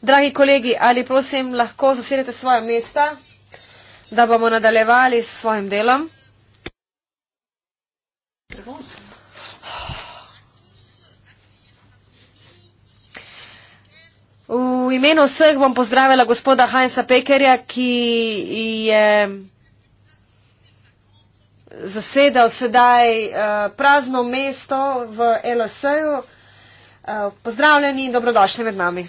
Dragi kolegi, ali prosim lahko zasedete svoje mesta, da bomo nadaljevali s svojim delom? V imenu vseh bom pozdravila gospoda Heinza Pekerja, ki je zasedal sedaj eh, prazno mesto v LSE-u. Eh, pozdravljeni in dobrodošli med nami.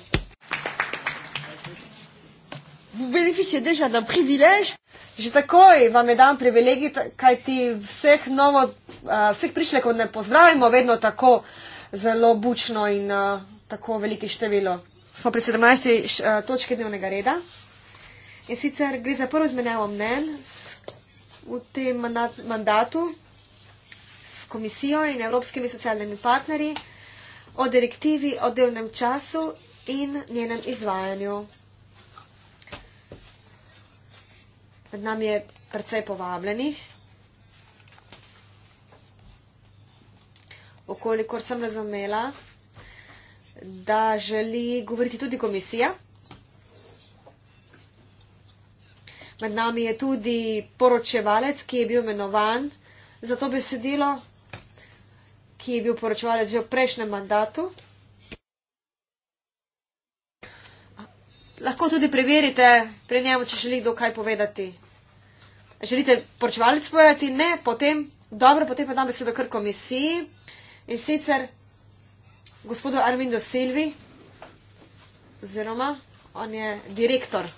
Beneficij je deja da privilež. Že takoj vam je dan privilegij, kaj ti vseh, novo, eh, vseh prišlekov ne pozdravimo vedno tako zelo bučno in eh, tako veliko število. Smo pri 17. točki dnevnega reda. In sicer gre za prvo izmenjavo mnen v tem mandatu s komisijo in evropskimi socialnimi partnerji o direktivi o delnem času in njenem izvajanju. Med nami je precej povabljenih. Okolikor sem razumela, da želi govoriti tudi komisija. Med nami je tudi poročevalec, ki je bil imenovan za to besedilo ki je bil poročevalec že v prejšnjem mandatu. Lahko tudi preverite pri njemu, če želi kdo kaj povedati. Želite poročevalec povedati? Ne, potem, dobro, potem pa dam besedo kar komisiji. In sicer gospodu Armindo Silvi, oziroma on je direktor.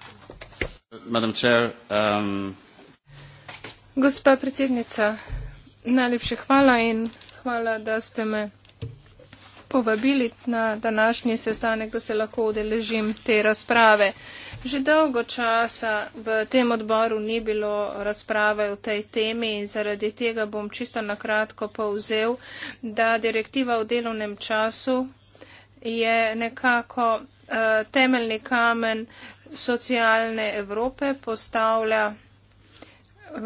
Madam Chair. Um... Gospa predsednica, najlepša hvala in hvala, da ste me povabili na današnji sestanek, da se lahko odeležim te razprave. Že dolgo časa v tem odboru ni bilo razprave o tej temi in zaradi tega bom čisto na kratko povzel, da direktiva o delovnem času je nekako uh, temeljni kamen socialne Evrope, postavlja uh,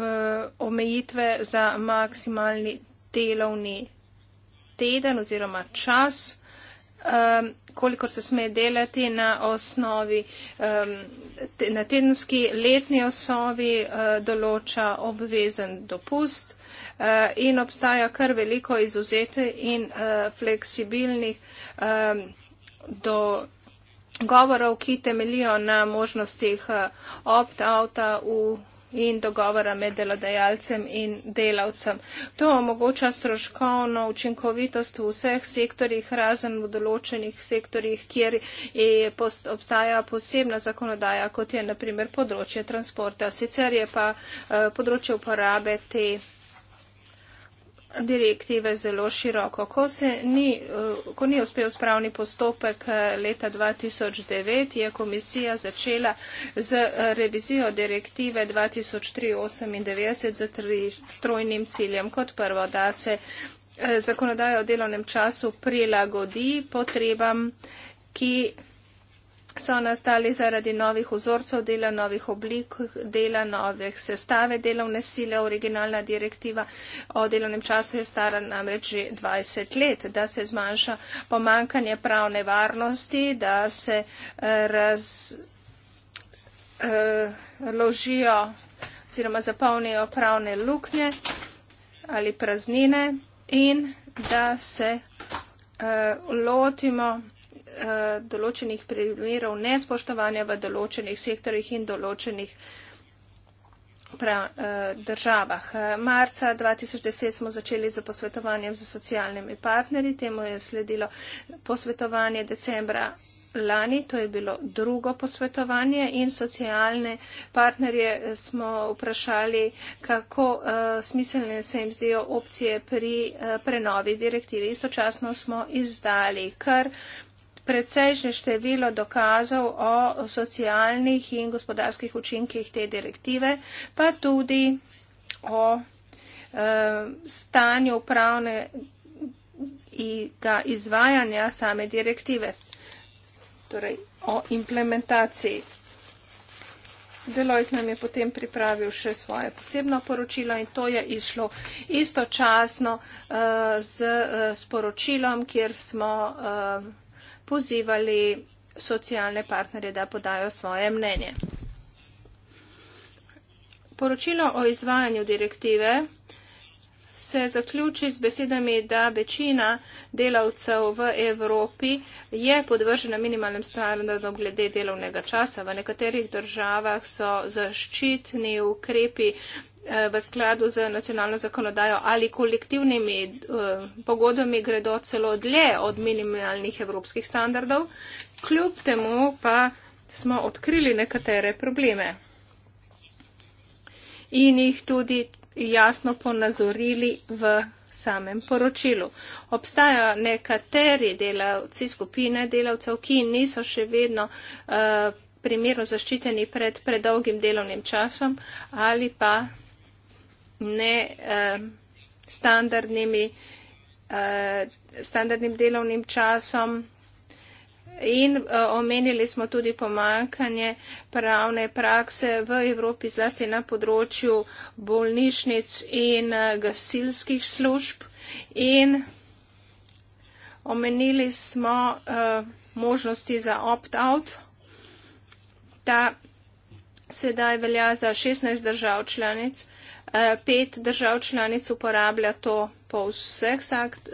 omejitve za maksimalni delovni teden oziroma čas, um, koliko se sme delati na osnovi, um, te, na tedenski letni osnovi uh, določa obvezen dopust uh, in obstaja kar veliko izuzete in uh, fleksibilnih um, do. Govorov, ki temelijo na možnostih uh, opt-outa v in dogovora med delodajalcem in delavcem. To omogoča stroškovno učinkovitost v vseh sektorjih, razen v določenih sektorjih, kjer post, obstaja posebna zakonodaja, kot je naprimer področje transporta. Sicer je pa eh, področje uporabe te direktive zelo široko. Ko, ni, eh, ko ni uspel spravni postopek eh, leta 2009, je komisija začela z eh, revizijo direktive 2398 z tri, trojnim ciljem. Kot prvo, da se zakonodaja o delovnem času prilagodi potrebam, ki so nastali zaradi novih vzorcev dela, novih oblik dela, novih sestave delovne sile. Originalna direktiva o delovnem času je stara namreč že 20 let, da se zmanjša pomankanje pravne varnosti, da se eh, razložijo eh, oziroma zapolnijo pravne luknje ali praznine in da se eh, lotimo uh, določenih primerov nespoštovanja v določenih sektorjih in določenih prav, uh, eh, državah. Eh, marca 2010 smo začeli z posvetovanjem z socialnimi partnerji, temu je sledilo posvetovanje decembra. Lani to je bilo drugo posvetovanje in socialne partnerje smo vprašali, kako uh, smiselne se jim zdijo opcije pri uh, prenovi direktive. Istočasno smo izdali kar uh, precejšnje število dokazov o socialnih in gospodarskih učinkih te direktive, pa tudi o e, stanju upravnega izvajanja same direktive, torej o implementaciji. Deloitte nam je potem pripravil še svoje posebno poročilo in to je išlo istočasno uh, z uh, sporočilom, kjer smo uh, pozivali socialne partnerje, da podajo svoje mnenje. Poročilo o izvajanju direktive se zaključi z besedami, da večina delavcev v Evropi je podvržena minimalnem standardom glede delovnega časa. V nekaterih državah so zaščitni ukrepi v skladu z nacionalno zakonodajo ali kolektivnimi eh, pogodbami gredo celo dlje od minimalnih evropskih standardov, kljub temu pa smo odkrili nekatere probleme in jih tudi jasno ponazorili v samem poročilu. Obstajajo nekateri delavci, skupine delavcev, ki niso še vedno uh, primerno zaščiteni pred predolgim delovnim časom ali pa ne eh, standardnimi, eh, standardnim delovnim časom. In uh, omenili smo tudi pomankanje pravne prakse v Evropi, zlasti na področju bolnišnic in uh, gasilskih služb. In omenili smo uh, možnosti za opt-out. Ta sedaj velja za 16 držav članic. Uh, Eh, pet držav članic uporablja to po vseh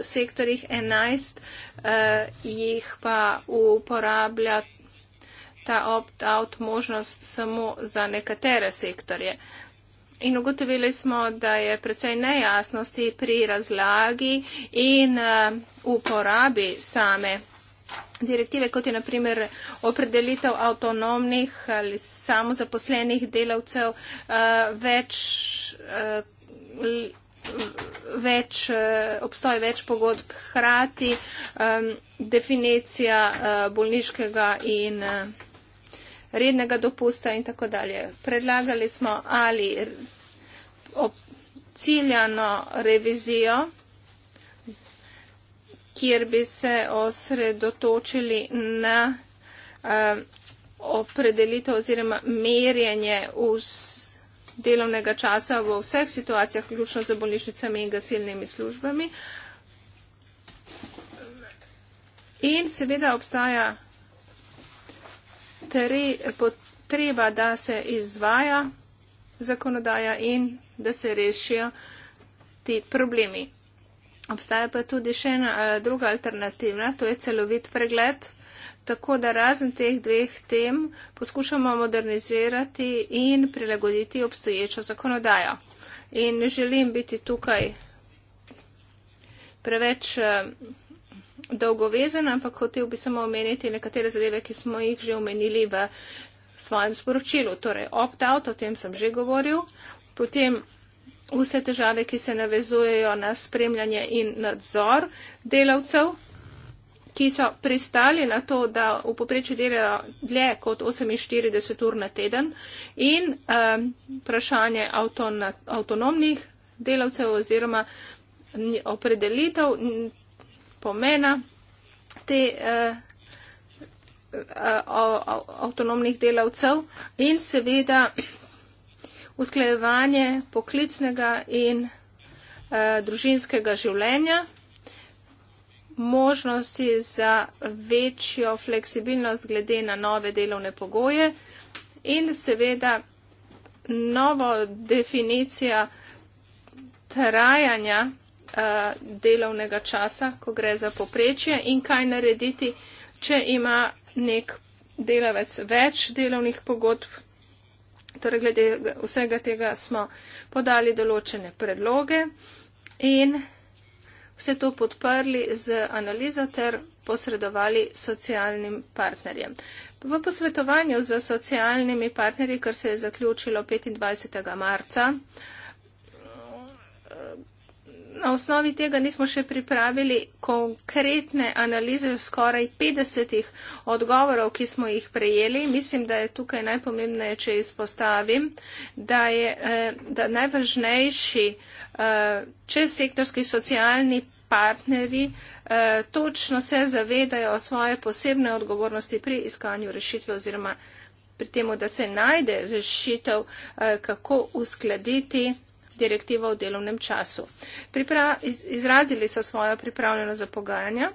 sektorjih, enajst eh, jih pa uporablja ta opt-out možnost samo za nekatere sektorje. In ugotovili smo, da je precej nejasnosti pri razlagi in eh, uporabi same direktive, kot je naprimer opredelitev avtonomnih ali samozaposlenih delavcev, eh, več, eh, več eh, obstoje več pogodb hrati, definicija bolniškega in rednega dopusta in tako dalje. Predlagali smo ali ciljano revizijo kjer bi se osredotočili na eh, opredelitev oziroma merjenje vz delovnega časa v vseh situacijah, ključno za bolnišnicami in gasilnimi službami. In seveda obstaja potreba, da se izvaja zakonodaja in da se rešijo ti problemi. Obstaja pa tudi še ena eh, druga alternativna, to je celovit pregled. Tako da razen teh dveh tem poskušamo modernizirati in prilagoditi obstoječo zakonodajo. In ne želim biti tukaj preveč eh, dolgovezen, ampak hotel bi samo omeniti nekatere zadeve, ki smo jih že omenili v svojem sporočilu. Torej, opt-out, o tem sem že govoril. Potem vse težave, ki se navezujejo na spremljanje in nadzor delavcev, ki so pristali na to, da v poprečju delajo dlje kot 48 ur na teden in um, vprašanje avton, avtonomnih delavcev oziroma opredelitev pomena te. Uh, avtonomnih delavcev in seveda usklajevanje poklicnega in eh, družinskega življenja, možnosti za večjo fleksibilnost glede na nove delovne pogoje in seveda novo definicija trajanja eh, delovnega časa, ko gre za poprečje in kaj narediti, če ima nek delavec več delovnih pogodb, Torej, glede vsega tega smo podali določene predloge in vse to podprli z analizo ter posredovali socialnim partnerjem. V posvetovanju z socialnimi partnerji, kar se je zaključilo 25. marca, na osnovi tega nismo še pripravili konkretne analize v skoraj 50 odgovorov, ki smo jih prejeli. Mislim, da je tukaj najpomembneje, če izpostavim, da je eh, da najvažnejši eh, česektorski socialni partneri eh, točno se zavedajo svoje posebne odgovornosti pri iskanju rešitve oziroma pri tem, da se najde rešitev, kako uskladiti direktiva o delovnem času. Pripra izrazili so svojo pripravljenost za pogajanja,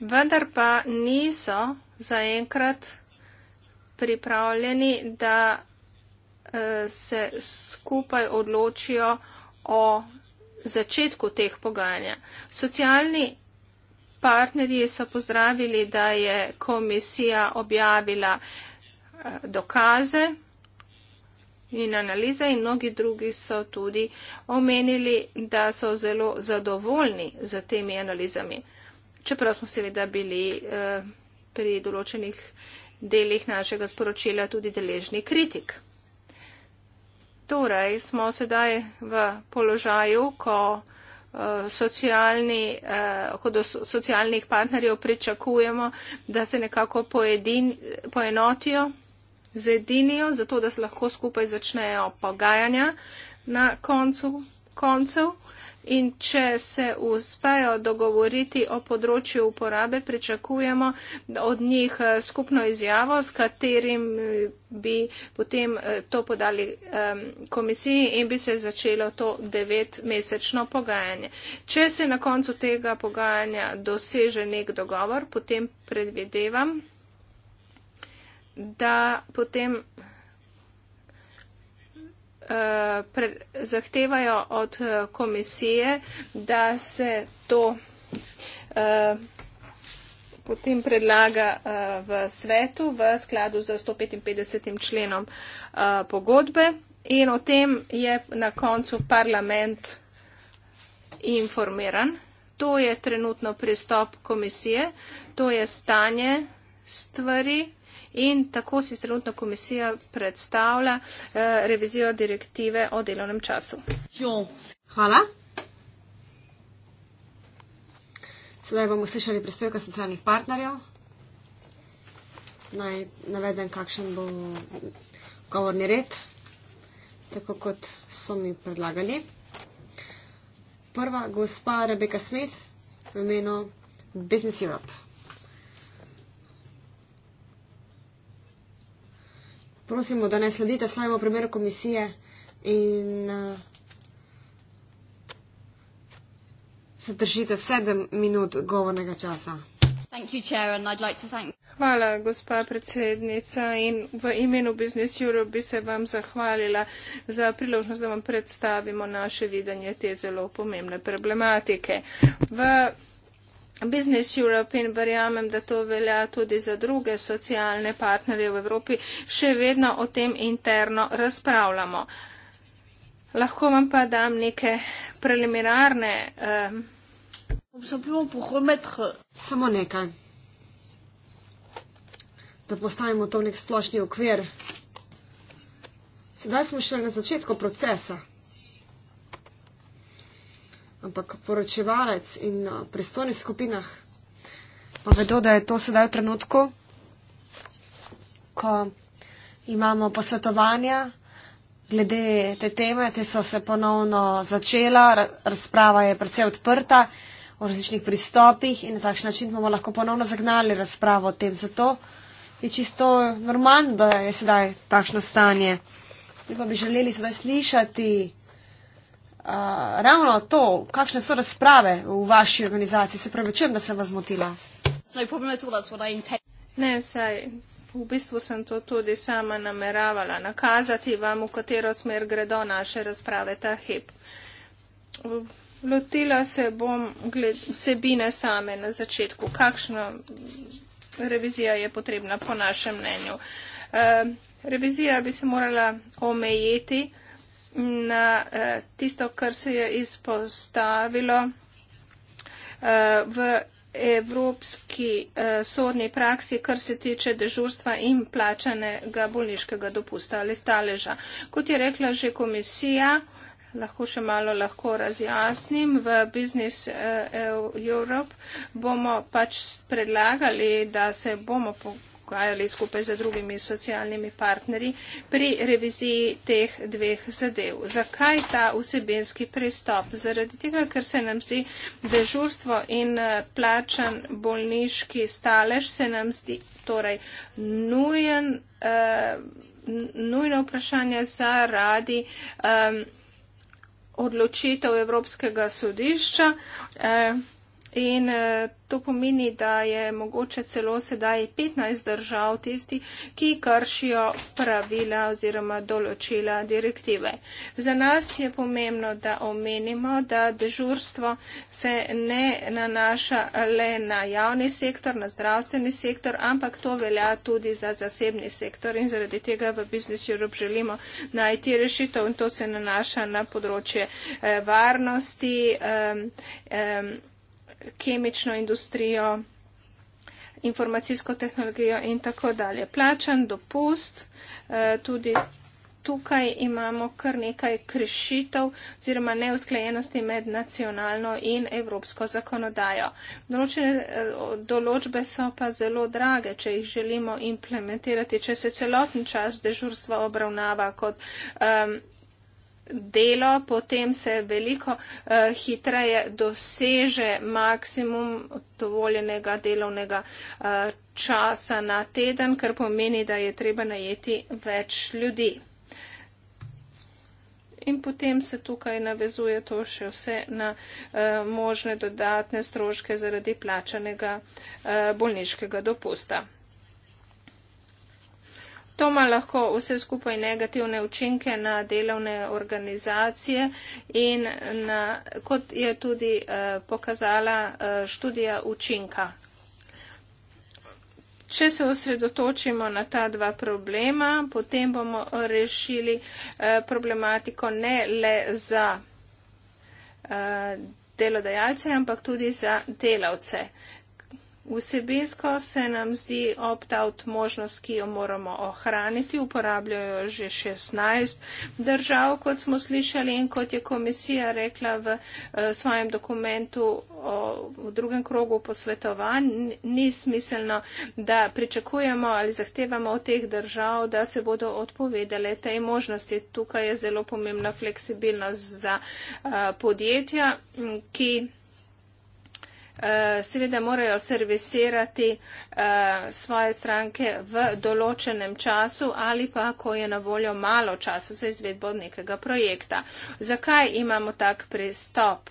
vendar pa niso zaenkrat pripravljeni, da uh, se skupaj odločijo o začetku teh pogajanja. Socialni partnerji so pozdravili, da je komisija objavila eh, dokaze in analize in mnogi drugi so tudi omenili, da so zelo zadovoljni z temi analizami. Čeprav smo seveda bili eh, pri določenih delih našega sporočila tudi deležni kritik. Torej smo sedaj v položaju, ko eh, socialni, eh, kot od socialnih partnerjev pričakujemo, da se nekako poedin, poenotijo zedinijo, zato da se lahko skupaj začnejo pogajanja na koncu koncev. In če se uspejo dogovoriti o področju uporabe, pričakujemo od njih eh, skupno izjavo, s katerim eh, bi potem eh, to podali komisiji in bi se začelo to devetmesečno pogajanje. Če se na koncu tega pogajanja doseže nek dogovor, potem predvidevam, da potem uh, pre, zahtevajo od uh, komisije, da se to uh, potem predlaga uh, v svetu v skladu z 155. členom uh, pogodbe in o tem je na koncu parlament informiran. To je trenutno pristop komisije, to je stanje stvari. In tako si trenutno komisija predstavlja eh, revizijo direktive o delovnem času. Hvala. Sedaj bomo slišali prispevka socialnih partnerjev. Naj navedem, kakšen bo govorni red, tako kot so mi predlagali. Prva, gospa Rebeka Smith v imenu Business Europe. prosimo, da ne sledite svojemu primeru komisije in uh, se držite sedem minut govornega časa. You, Chair, like thank... Hvala, gospa predsednica. In v imenu Business Europe bi se vam zahvalila za priložnost, da vam predstavimo naše videnje te zelo pomembne problematike. V... Business Europe in verjamem, da to velja tudi za druge socialne partnerje v Evropi, še vedno o tem interno razpravljamo. Lahko vam pa dam neke preliminarne. Eh, Samo nekaj. Da postavimo to v nek splošni okvir. Sedaj smo šele na začetku procesa ampak poročevalec in eh, pristojni skupinah pa vedo, da je to sedaj v trenutku, ko imamo posvetovanja glede te teme, te so se ponovno začela, razprava je precej odprta o različnih pristopih in na takšen način bomo lahko ponovno zagnali razpravo o tem. Zato je čisto normalno, da je sedaj takšno stanje. Mi pa bi želeli sedaj slišati. Uh, ravno to, kakšne so razprave v vaši organizaciji, se prevečujem, da sem vas motila. Ne, saj v bistvu sem to tudi sama nameravala nakazati vam, v katero smer gredo naše razprave ta hip. Lotila se bom gled, vsebine same na začetku, kakšna revizija je potrebna po našem mnenju. Uh, revizija bi se morala omejiti na eh, tisto, kar se je izpostavilo eh, v evropski eh, sodni praksi, kar se tiče dežurstva in plačanega bolniškega dopusta ali staleža. Kot je rekla že komisija, lahko še malo lahko razjasnim, v Business eh, Europe bomo pač predlagali, da se bomo. Po, ukvarjali skupaj z drugimi socialnimi partnerji pri reviziji teh dveh zadev. Zakaj ta vsebinski pristop? Zaradi tega, ker se nam zdi dežurstvo in eh, plačan bolniški stalež, se nam zdi torej nujen, uh, nujno vprašanje zaradi um, odločitev Evropskega sodišča. Uh, In eh, to pomeni, da je mogoče celo sedaj 15 držav tisti, ki kršijo pravila oziroma določila direktive. Za nas je pomembno, da omenimo, da dežurstvo se ne nanaša le na javni sektor, na zdravstveni sektor, ampak to velja tudi za zasebni sektor in zaradi tega v Business Europe želimo najti rešitev in to se nanaša na področje eh, varnosti. Um, um, kemično industrijo, informacijsko tehnologijo in tako dalje. Plačan dopust, eh, tudi tukaj imamo kar nekaj krešitev oziroma neusklajenosti med nacionalno in evropsko zakonodajo. Določene eh, določbe so pa zelo drage, če jih želimo implementirati, če se celoten čas dežurstva obravnava kot. Um, delo, potem se veliko uh, hitreje doseže maksimum dovoljenega delovnega uh, časa na teden, kar pomeni, da je treba najeti več ljudi. In potem se tukaj navezuje to še vse na uh, možne dodatne stroške zaradi plačanega uh, bolniškega dopusta. To ima lahko vse skupaj negativne učinke na delovne organizacije in na, kot je tudi eh, pokazala eh, študija učinka. Če se osredotočimo na ta dva problema, potem bomo rešili eh, problematiko ne le za eh, delodajalce, ampak tudi za delavce. Vsebinsko se nam zdi opt-out možnost, ki jo moramo ohraniti. Uporabljajo že 16 držav, kot smo slišali in kot je komisija rekla v eh, svojem dokumentu o, v drugem krogu posvetovanj. Ni smiselno, da pričakujemo ali zahtevamo od teh držav, da se bodo odpovedale tej možnosti. Tukaj je zelo pomembna fleksibilnost za a, eh, podjetja, ki Eh, seveda morajo servisirati eh, svoje stranke v določenem času ali pa, ko je na voljo malo časa za izvedbo nekega projekta. Zakaj imamo tak pristop?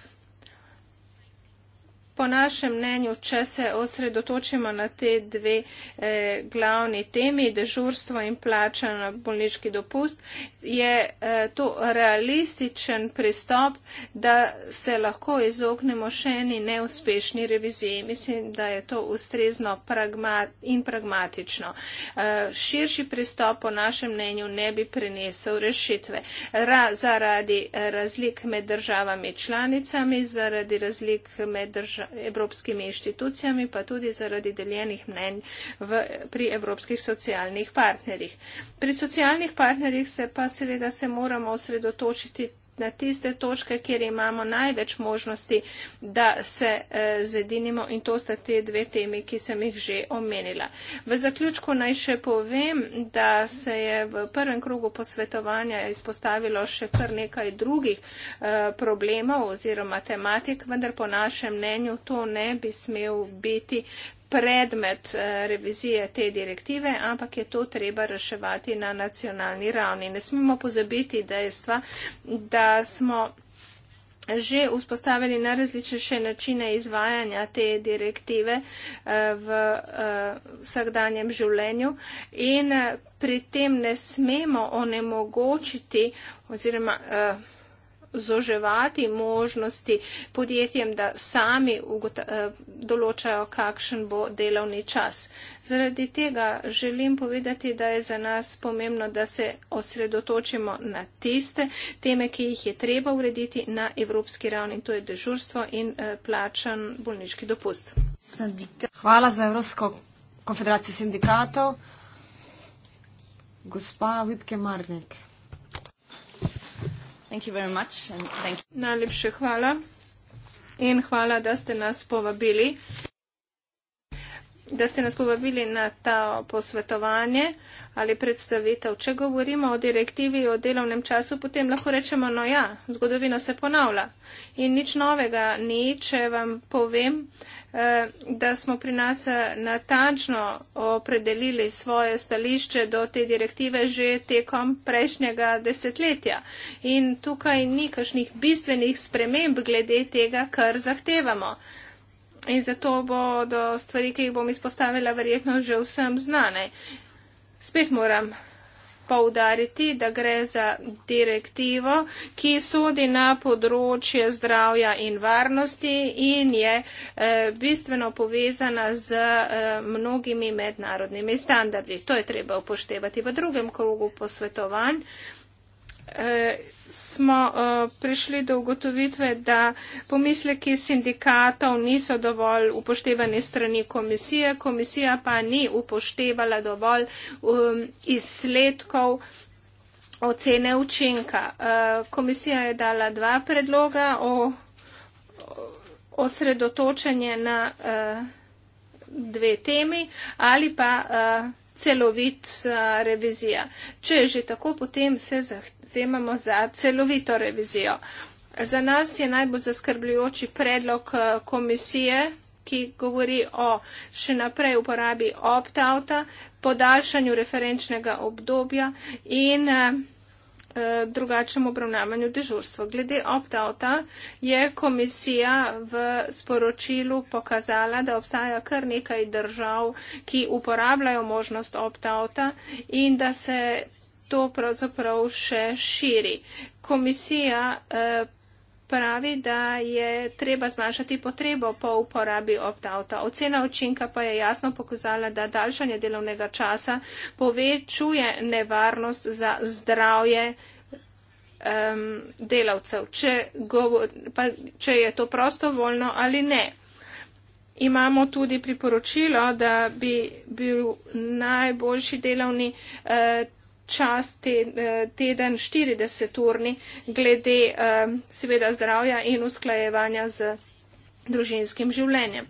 Po našem mnenju, če se osredotočimo na te dve eh, glavni temi, dežurstvo in plača na bolniški dopust, je eh, to realističen pristop, da se lahko izognemo še eni neuspešni reviziji. Mislim, da je to ustrezno pragmat in pragmatično. Eh, širši pristop po našem mnenju ne bi prinesel rešitve Ra, zaradi razlik med državami članicami, zaradi razlik med državami evropskimi inštitucijami, pa tudi zaradi deljenih mnenj v, pri evropskih socialnih partnerjih. Pri socialnih partnerjih se pa seveda se moramo osredotočiti na tiste točke, kjer imamo največ možnosti, da se eh, zedinimo in to sta te dve temi, ki sem jih že omenila. V zaključku naj še povem, da se je v prvem krogu posvetovanja izpostavilo še kar nekaj drugih eh, problemov oziroma tematik, vendar po našem mnenju to ne bi smel biti predmet eh, revizije te direktive, ampak je to treba reševati na nacionalni ravni. Ne smemo pozabiti dejstva, da smo že vzpostavili na različne načine izvajanja te direktive eh, v eh, vsakdanjem življenju in pri tem ne smemo onemogočiti oziroma zoževati možnosti podjetjem, da sami eh, določajo, kakšen bo delovni čas. Zaradi tega želim povedati, da je za nas pomembno, da se osredotočimo na tiste teme, ki jih je treba urediti na evropski ravni, to je dežurstvo in eh, plačan bolniški dopust. Hvala za Evropsko konfederacijo sindikatov. Gospa Vipke Marnik. Najlepše hvala in hvala, da ste nas povabili, da ste nas povabili na ta posvetovanje ali predstavitev. Če govorimo o direktivi, o delovnem času, potem lahko rečemo, no ja, zgodovina se ponavlja in nič novega ni, če vam povem, da. Eh, da smo pri nas eh, natančno opredelili svoje stališče do te direktive že tekom prejšnjega desetletja. In tukaj ni kašnih bistvenih sprememb glede tega, kar zahtevamo. In zato bodo stvari, ki jih bom izpostavila, verjetno že vsem znane. Spet moram poudariti, da gre za direktivo, ki sodi na področje zdravja in varnosti in je eh, bistveno povezana z eh, mnogimi mednarodnimi standardi. To je treba upoštevati v drugem krogu posvetovanj. Eh, smo uh, prišli do ugotovitve, da pomisleki sindikatov niso dovolj upoštevani strani komisije, komisija pa ni upoštevala dovolj um, izsledkov ocene učinka. Uh, komisija je dala dva predloga o osredotočenje na uh, dve temi ali pa uh, celovit uh, revizija. Če je že tako, potem se zauzemamo za celovito revizijo. Za nas je najbolj zaskrbljujoči predlog eh, komisije, ki govori o še naprej uporabi opt-outa, podaljšanju referenčnega obdobja in uh, Eh, drugačnem obravnavanju dežurstva. Glede opt-outa je komisija v sporočilu pokazala, da obstaja kar nekaj držav, ki uporabljajo možnost opt-outa in da se to pravzaprav še širi. Komisija eh, pravi, da je treba zmanjšati potrebo po uporabi opt-outa. Ocena učinka pa je jasno pokazala, da daljšanje delovnega časa povečuje nevarnost za zdravje um, delavcev, če, govor, pa, če je to prostovoljno ali ne. Imamo tudi priporočilo, da bi bil najboljši delovni eh, čas te, eh, teden 40 urni glede eh, seveda zdravja in usklajevanja z družinskim življenjem.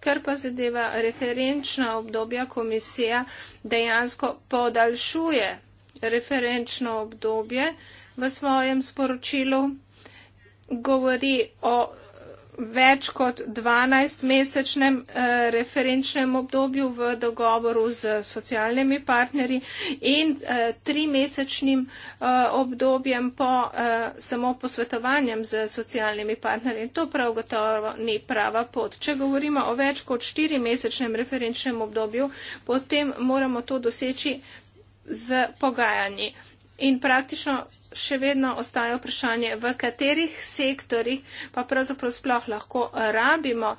Ker pa zadeva referenčna obdobja, komisija dejansko podaljšuje referenčno obdobje v svojem sporočilu, govori o več kot 12-mesečnem eh, referenčnem obdobju v dogovoru z socialnimi partnerji in eh, trimesečnim eh, obdobjem po samo posvetovanjem z socialnimi partnerji. To prav gotovo ni prava pot. Če govorimo o več kot 4-mesečnem referenčnem obdobju, potem moramo to doseči z pogajanji. In praktično še vedno ostaja vprašanje, v katerih sektorjih pa pravzaprav sploh lahko rabimo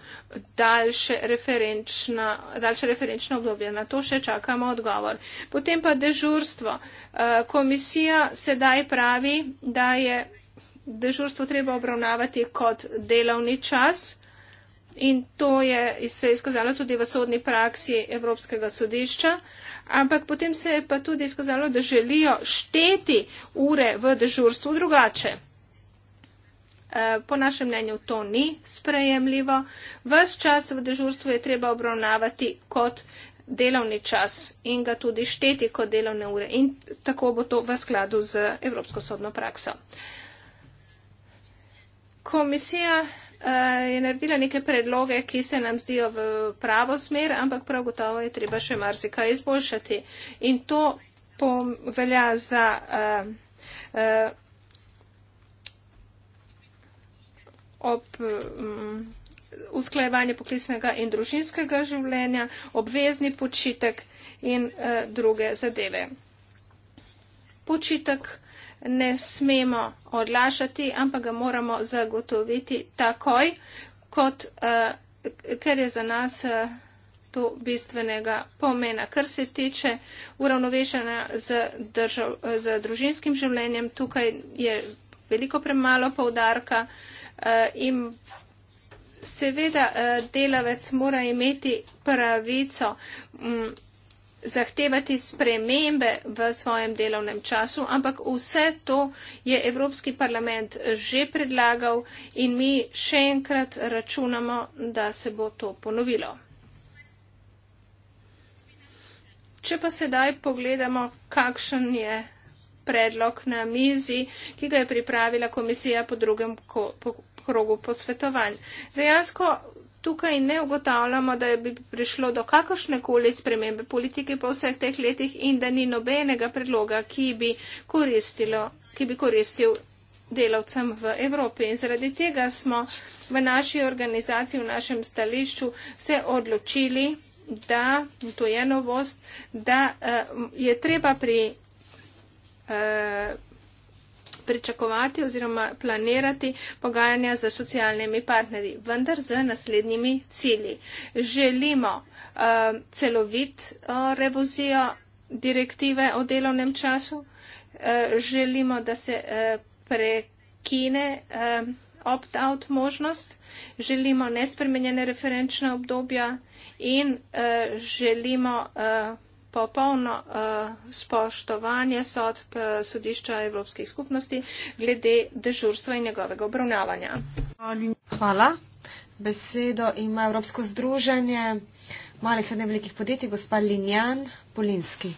daljše referenčna, daljše referenčna obdobje. Na to še čakamo odgovor. Potem pa dežurstvo. Eh, komisija sedaj pravi, da je dežurstvo treba obravnavati kot delovni čas. In to je, se je izkazalo tudi v sodni praksi Evropskega sodišča. Uh, ampak potem se je pa tudi izkazalo, da želijo šteti ure v dežurstvu drugače. E, po našem mnenju to ni sprejemljivo. Ves čas v dežurstvu je treba obravnavati kot delovni čas in ga tudi šteti kot delovne ure in tako bo to v skladu z Evropsko sodno prakso. Komisija Eh, je naredila neke predloge, ki se nam zdijo v pravo smer, ampak prav gotovo je treba še marsikaj izboljšati. In to velja za. Uh, uh, ob um, usklajevanje poklicnega in družinskega življenja, obvezni počitek in uh, druge zadeve. Počitek ne smemo odlašati, ampak ga moramo zagotoviti takoj, kot, uh, ker je za nas uh, to bistvenega pomena. Kar se tiče uravnovešanja z, držav, z družinskim življenjem, tukaj je veliko premalo povdarka uh, eh, in seveda uh, delavec mora imeti pravico. Um, zahtevati spremembe v svojem delovnem času, ampak vse to je Evropski parlament že predlagal in mi še enkrat računamo, da se bo to ponovilo. Če pa sedaj pogledamo, kakšen je predlog na mizi, ki ga je pripravila komisija po drugem ko, po krogu posvetovanj. Dejansko tukaj ne ugotavljamo, da bi prišlo do kakršne koli spremembe politike po vseh teh letih in da ni nobenega predloga, ki bi, ki bi koristil delavcem v Evropi. In zaradi tega smo v naši organizaciji, v našem stališču se odločili, da, to je novost, da eh, je treba pri. Eh, pričakovati oziroma planirati pogajanja z socialnimi partnerji, vendar z naslednjimi cilji. Želimo uh, celovit uh, eh, revozijo direktive o delovnem času, uh, želimo, da se uh, prekine uh, opt-out možnost, želimo nespremenjene referenčne obdobja in uh, želimo. Uh, popolno uh, spoštovanje sodb eh, sodišča Evropskih skupnosti glede dežurstva in njegovega obravnavanja. Hvala. Besedo ima Evropsko združenje malih in velikih podjetij, gospa Linjan Polinski,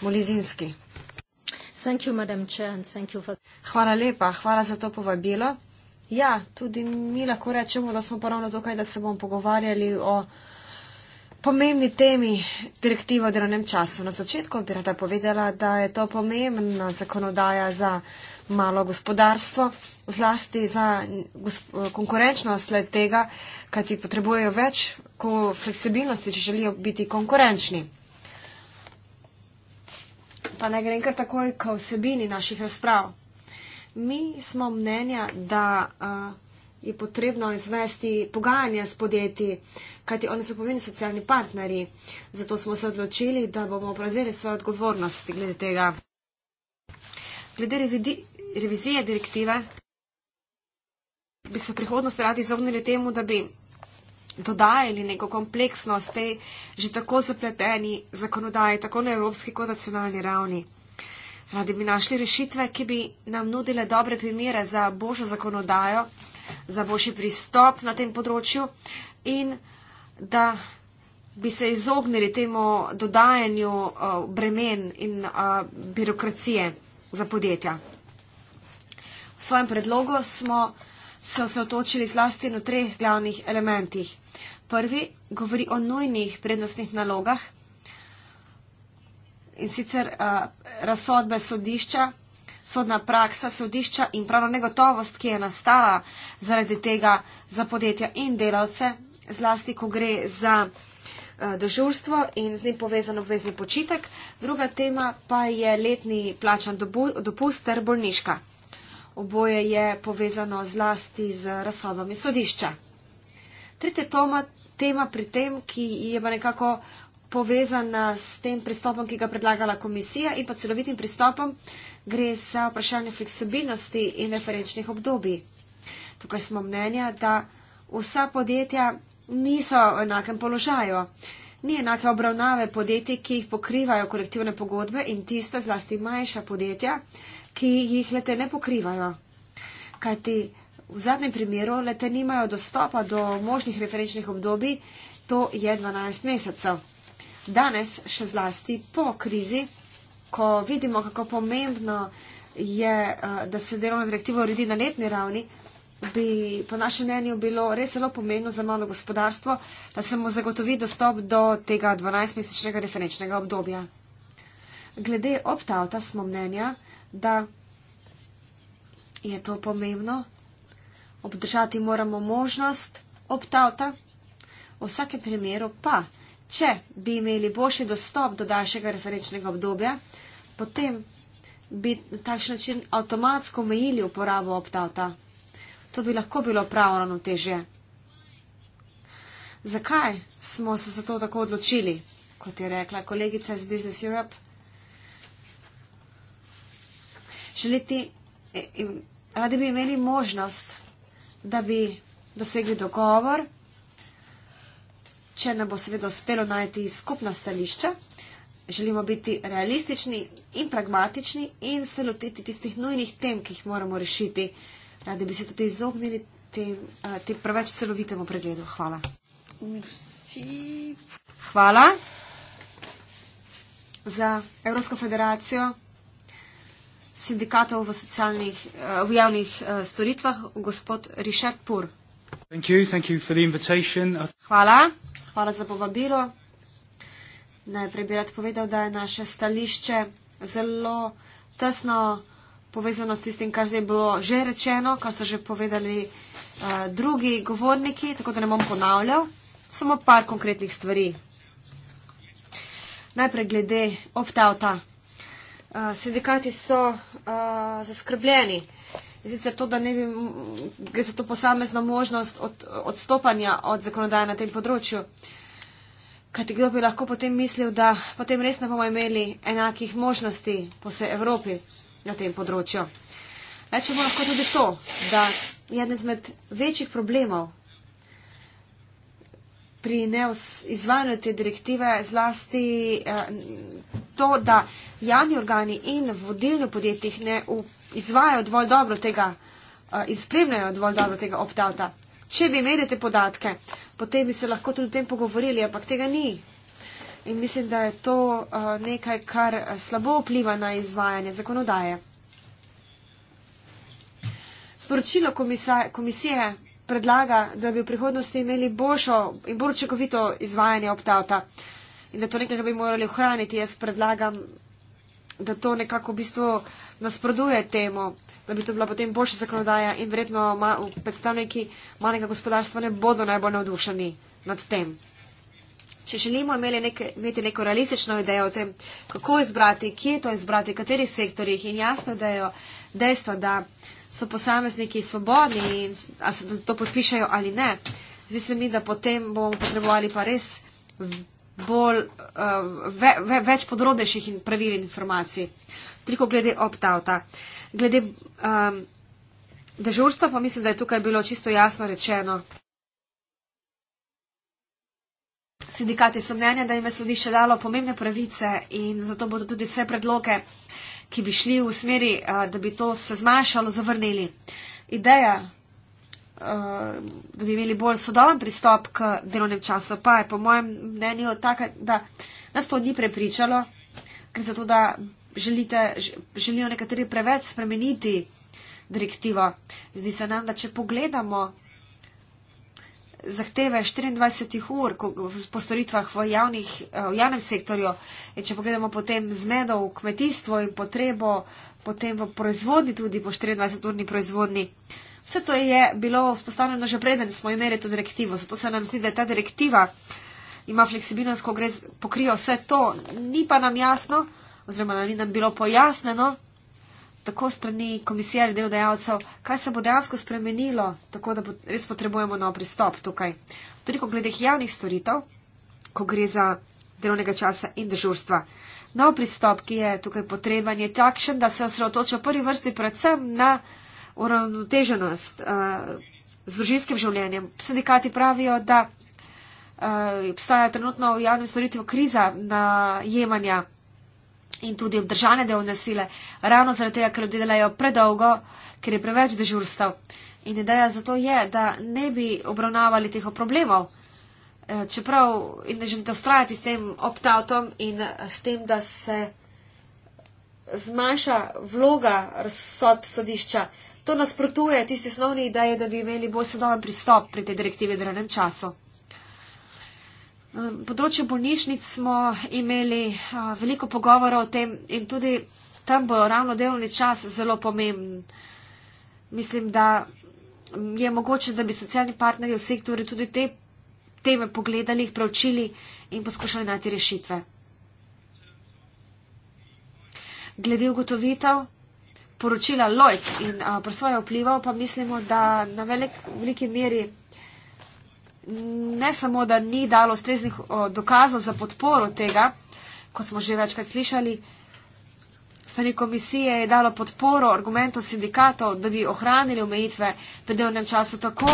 Molizinski. You, Chen, for... Hvala lepa, hvala za to povabilo. Ja, tudi mi lahko rečemo, da smo ponovno tukaj, da se bomo pogovarjali o pomembni temi direktive o delovnem času. Na začetku bi rada povedala, da je to pomembna zakonodaja za malo gospodarstvo, zlasti za konkurenčnost le tega, kajti potrebujejo več fleksibilnosti, če želijo biti konkurenčni. Pa naj grem kar takoj k vsebini naših razprav. Mi smo mnenja, da. Uh, je potrebno izvesti pogajanja s podjetji, kajti oni so pomeni socialni partnerji. Zato smo se odločili, da bomo prevzeli svojo odgovornost glede tega. Glede revidi, revizije direktive bi se prihodnost radi izognili temu, da bi dodajali neko kompleksnost tej že tako zapleteni zakonodaji, tako na evropski kot nacionalni ravni. Radi bi našli rešitve, ki bi nam nudile dobre primere za božjo zakonodajo, za boljši pristop na tem področju in da bi se izognili temu dodajanju uh, bremen in uh, birokracije za podjetja. V svojem predlogu smo se osredotočili zlasti na treh glavnih elementih. Prvi govori o nujnih prednostnih nalogah in sicer uh, razsodbe sodišča, sodna praksa sodišča in pravna negotovost, ki je nastala zaradi tega za podjetja in delavce, zlasti, ko gre za eh, dožurstvo in z njim povezan obvezni počitek. Druga tema pa je letni plačan dopust ter bolniška. Oboje je povezano zlasti z razsodbami sodišča. Tretja toma, tema pri tem, ki je pa nekako povezana s tem pristopom, ki ga predlagala komisija in pa celovitim pristopom, gre za vprašanje fleksibilnosti in referenčnih obdobij. Tukaj smo mnenja, da vsa podjetja niso v enakem položaju. Ni enake obravnave podjetij, ki jih pokrivajo kolektivne pogodbe in tista zlasti manjša podjetja, ki jih lete ne pokrivajo. Kajti v zadnjem primeru lete nimajo dostopa do možnih referenčnih obdobij, to je 12 mesecev. Danes, še zlasti po krizi, ko vidimo, kako pomembno je, eh, da se delovno direktivo uredi na letni ravni, bi po našem mnenju bilo res zelo pomembno za malo gospodarstvo, da se mu zagotovi dostop do tega 12-mesečnega referenčnega obdobja. Glede opt-outa smo mnenja, da je to pomembno. Obdržati moramo možnost opt-outa. V vsakem primeru pa Če bi imeli boljši dostop do daljšega referenčnega obdobja, potem bi na takšen način avtomatsko omejili uporabo optauta. To bi lahko bilo pravo ravnotežje. Zakaj smo se za to tako odločili, kot je rekla kolegica iz Business Europe? Želiti, eh, radi bi imeli možnost, da bi dosegli dogovor če nam bo seveda uspelo najti skupna stališča. Želimo biti realistični in pragmatični in se lotiti tistih nujnih tem, ki jih moramo rešiti. Radi bi se tudi izognili tem, eh, tem preveč celovitemu pregledu. Hvala. Merci. Hvala za Evropsko federacijo sindikatov v, socialnih, eh, v javnih eh, storitvah, gospod Richard Pur. Thank you, thank you for the invitation. Hvala. Hvala za povabilo. Najprej bi rad povedal, da je naše stališče zelo tesno povezano s tistim, kar je bilo že rečeno, kar so že povedali uh, drugi govorniki, tako da ne bom ponavljal, samo par konkretnih stvari. Najprej glede opt-outa. Uh, sindikati so uh, zaskrbljeni. In sicer to, da ne bi, gre za to posamezno možnost od, odstopanja od zakonodaje na tem področju. Kajti kdo bi lahko potem mislil, da potem res ne bomo imeli enakih možnosti po vsej Evropi na tem področju. Rečemo lahko tudi to, da je eden izmed večjih problemov pri neizvajanju te direktive zlasti eh, to, da javni organi in vodilni podjetjih ne upravljajo izvajajo dovolj dobro tega, eh, izplemljajo dovolj dobro tega opt-outa. Če bi imeli te podatke, potem bi se lahko tudi o tem pogovorili, ampak tega ni. In mislim, da je to eh, nekaj, kar eh, slabo vpliva na izvajanje zakonodaje. Sporočilo komisije predlaga, da bi v prihodnosti imeli boljšo in bolj očekovito izvajanje opt-outa in da to nekaj, kar bi morali ohraniti, jaz predlagam, da to nekako v bistvu uh, nasprotuje temu, da bi to bila potem boljša zakonodaja in verjetno ma, predstavniki malega gospodarstva ne bodo najbolj navdušeni nad tem. Če želimo imeli neke, imeti neko realistično idejo o tem, kako izbrati, kje to izbrati, v katerih sektorjih in jasno idejo dejstva, da so posamezniki svobodni in se to podpišajo ali ne, zdi se mi, da potem bomo potrebovali pa res bolj, uh, ve, ve, več podrobnejših in pravil informacij triko glede opt-outa. Glede um, dežurstva pa mislim, da je tukaj bilo čisto jasno rečeno. Sindikati so mnenja, da jim je sodišče dalo pomembne pravice in zato bodo tudi vse predloge, ki bi šli v smeri, uh, da bi to se zmanjšalo, zavrnili. Ideja, uh, da bi imeli bolj sodoben pristop k delovnem času, pa je po mojem mnenju taka, da nas to ni prepričalo, ker zato, da želite, želijo nekateri preveč spremeniti direktivo. Zdi se nam, da če pogledamo zahteve 24 ur v postoritvah v, javnih, eh, v javnem sektorju in če pogledamo potem zmedo v kmetijstvo in potrebo potem v proizvodni, tudi po 24-urni proizvodni. Vse to je bilo vzpostavljeno že preden smo imeli to direktivo, zato se nam zdi, da je ta direktiva ima fleksibilnost, ko gre pokrijo vse to. Ni pa nam jasno, oziroma da ni nam bilo pojasneno, tako strani komisije ali delodajalcev, kaj se bo dejansko spremenilo, tako da res potrebujemo nov pristop tukaj. Tudi ko glede javnih storitev, ko gre za delovnega časa in dežurstva. Nov pristop, ki je tukaj potreben, je takšen, da se osredotoča v prvi vrsti predvsem na uravnoteženost uh, z družinskim življenjem. Sindikati pravijo, da uh, obstaja trenutno v javnem storitvu kriza najemanja in tudi obdržane delovne sile, ravno zaradi tega, ker delajo predolgo, ker je preveč dežurstav. In ideja za to je, da ne bi obravnavali teh problemov, eh, čeprav in da želite ustrajati s tem opt-outom in eh, s tem, da se zmanjša vloga razsodb sodišča. To nasprotuje tisti osnovni ideji, da bi imeli bolj sodoben pristop pri tej direktivi v drenem času. Na eh, področju bolnišnic smo imeli eh, veliko pogovora o tem in tudi tam bo ravno delovni čas zelo pomemben. Mislim, da je mogoče, da bi socialni partnerji v sektorju tudi te teme pogledali, jih preučili in poskušali najti rešitve. Glede ugotovitev poročila Lloyds in a, eh, pri svojo vplivo pa mislimo, da na velik, veliki meri ne samo, da ni dalo streznih dokazov za podporo tega, kot smo že večkrat slišali, strani komisije je dalo podporo argumentov sindikatov, da bi ohranili omejitve v delovnem času tako,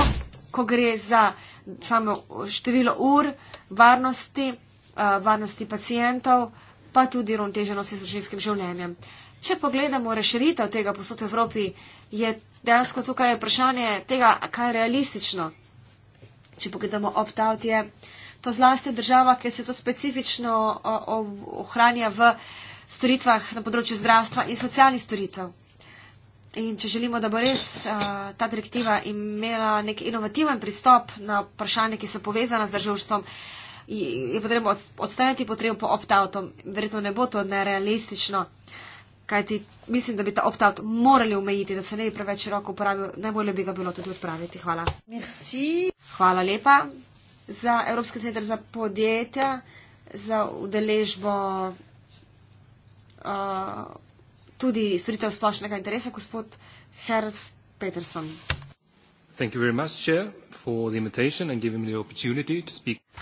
ko gre za samo število ur varnosti, varnosti pacijentov, pa tudi ravnoteženosti z družinskim življenjem. Če pogledamo rešitev tega posod v Evropi, je dejansko tukaj vprašanje tega, kaj je realistično če pogledamo opt-out, je to zlasti država, ki se to specifično ohranja v storitvah na področju zdravstva in socialnih storitev. In če želimo, da bo res uh, ta direktiva imela nek inovativen pristop na vprašanje, ki so povezana z državstvom, je potrebno odstaviti potrebo po opt-outom. Verjetno ne bo to nerealistično kajti mislim, da bi ta opt-out morali omejiti, da se ne bi preveč široko uporabil. Najbolje bi ga bilo tudi odpraviti. Hvala. Merci. Hvala lepa za Evropski center za podjetja, za udeležbo uh, tudi storitev splošnega interesa, gospod Hers Peterson.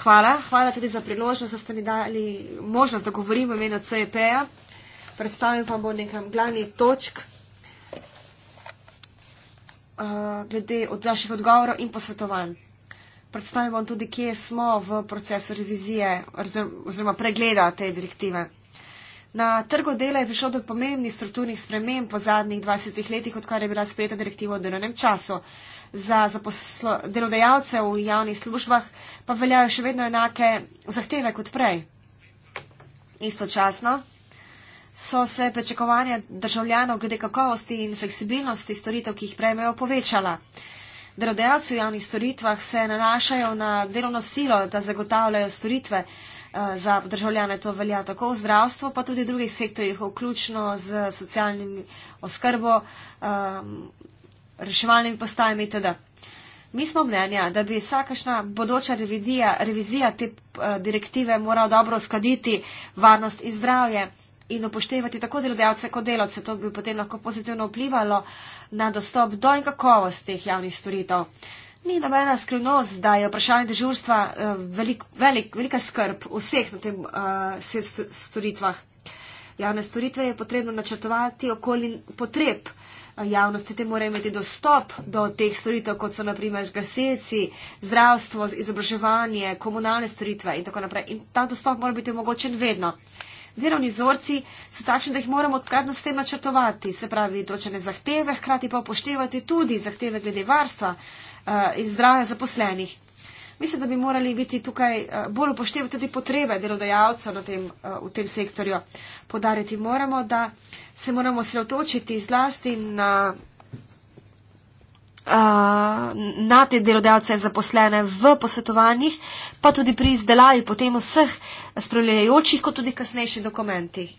Hvala, hvala tudi za priložnost, da ste mi dali možnost, da govorim v imenu CEP-ja predstavim vam bo nekam glavni točk eh, glede od naših odgovorov in posvetovanj. Predstavim vam tudi, kje smo v procesu revizije oziroma pregleda te direktive. Na trgu dela je prišlo do pomembnih strukturnih sprememb po zadnjih 20 letih, odkar je bila sprejeta direktiva o delovnem času. Za delodajalce v javnih službah pa veljajo še vedno enake zahteve kot prej. Istočasno so se pričakovanja državljanov glede kakovosti in fleksibilnosti storitev, ki jih prejmejo, povečala. Delodajalci v javnih storitvah se nanašajo na delovno silo, da zagotavljajo storitve eh, za državljane. To velja tako v zdravstvu, pa tudi v drugih sektorjih, vključno z socialnimi oskrbo, eh, reševalnimi postajami itd. Mi smo mnenja, da bi vsakašna bodoča revizija, revizija te eh, direktive morala dobro skladiti varnost in zdravje in upoštevati tako delodajalce kot delavce. To bi potem lahko pozitivno vplivalo na dostop do in kakovost teh javnih storitev. Ni nobena skrivnost, da je vprašanje dežurstva eh, velik, velik, velika skrb vseh na tem uh, storitvah. Javne storitve je potrebno načrtovati okoli potreb eh, javnosti. Te morajo imeti dostop do teh storitev, kot so naprimer gasilci, zdravstvo, izobraževanje, komunalne storitve in tako naprej. In ta dostop mora biti omogočen vedno. Uh, delovni vzorci so takšni, da jih moramo odkratno s tem načrtovati, se pravi, določene zahteve, hkrati pa upoštevati tudi zahteve glede varstva uh, in zdravja zaposlenih. Mislim, da bi morali biti tukaj eh, bolj upoštevati tudi potrebe delodajalcev eh, v tem sektorju. Podariti moramo, da se moramo sredotočiti zlasti na na te delodajalce zaposlene v posvetovanjih, pa tudi pri izdelavi potem vseh spravljajočih, kot tudi kasnejših dokumentih.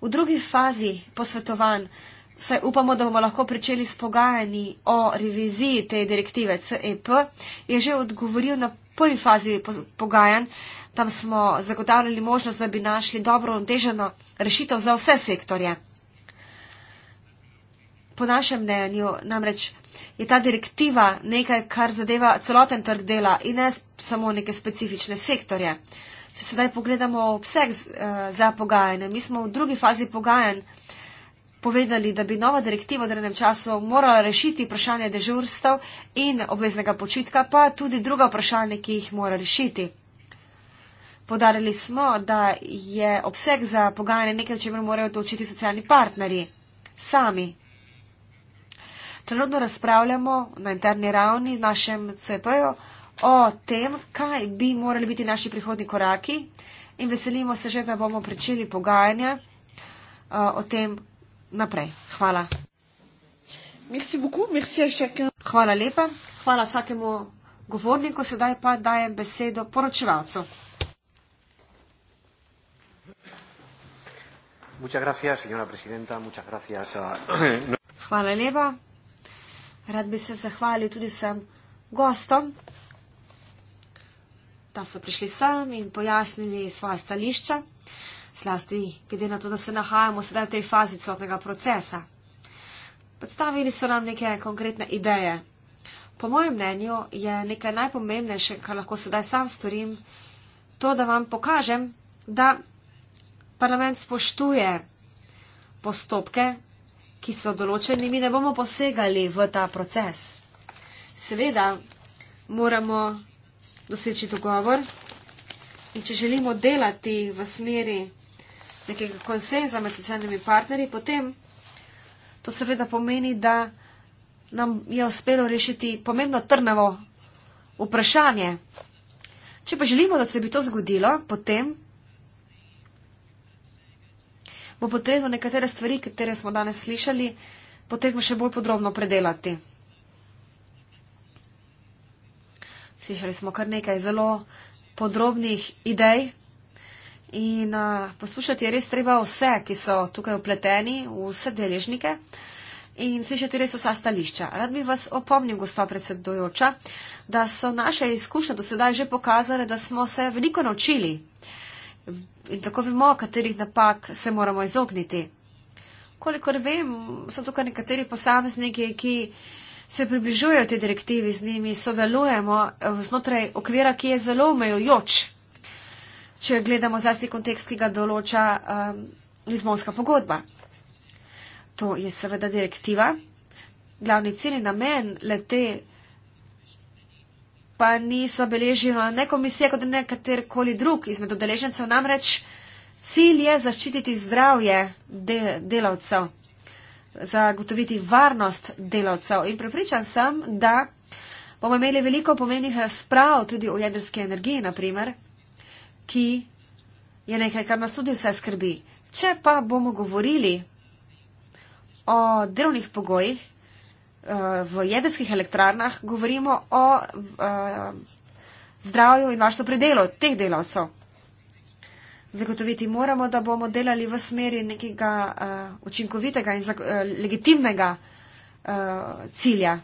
V drugi fazi posvetovanj vse upamo, da bomo lahko pričeli s pogajanji o reviziji te direktive CEP, je že odgovoril na prvi fazi pogajanj, tam smo zagotavljali možnost, da bi našli dobro onteženo rešitev za vse sektorje po našem mnenju, namreč je ta direktiva nekaj, kar zadeva celoten trg dela in ne samo neke specifične sektorje. Če sedaj pogledamo obseg eh, za pogajanje, mi smo v drugi fazi pogajanj povedali, da bi nova direktiva v drenem času morala rešiti vprašanje dežurstev in obveznega počitka, pa tudi druga vprašanja, ki jih mora rešiti. Podarili smo, da je obseg za pogajanje nekaj, o čemer morajo to učiti socialni partnerji sami, trenutno razpravljamo na interni ravni v našem CP-ju o tem, kaj bi morali biti naši prihodni koraki in veselimo se že, da bomo pričeli pogajanja eh, o tem naprej. Hvala. Merci beaucoup, merci à chacun. Hvala lepa. Hvala vsakemu govorniku. Sedaj pa dajem besedo poročevalcu. Hvala lepa, Rad bi se zahvalil tudi vsem gostom, da so prišli sem in pojasnili svoje stališča, slasti, glede na to, da se nahajamo sedaj v tej fazi celotnega procesa. Predstavili so nam neke konkretne ideje. Po mojem mnenju je nekaj najpomembnejše, kar lahko sedaj sam storim, to, da vam pokažem, da parlament spoštuje postopke ki so določeni, mi ne bomo posegali v ta proces. Seveda moramo doseči dogovor in če želimo delati v smeri nekega konsenza med socialnimi partnerji, potem to seveda pomeni, da nam je uspelo rešiti pomembno trnavo vprašanje. Če pa želimo, da se bi to zgodilo, potem bo potrebno nekatere stvari, katere smo danes slišali, potrebno še bolj podrobno predelati. Slišali smo kar nekaj zelo podrobnih idej in a, poslušati je res treba vse, ki so tukaj upleteni, vse deležnike in slišati res vsa stališča. Rad bi vas opomnil, gospa predsedujoča, da so naše izkušnje do sedaj že pokazale, da smo se veliko naučili in tako vemo, katerih napak se moramo izogniti. Kolikor vem, so tukaj nekateri posamezniki, ki se približujejo te direktivi z njimi, sodelujemo znotraj okvira, ki je zelo omejujoč, če gledamo zlasti kontekst, ki ga določa um, Lizbonska pogodba. To je seveda direktiva. Glavni cilj in namen le te pa niso beležili ne komisije, kot ne kater koli drug izmed odeležencev. Namreč cilj je zaščititi zdravje de delavcev, zagotoviti varnost delavcev. In prepričan sem, da bomo imeli veliko pomenih sprav tudi o jedrski energiji, naprimer, ki je nekaj, kar nas tudi vse skrbi. Če pa bomo govorili o delovnih pogojih, v jedrskih elektrarnah, govorimo o eh, zdravju in varstvu predelov teh delavcev. Zagotoviti moramo, da bomo delali v smeri nekega eh, učinkovitega in eh, legitimnega cilja.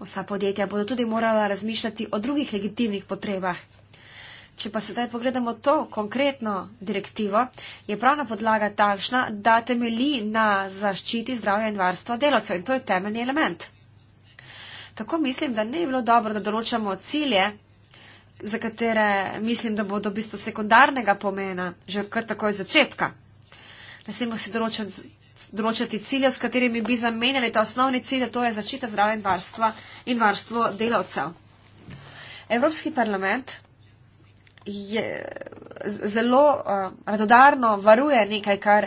Vsa podjetja bodo tudi morala razmišljati o drugih legitimnih potrebah Če pa sedaj pogledamo to konkretno direktivo, je pravna podlaga takšna, da temelji na zaščiti zdravja in varstva delavcev in to je temeljni element. Tako mislim, da ne bi bilo dobro, da določamo cilje, za katere mislim, da bodo v bistvu sekundarnega pomena, že kar takoj začetka. Ne smemo si določati, določati cilje, s katerimi bi zamenjali ta osnovni cilj, to je zaščita zdravja in varstva in varstvo delavcev. Evropski parlament je, zelo uh, radodarno varuje nekaj, kar,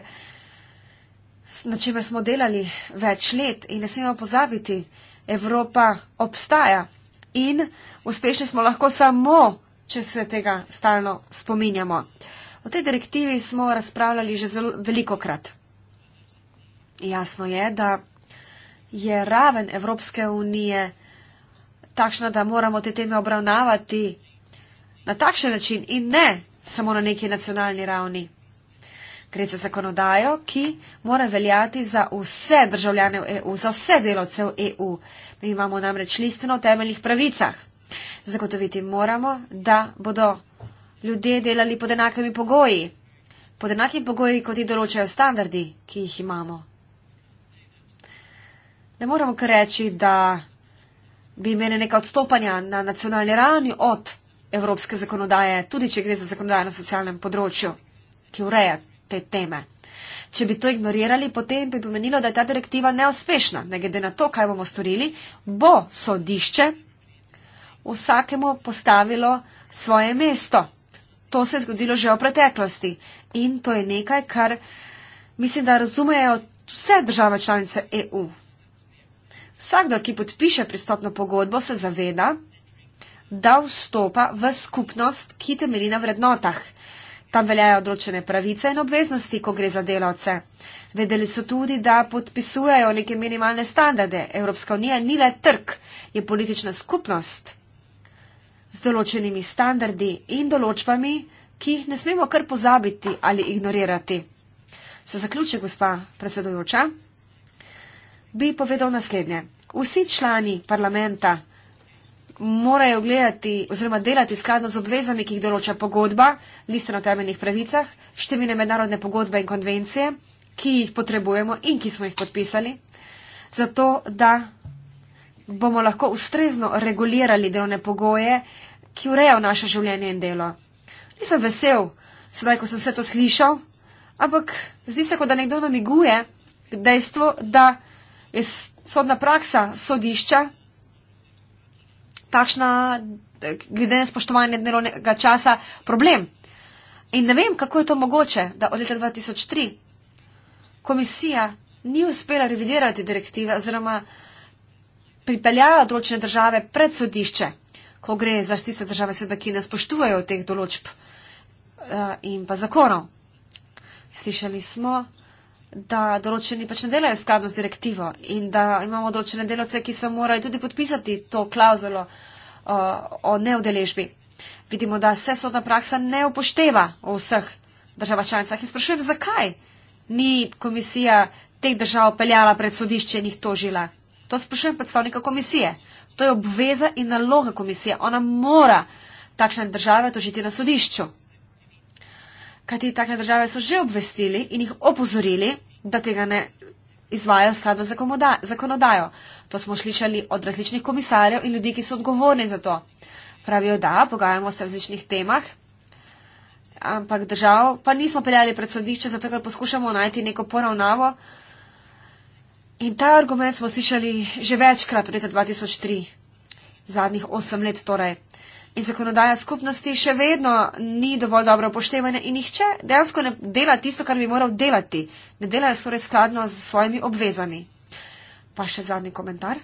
na čemer smo delali več let in ne smemo pozabiti, Evropa obstaja in uspešni smo lahko samo, če se tega stalno spominjamo. O tej direktivi smo razpravljali že zelo veliko krat. Jasno je, da je raven Evropske unije takšna, da moramo te teme obravnavati na takšen način in ne samo na neki nacionalni ravni. Gre za zakonodajo, ki mora veljati za vse državljane v EU, za vse delovce v EU. Mi imamo namreč listeno o temeljih pravicah. Zagotoviti moramo, da bodo ljudje delali pod enakimi pogoji, pod enakimi pogoji, kot jih določajo standardi, ki jih imamo. Ne moramo kar reči, da bi imeli neka odstopanja na nacionalni ravni od evropske zakonodaje, tudi če gre za zakonodajo na socialnem področju, ki ureja te teme. Če bi to ignorirali, potem bi pomenilo, da je ta direktiva neuspešna. Ne glede na to, kaj bomo storili, bo sodišče vsakemu postavilo svoje mesto. To se je zgodilo že v preteklosti in to je nekaj, kar mislim, da razumejo vse države članice EU. Vsakdo, ki podpiše pristopno pogodbo, se zaveda, da vstopa v skupnost, ki temelji na vrednotah. Tam veljajo odločene pravice in obveznosti, ko gre za delavce. Vedeli so tudi, da podpisujejo neke minimalne standarde. Evropska unija ni le trg, je politična skupnost z določenimi standardi in določbami, ki jih ne smemo kar pozabiti ali ignorirati. Se zaključi, gospa predsedujoča, bi povedal naslednje. Vsi člani parlamenta morajo gledati oziroma delati skladno z obvezami, ki jih določa pogodba, lista na temeljnih pravicah, številne mednarodne pogodbe in konvencije, ki jih potrebujemo in ki smo jih podpisali, zato da bomo lahko ustrezno regulirali delovne pogoje, ki urejajo naše življenje in delo. Nisem vesel, sedaj, ko sem vse to slišal, ampak zdi se, kot da nekdo namiguje dejstvo, da je sodna praksa sodišča takšna, glede na spoštovanje delovnega časa, problem. In ne vem, kako je to mogoče, da od leta 2003 komisija ni uspela revidirati direktive oziroma pripeljala določene države pred sodišče, ko gre za tiste države, seveda, ki ne spoštujejo teh določb uh, in pa zakonov. Slišali smo, da določeni pač ne delajo skladno z direktivo in da imamo določene delavce, ki so morali tudi podpisati to klauzulo uh, o neudeležbi. Vidimo, da se sodna praksa ne upošteva v vseh državah članicah in sprašujem, zakaj ni komisija teh držav peljala pred sodišče in jih tožila. To sprašujem predstavnika komisije. To je obveza in naloga komisije. Ona mora takšne države tožiti na sodišču kajti take države so že obvestili in jih opozorili, da tega ne izvajajo skladno z zakonodajo. To smo slišali od različnih komisarjev in ljudi, ki so odgovorni za to. Pravijo, da pogajamo se v različnih temah, ampak držav pa nismo peljali pred sodišče, zato ker poskušamo najti neko poravnavo. In ta argument smo slišali že večkrat v letu 2003, zadnjih osem let torej in zakonodaja skupnosti še vedno ni dovolj dobro upoštevana in nihče dejansko ne dela tisto, kar bi moral delati. Ne delajo skoraj skladno z svojimi obvezami. Pa še zadnji komentar.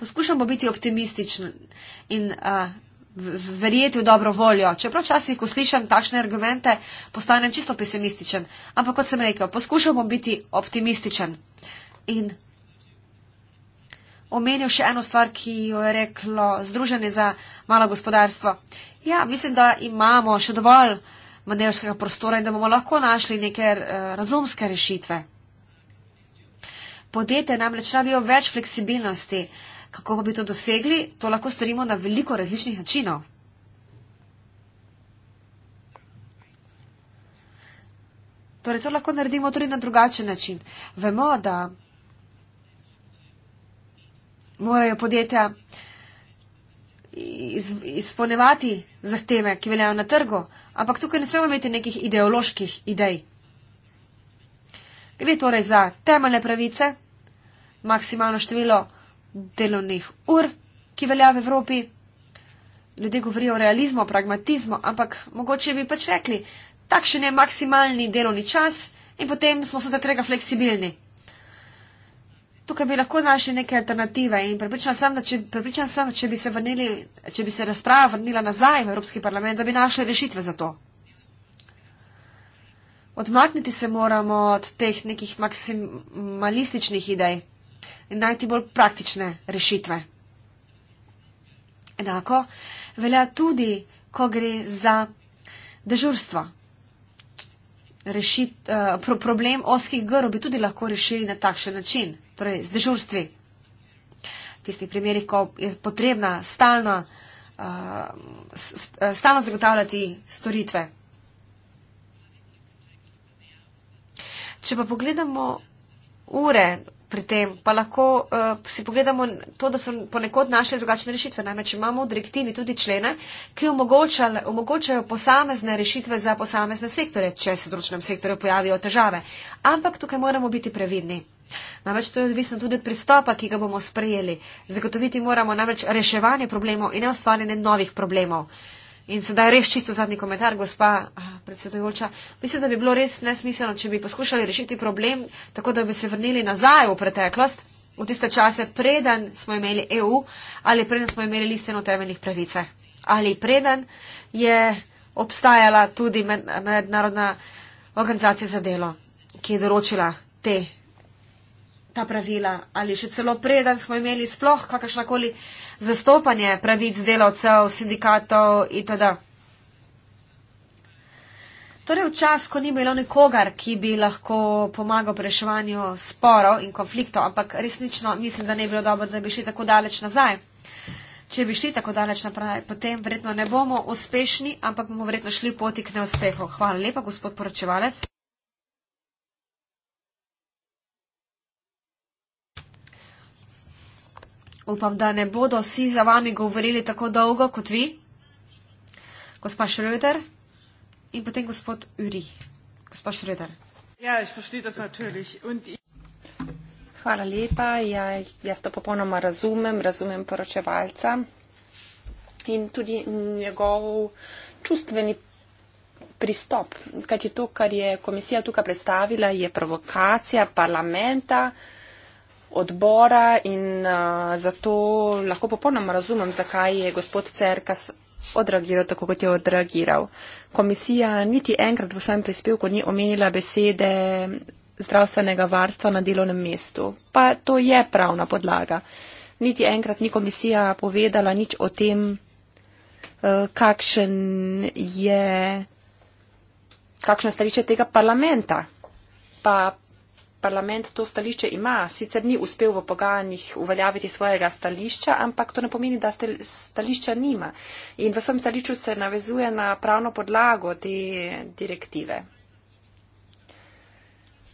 Poskušamo biti optimistični in uh, verjeti v dobro voljo. Čeprav včasih, ko slišim takšne argumente, postanem čisto pesimističen. Ampak kot sem rekel, poskušamo biti optimističen in omenil še eno stvar, ki jo je reklo Združenje za malo gospodarstvo. Ja, mislim, da imamo še dovolj manevrskega prostora in da bomo lahko našli neke eh, razumske rešitve. Podjetje namreč rabijo več fleksibilnosti. Kako pa bi to dosegli? To lahko storimo na veliko različnih načinov. Torej, to lahko naredimo tudi na drugačen način. Vemo, da morajo podjetja iz, izpolnevati zahteve, ki veljajo na trgu, ampak tukaj ne smemo imeti nekih ideoloških idej. Gre torej za temeljne pravice, maksimalno število delovnih ur, ki velja v Evropi. Ljudje govorijo o realizmu, pragmatizmu, ampak mogoče bi pač rekli, takšen je maksimalni delovni čas in potem smo se do tega fleksibilni tukaj bi lahko našli neke alternative in prepričan sem, da če, prepričan sem, če, bi, se vrnili, če bi se razprava vrnila nazaj v Evropski parlament, da bi našli rešitve za to. Odmakniti se moramo od teh nekih maksimalističnih idej in najti bolj praktične rešitve. Enako velja tudi, ko gre za dežurstvo rešit, uh, pro problem oskih grl bi tudi lahko rešili na takšen način, torej z dežurstvi. V tistih primerih, ko je potrebna stalna, uh, stalno zagotavljati storitve. Če pa pogledamo ure, pri tem. Pa lahko uh, si pogledamo to, da so ponekod našli drugačne rešitve. Namreč imamo v direktivi tudi člene, ki omogočajo posamezne rešitve za posamezne sektore, če se v določenem sektorju pojavijo težave. Ampak tukaj moramo biti previdni. Namreč to je odvisno tudi od pristopa, ki ga bomo sprejeli. Zagotoviti moramo namreč reševanje problemov in ne ustvarjanje novih problemov. Uh, In sedaj res čisto zadnji komentar, gospa predsedujoča. Mislim, da bi bilo res nesmiselno, če bi poskušali rešiti problem tako, da bi se vrnili nazaj v preteklost, v tiste čase, preden smo imeli EU ali preden smo imeli listeno temeljnih pravice. Ali preden je obstajala tudi Mednarodna organizacija za delo, ki je določila te ta pravila ali še celo preden smo imeli sploh kakršnakoli zastopanje pravic delavcev, sindikatov itd. Torej v čas, ko ni bilo nikogar, ki bi lahko pomagal pri reševanju sporov in konfliktov, ampak resnično mislim, da ne bi bilo dobro, da bi šli tako daleč nazaj. Če bi šli tako daleč naprej, potem verjetno ne bomo uspešni, ampak bomo verjetno šli poti k neuspehu. Hvala lepa, gospod poročevalec. Upam, da ne bodo vsi za vami govorili tako dolgo kot vi. Gospa Šröder in potem gospod Uri. Gospa Šröder. Ja, jaz razumem to seveda. Hvala lepa. Ja, jaz to popolnoma razumem, razumem poročevalca in tudi njegov čustveni pristop. Kaj je to, kar je komisija tukaj predstavila, je provokacija parlamenta odbora in uh, zato lahko popolnoma razumem, zakaj je gospod Cerkas odreagiral tako, kot je odreagiral. Komisija niti enkrat v svojem prispevku ni omenila besede zdravstvenega varstva na delovnem mestu. Pa to je pravna podlaga. Niti enkrat ni komisija povedala nič o tem, uh, kakšen je. Kakšno stališče tega parlamenta? Pa parlament to stališče ima, sicer ni uspel v pogajanjih uveljaviti svojega stališča, ampak to ne pomeni, da stališča nima. In v svojem stališču se navezuje na pravno podlago te direktive.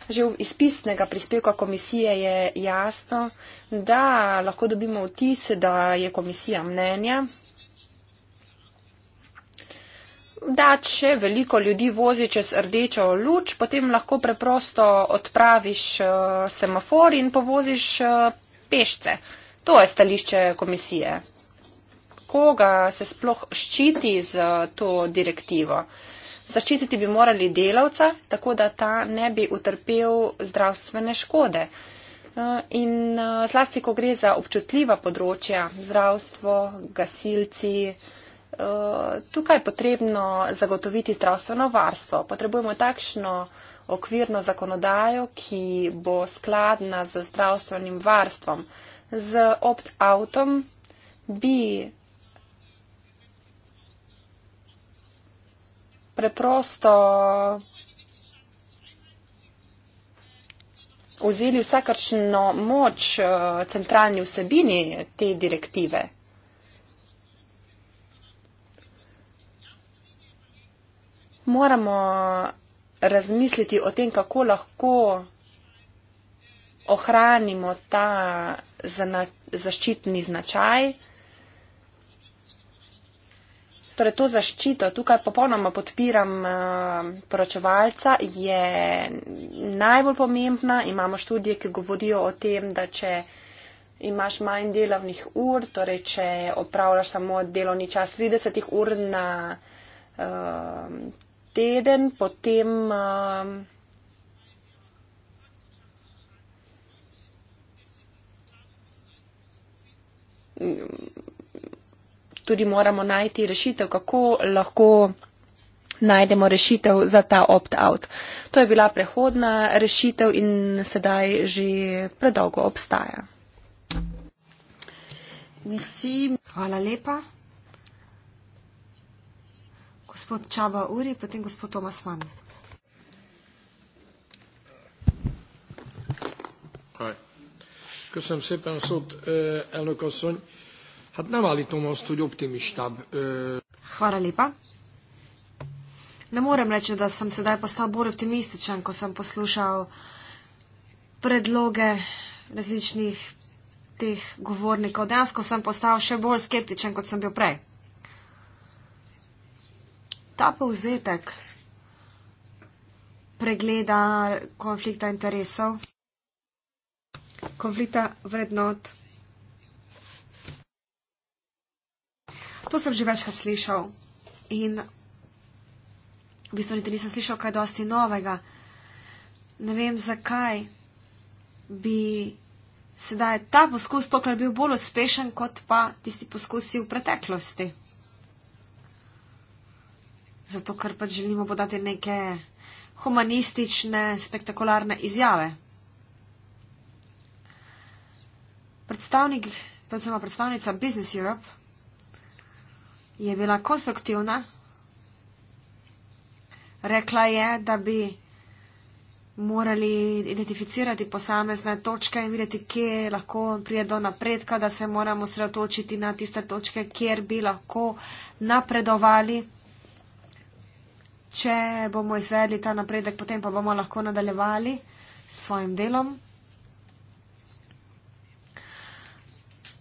Že iz pisnega prispevka komisije je jasno, da lahko dobimo vtis, da je komisija mnenja, da če veliko ljudi vozi čez rdečo luč, potem lahko preprosto odpraviš eh, semafor in povoziš eh, pešce. To je stališče komisije. Koga se sploh ščiti z eh, to direktivo? Zaščititi bi morali delavca, tako da ta ne bi utrpel zdravstvene škode. In zlasti, ko gre za občutljiva področja, zdravstvo, gasilci, Eh, tukaj je potrebno zagotoviti zdravstveno varstvo. Potrebujemo takšno okvirno zakonodajo, ki bo skladna z zdravstvenim varstvom. Z opt-outom bi preprosto vzeli vsakršno moč eh, centralni vsebini te direktive. moramo razmisliti o tem, kako lahko ohranimo ta zna, zaščitni značaj. Torej, to zaščito, tukaj popolnoma podpiram uh, poročevalca, je najbolj pomembna. Imamo študije, ki govorijo o tem, da če imaš manj delovnih ur, torej, če opravljaš samo delovni čas 30 ur na uh, teden, potem um, tudi moramo najti rešitev, kako lahko najdemo rešitev za ta opt-out. To je bila prehodna rešitev in sedaj že predolgo obstaja. Merci. Hvala lepa gospod Čaba Uri, potem gospod Tomas Van. Köszönöm szépen a szót, elnök asszony. Hát nem állítom azt, hogy optimistább. Hvala lepa. Ne morem reči, da sem sedaj postal bolj optimističen, ko sem poslušal predloge različnih teh govornikov. Dejansko sem postal še bolj skeptičen, kot sem bil prej ta povzetek pregleda konflikta interesov, konflikta vrednot. To sem že večkrat slišal in v bistvu niti nisem slišal kaj dosti novega. Ne vem, zakaj bi sedaj ta poskus tokrat bil bolj uspešen kot pa tisti poskusi v preteklosti zato ker pač želimo podati neke humanistične, spektakularne izjave. Predstavnik, pa sama predstavnica Business Europe je bila konstruktivna. Rekla je, da bi morali identificirati posamezne točke in videti, kje lahko prije do napredka, da se moramo sredotočiti na tiste točke, kjer bi lahko napredovali če bomo izvedli ta napredek, potem pa bomo lahko nadaljevali s svojim delom.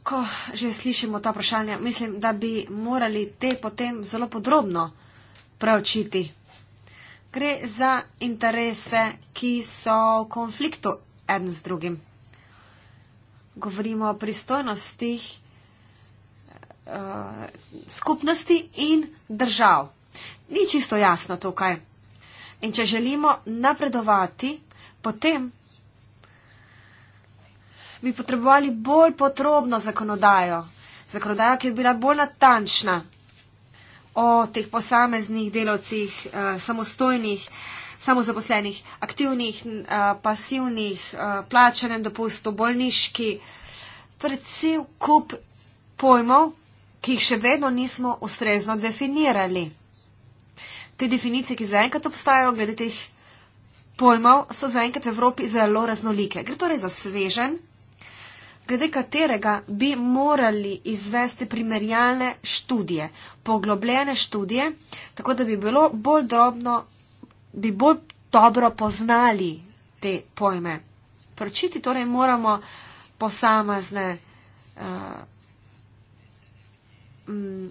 Ko že slišimo ta vprašanja, mislim, da bi morali te potem zelo podrobno preučiti. Gre za interese, ki so v konfliktu en z drugim. Govorimo o pristojnostih uh, skupnosti in držav ni čisto jasno tukaj. In če želimo napredovati, potem bi potrebovali bolj potrobno zakonodajo, zakonodajo, ki bi bila bolj natančna o teh posameznih delovcih, eh, samostojnih, samozaposlenih, aktivnih, eh, pasivnih, eh, plačanem dopustu, bolniški. Torej, cel kup pojmov, ki jih še vedno nismo ustrezno definirali te definicije, ki zaenkrat obstajajo, glede teh pojmov, so zaenkrat v Evropi zelo raznolike. Gre torej za svežen, glede katerega bi morali izvesti primerjalne študije, poglobljene študije, tako da bi bilo bolj drobno, bi bolj dobro poznali te pojme. Pročiti torej moramo posamezne uh, m,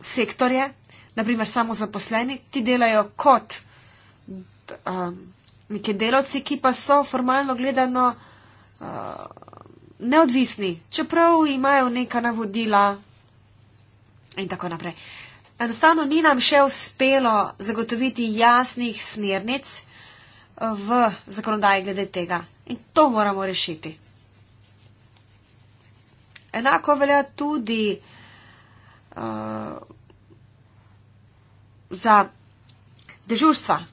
sektorje, naprimer samo zaposleni, ti delajo kot um, neke delavci, ki pa so formalno gledano uh, neodvisni, čeprav imajo neka navodila in tako naprej. Enostavno ni nam še uspelo zagotoviti jasnih smernic uh, v zakonodaji glede tega in to moramo rešiti. Enako velja tudi uh, za dežurstva.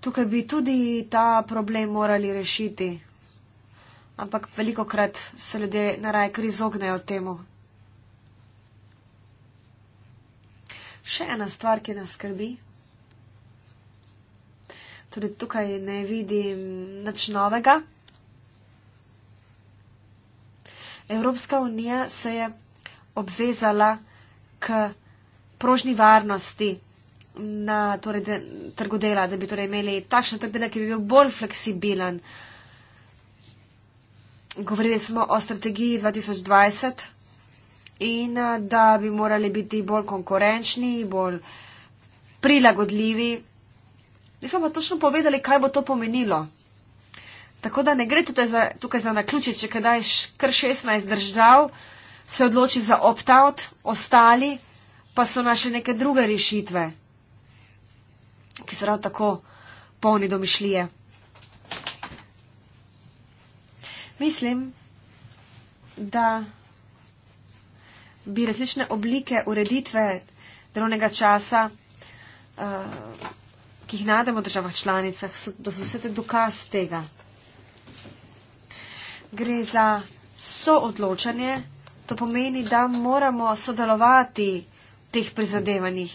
Tukaj bi tudi ta problem morali rešiti, ampak veliko krat se ljudje naraj kar izognejo temu. Še ena stvar, ki nas skrbi. Tudi torej, tukaj ne vidim nič novega. Evropska unija se je obvezala k prožni varnosti na torej, de, trgu dela, da bi torej imeli takšen trg dela, ki bi bil bolj fleksibilen. Govorili smo o strategiji 2020 in eh, da bi morali biti bolj konkurenčni, bolj prilagodljivi. Nismo pa točno povedali, kaj bo to pomenilo. Tako da ne gre tukaj za, tukaj za naključiti, če kdaj kar 16 držav se odloči za opt-out, ostali pa so naše neke druge rešitve, ki so prav tako polni domišljije. Mislim, da bi različne oblike ureditve delovnega časa, uh, ki jih najdemo v državah članicah, so, da so vse te dokaz tega. Gre za soodločanje, to pomeni, da moramo sodelovati teh prizadevanjih.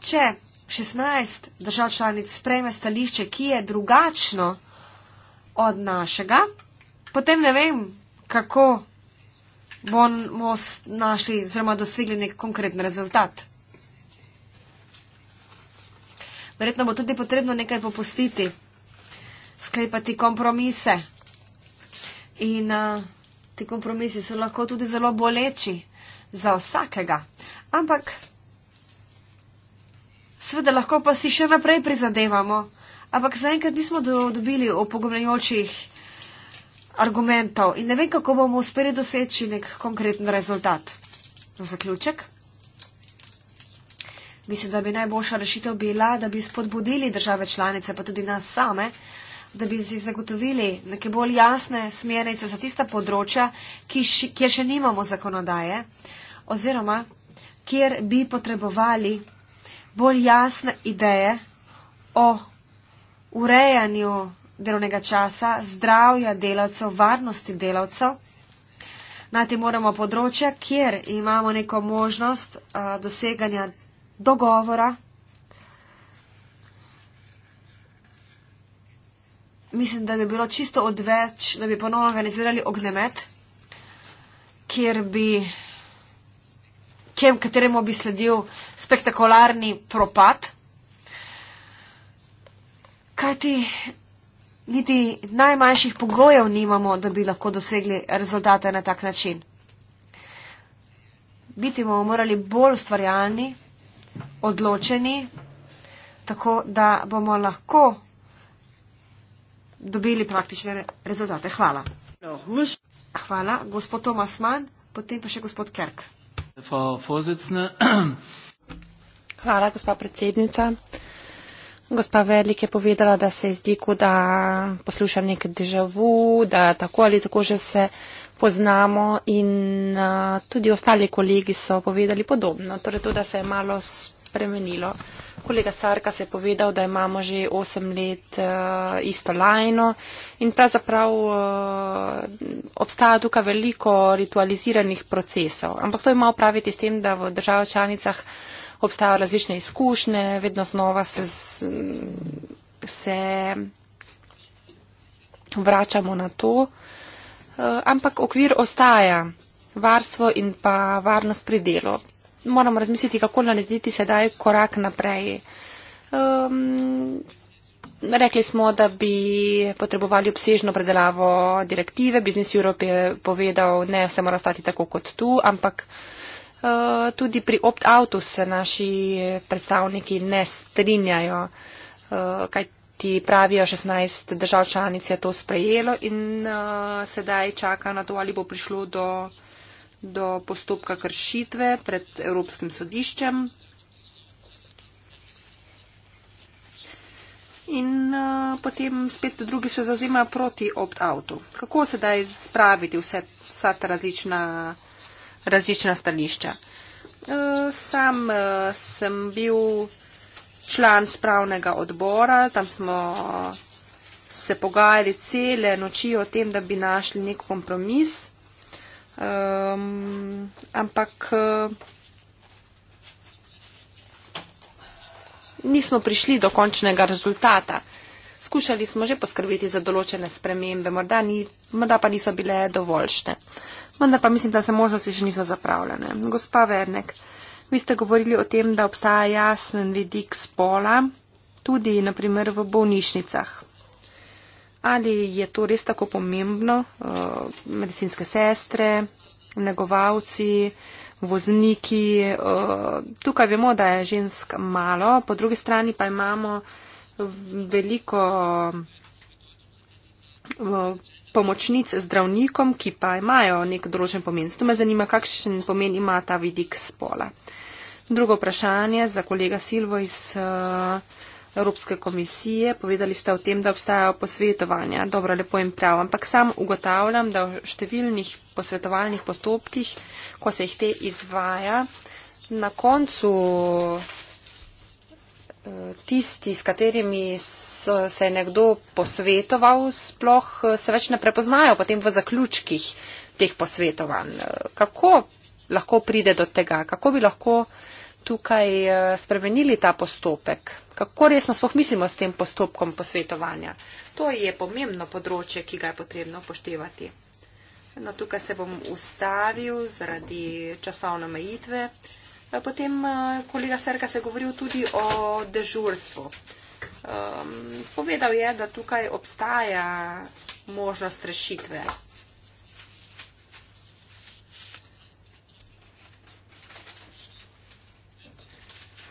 Če 16 držav članic sprejme stališče, ki je drugačno od našega, potem ne vem, kako bomo našli oziroma dosegli nek konkreten rezultat. Verjetno bo tudi potrebno nekaj popustiti, sklepati kompromise. In uh, ti kompromisi so lahko tudi zelo boleči za vsakega ampak sveda lahko pa si še naprej prizadevamo, ampak zaenkrat nismo do, dobili opogumljajočih argumentov in ne vem, kako bomo uspeli doseči nek konkreten rezultat. Za zaključek. Mislim, da bi najboljša rešitev bila, da bi spodbudili države članice, pa tudi nas same, da bi si zagotovili neke bolj jasne smernice za tista področja, ki ši, kjer še nimamo zakonodaje, oziroma kjer bi potrebovali bolj jasne ideje o urejanju delovnega časa, zdravja delavcev, varnosti delavcev. Najti moramo področja, kjer imamo neko možnost a, doseganja dogovora. Mislim, da bi bilo čisto odveč, da bi ponovno organizirali ognemet, kjer bi potem kateremu bi sledil spektakularni propad. Kajti niti najmanjših pogojev nimamo, da bi lahko dosegli rezultate na tak način. Biti bomo morali bolj ustvarjalni, odločeni, tako da bomo lahko dobili praktične rezultate. Hvala. Hvala, gospod Tomas Mann, potem pa še gospod Kerk. Frau Vorsitzende. Hvala, gospa predsednica. Gospa Velik je povedala, da se je zdi, kot da posluša nek državu, da tako ali tako že vse poznamo in uh, tudi ostali kolegi so povedali podobno, torej to, da se je malo spremenilo. Uh, kolega Sarkas je povedal, da imamo že 8 let uh, isto lajno in pravzaprav uh, obstaja tukaj veliko ritualiziranih procesov. Ampak to ima upraviti s tem, da v državah članicah obstajajo različne izkušnje, vedno znova se, se vračamo na to. Uh, ampak okvir ostaja. Varstvo in pa varnost pri delu moramo razmisliti, kako narediti sedaj korak naprej. Um, rekli smo, da bi potrebovali obsežno predelavo direktive. Biznis Europe je povedal, ne vse mora stati tako kot tu, ampak uh, tudi pri opt-outu se naši predstavniki ne strinjajo, uh, e, kaj ti pravijo 16 držav članic je to sprejelo in uh, sedaj čaka na to, ali bo prišlo do do postopka kršitve pred Evropskim sodiščem. In uh, potem spet drugi se zazima proti opt-outu. Kako se da izpraviti vse ta različna, različna stališča? Uh, sam uh, sem bil član spravnega odbora, tam smo se pogajali cele noči o tem, da bi našli nek kompromis. Um, ampak uh, nismo prišli do končnega rezultata. Skušali smo že poskrbeti za določene spremembe, morda, ni, morda pa niso bile dovoljšne. Vendar pa mislim, da se možnosti še niso zapravljene. Gospa Vernek, vi ste govorili o tem, da obstaja jasen vidik spola, tudi naprimer v bolnišnicah ali je to res tako pomembno, eh, medicinske sestre, negovalci, vozniki. Eh, tukaj vemo, da je žensk malo, po drugi strani pa imamo veliko eh, pomočnic zdravnikom, ki pa imajo nek drožen pomen. Zato me zanima, kakšen pomen ima ta vidik spola. Drugo vprašanje za kolega Silvo iz uh, Evropske komisije, povedali ste o tem, da obstajajo posvetovanja. Dobro, lepo in prav, ampak sam ugotavljam, da v številnih posvetovalnih postopkih, ko se jih te izvaja, na koncu eh, tisti, s katerimi se je nekdo posvetoval, sploh eh, se več ne prepoznajo potem v zaključkih teh posvetovanj. Eh, kako lahko pride do tega? Kako bi lahko uh, tukaj eh, spremenili ta postopek? Kako resno smo mislimo s tem postopkom posvetovanja? To je pomembno področje, ki ga je potrebno poštevati. No, tukaj se bom ustavil zaradi časovne omejitve. Eh, potem eh, kolega Serka se je govoril tudi o dežurstvu. Um, povedal je, da tukaj obstaja možnost rešitve.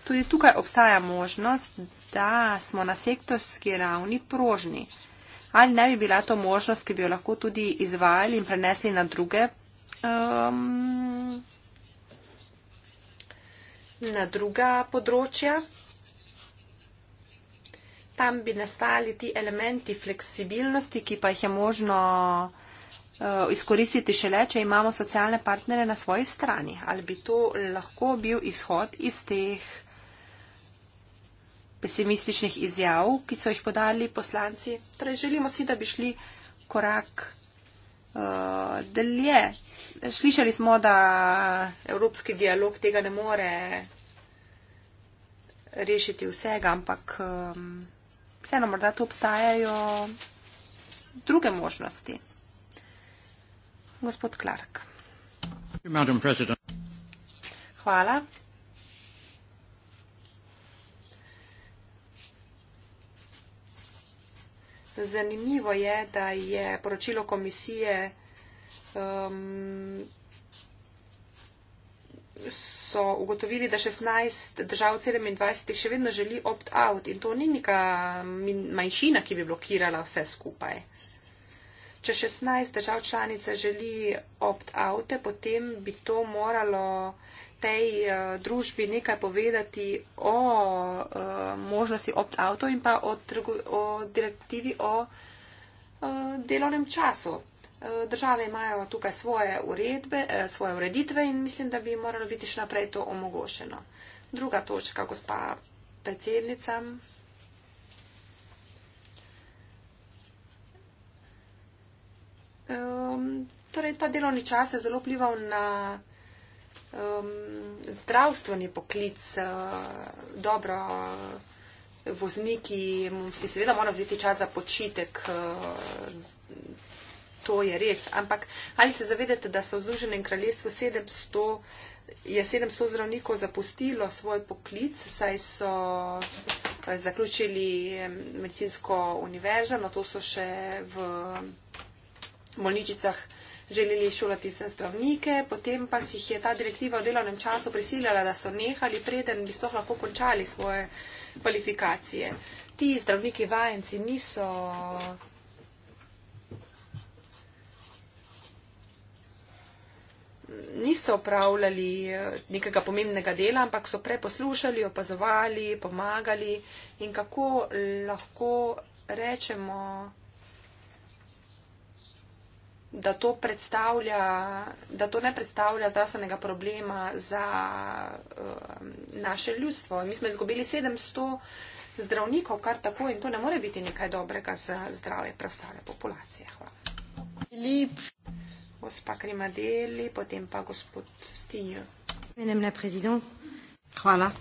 Tudi tukaj obstaja možnost, da smo na sektorski ravni prožni. Ali ne bi bila to možnost, ki bi jo lahko tudi izvajali in prenesli na druge, um, na druga področja? Tam bi nastali ti elementi fleksibilnosti, ki pa jih je možno uh, izkoristiti šele, če imamo socialne partnere na svoji strani. Ali bi to lahko bil izhod iz teh pesimističnih izjav, ki so jih podali poslanci. Torej, želimo si, da bi šli korak uh, delje. Slišali smo, da evropski dialog tega ne more rešiti vsega, ampak um, vseeno morda tu obstajajo druge možnosti. Gospod Clark. Hvala. Zanimivo je, da je poročilo komisije um, so ugotovili, da 16 držav 27 še vedno želi opt-out in to ni neka manjšina, ki bi blokirala vse skupaj. Če 16 držav članice želi opt-out, potem bi to moralo tej uh, družbi nekaj povedati o uh, možnosti opt-outov in pa o, o direktivi o uh, delovnem času. Uh, države imajo tukaj svoje, uredbe, uh, svoje ureditve in mislim, da bi moralo biti še naprej to omogošeno. Druga točka, gospa predsednica. Um, torej, ta delovni čas je zelo plival na um, zdravstveni poklic, uh, dobro, uh, vozniki si seveda morajo vzeti čas za počitek. Uh, To je res, ampak ali se zavedate, da so v Združenem kraljestvu 700, je 700 zdravnikov zapustilo svoj poklic, saj so zaključili medicinsko univerzo, na to so še v bolničicah uh, želeli šolati se zdravnike, potem pa si jih je ta direktiva v delovnem času prisiljala, da so nehali, preden bi sploh lahko končali svoje kvalifikacije. Ti zdravniki vajenci niso. niso opravljali eh, nekega pomembnega dela, ampak so preposlušali, opazovali, pomagali in kako lahko rečemo, da to, da to ne predstavlja zdravstvenega problema za uh, naše ljudstvo. Mi smo izgubili 700 zdravnikov kar tako in to ne more biti nekaj dobrega za zdravje preostale populacije. Hvala. Filip. Gospa Krimadeli, potem pa gospod Stinjo. Hvala.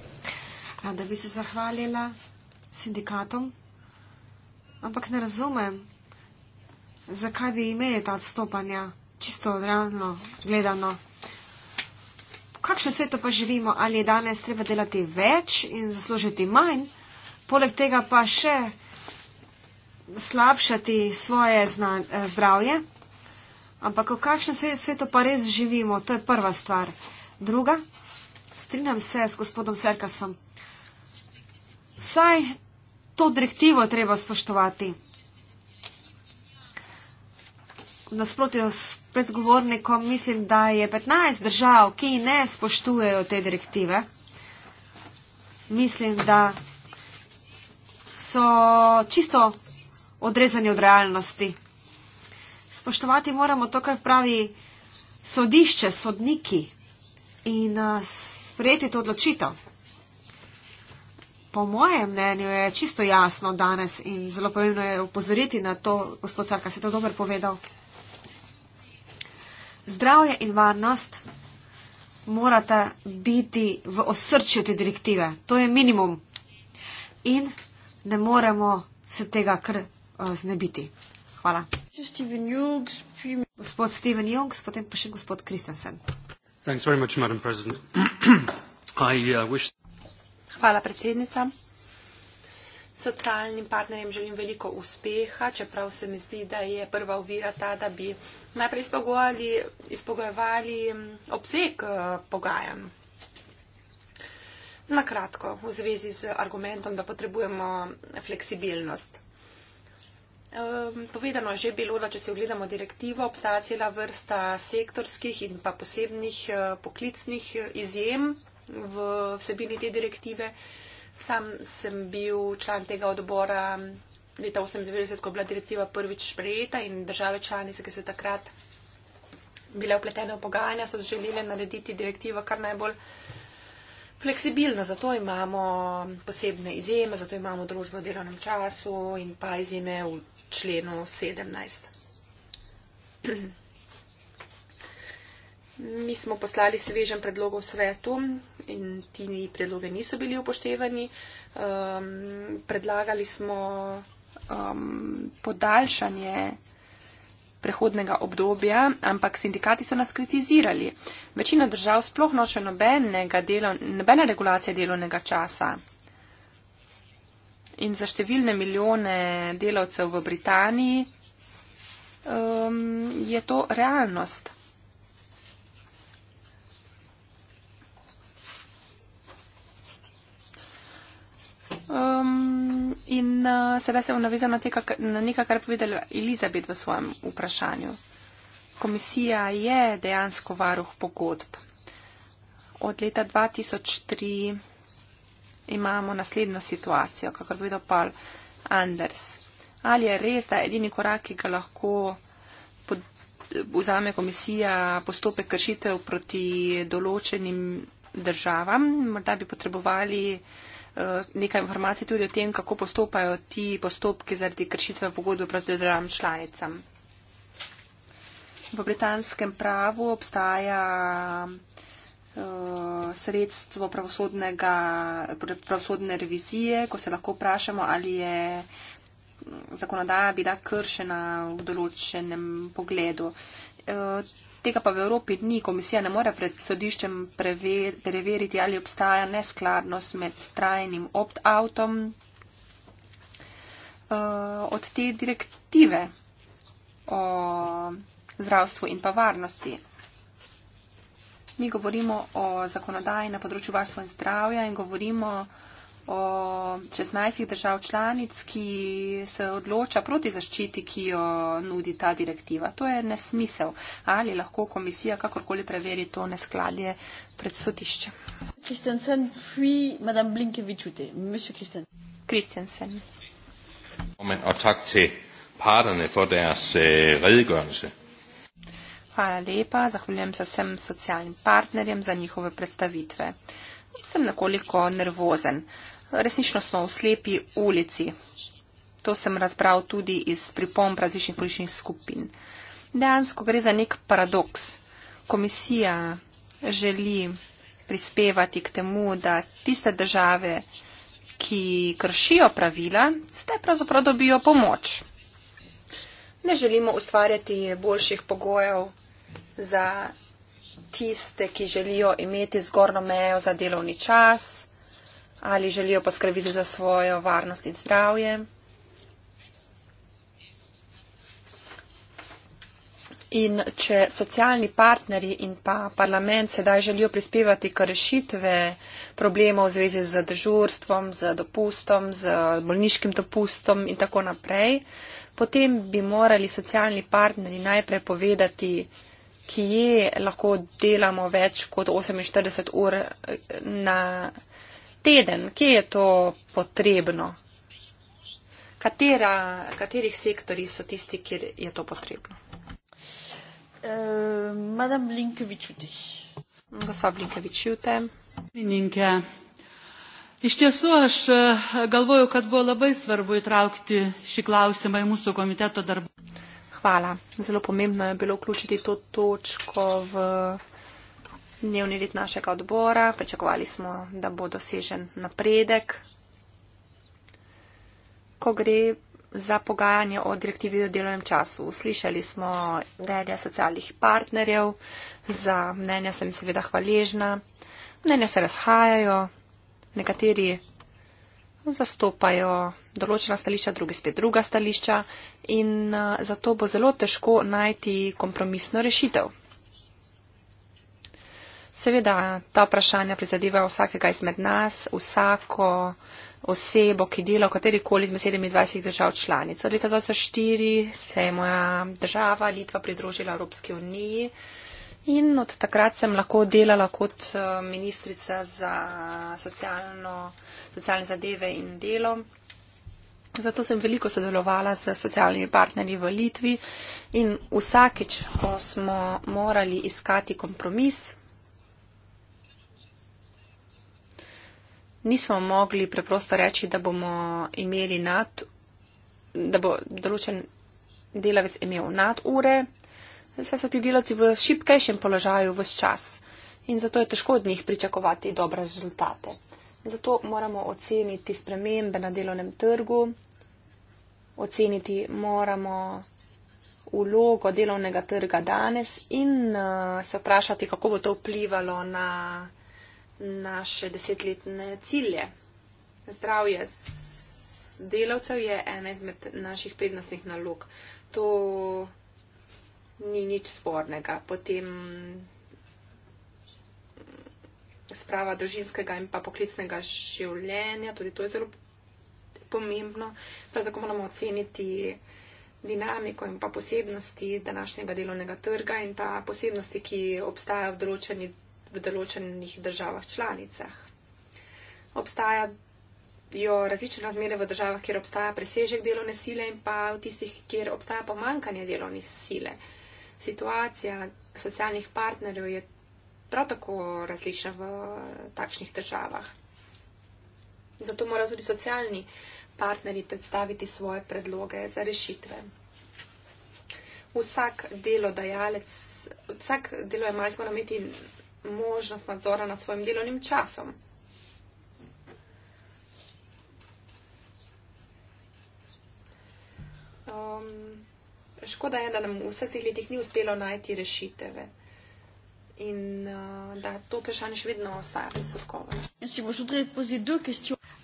Rada bi se zahvalila sindikatom, ampak ne razumem, zakaj bi imeli ta odstopanja, čisto realno gledano. Kakšno sveto pa živimo, ali je danes treba delati več in zaslužiti manj, poleg tega pa še slabšati svoje eh, zdravje. Ampak v kakšnem svetu pa res živimo, to je prva stvar. Druga, strinjam se s gospodom Serkasom. Vsaj to direktivo treba spoštovati. nasprotju s predgovornikom, mislim, da je 15 držav, ki ne spoštujejo te direktive. Mislim, da so čisto odrezani od realnosti. Spoštovati moramo to, kar pravi sodišče, sodniki in eh, sprejeti to odločitev. Po mojem mnenju je čisto jasno danes in zelo pomembno je upozoriti na to, gospod Sarka, se je to dobro povedal. Zdravje in varnost morata biti v osrčju te direktive. To je minimum. In ne moremo se tega kar uh, znebiti. Hvala. Steven Jungs, gospod Steven Jungs, potem pa še gospod Kristensen. Uh, Hvala, predsednica socialnim partnerjem želim veliko uspeha, čeprav se mi zdi, da je prva uvira ta, da bi najprej izpogojevali mm, obseg eh, pogajem. Na kratko, v zvezi z argumentom, da potrebujemo fleksibilnost. Povedano je že bilo, da če se ogledamo direktivo, obstaja cela vrsta sektorskih in pa posebnih eh, poklicnih eh, izjem v vsebini te direktive. Sam sem bil član tega odbora leta 98, ko je bila direktiva prvič sprejeta in države članice, ki so takrat bile vpletene v pogajanja, so želeli narediti direktivo kar najbolj fleksibilno. Zato imamo posebne izjeme, zato imamo družbo v delovnem času in pa izjeme v členu 17. Mi smo poslali svežen predlog v svetu in ti predloge niso bili upoštevani. Um, predlagali smo um, podaljšanje prehodnega obdobja, ampak sindikati so nas kritizirali. Večina držav sploh noče nobene regulacije delovnega časa. In za številne milijone delavcev v Britaniji um, je to realnost. Um, in uh, sedaj se bom navezal na, na nekaj, kar je povedala Elizabet v svojem vprašanju. Komisija je dejansko varuh pogodb. Od leta 2003 imamo naslednjo situacijo, kakor bi dopal Anders. Ali je res, da edini korak, ki ga lahko vzame komisija postopek kršitev proti določenim državam, morda bi potrebovali. Eh, nekaj informacij tudi o tem, kako postopajo ti postopki zaradi kršitve pogodbe proti državam članicam. V britanskem pravu obstaja uh, sredstvo pravosodne revizije, ko se lahko vprašamo, ali je mm, zakonodaja bila kršena v določenem pogledu. Uh, Tega pa v Evropi ni, komisija ne more pred sodiščem prever, preveriti, ali obstaja neskladnost med trajnim opt-outom uh, od te direktive o zdravstvu in pa varnosti. Mi govorimo o zakonodaji na področju varstva in zdravja in govorimo o o 16 držav članic, ki se odloča proti zaščiti, ki jo nudi ta direktiva. To je nesmisel. Ali lahko komisija kakorkoli preveri to neskladje pred sodišče? Kristjansen, vi, madam Blinkevič, vite, mr. Kristjansen. Hvala lepa, zahvaljujem se vsem socialnim partnerjem za njihove predstavitve in sem nekoliko nervozen. Resnično smo v slepi ulici. To sem razbral tudi iz pripomb različnih političnih skupin. Dejansko gre za nek paradoks. Komisija želi prispevati k temu, da tiste države, ki kršijo pravila, zdaj pravzaprav dobijo pomoč. Ne želimo ustvarjati boljših pogojev za tiste, ki želijo imeti zgornjo mejo za delovni čas ali želijo poskrbiti za svojo varnost in zdravje. In če socialni partnerji in pa parlament sedaj želijo prispevati k rešitve problemov v zvezi z dežurstvom, z dopustom, z bolniškim dopustom in tako naprej, potem bi morali socialni partnerji najprej povedati, kje lahko delamo več kot 48 ur eh, na teden, kje je to potrebno, Katera, katerih sektorjih so tisti, kjer je to potrebno. Eh, madam Blinkevič Judiš. Gospa Blinkevič Jute. Mininke. Iš tiesų aš eh, galvoju, kad buvo labai svarbu įtraukti šį klausimą į mūsų komiteto darbą hvala. Zelo pomembno je bilo vključiti to točko v dnevni red našega odbora. Pričakovali smo, da bo dosežen napredek. Ko gre za pogajanje o direktivi o delovnem času, slišali smo mnenja socialnih partnerjev, za mnenja sem seveda hvaležna. Mnenja se razhajajo, nekateri zastopajo določena stališča, drugi spet druga stališča in eh, zato bo zelo težko najti kompromisno rešitev. Seveda, ta vprašanja prizadevajo vsakega izmed nas, vsako osebo, ki dela v katerikoli izmed 27 držav članic. Od leta 2004 se je moja država Litva pridružila Evropski uniji. In od takrat sem lahko delala kot eh, ministrica za socialno, socialne zadeve in delo. Zato sem veliko sodelovala s socialnimi partnerji v Litvi in vsakič, ko smo morali iskati kompromis, nismo mogli preprosto reči, da bomo imeli nad, da bo določen delavec imel nad ure, Vse so ti delavci v šipkejšem položaju vse čas in zato je težko od njih pričakovati dobre rezultate. Zato moramo oceniti spremembe na delovnem trgu, oceniti moramo ulogo delovnega trga danes in eh, se vprašati, kako bo to vplivalo na naše desetletne cilje. Zdravje delavcev je ena izmed naših prednostnih nalog. To ni nič spornega. Potem sprava družinskega in pa poklicnega življenja, tudi to je zelo pomembno, da tako moramo oceniti dinamiko in pa posebnosti današnjega delovnega trga in pa posebnosti, ki obstajajo v, določeni, v določenih državah članicah. Obstajajo različne razmere v državah, kjer obstaja presežek delovne sile in pa v tistih, kjer obstaja pomankanje delovne sile. Uh, situacija socialnih partnerjev je prav tako različna v takšnih državah. Zato morajo tudi socialni partnerji predstaviti svoje predloge za rešitve. Vsak delodajalec, vsak delojemalec mora imeti možnost nadzora nad svojim delovnim časom. Um, škoda je, da nam v vseh teh letih ni uspelo najti rešiteve. In uh, da to vprašanje še vedno ostaja brez odgovora.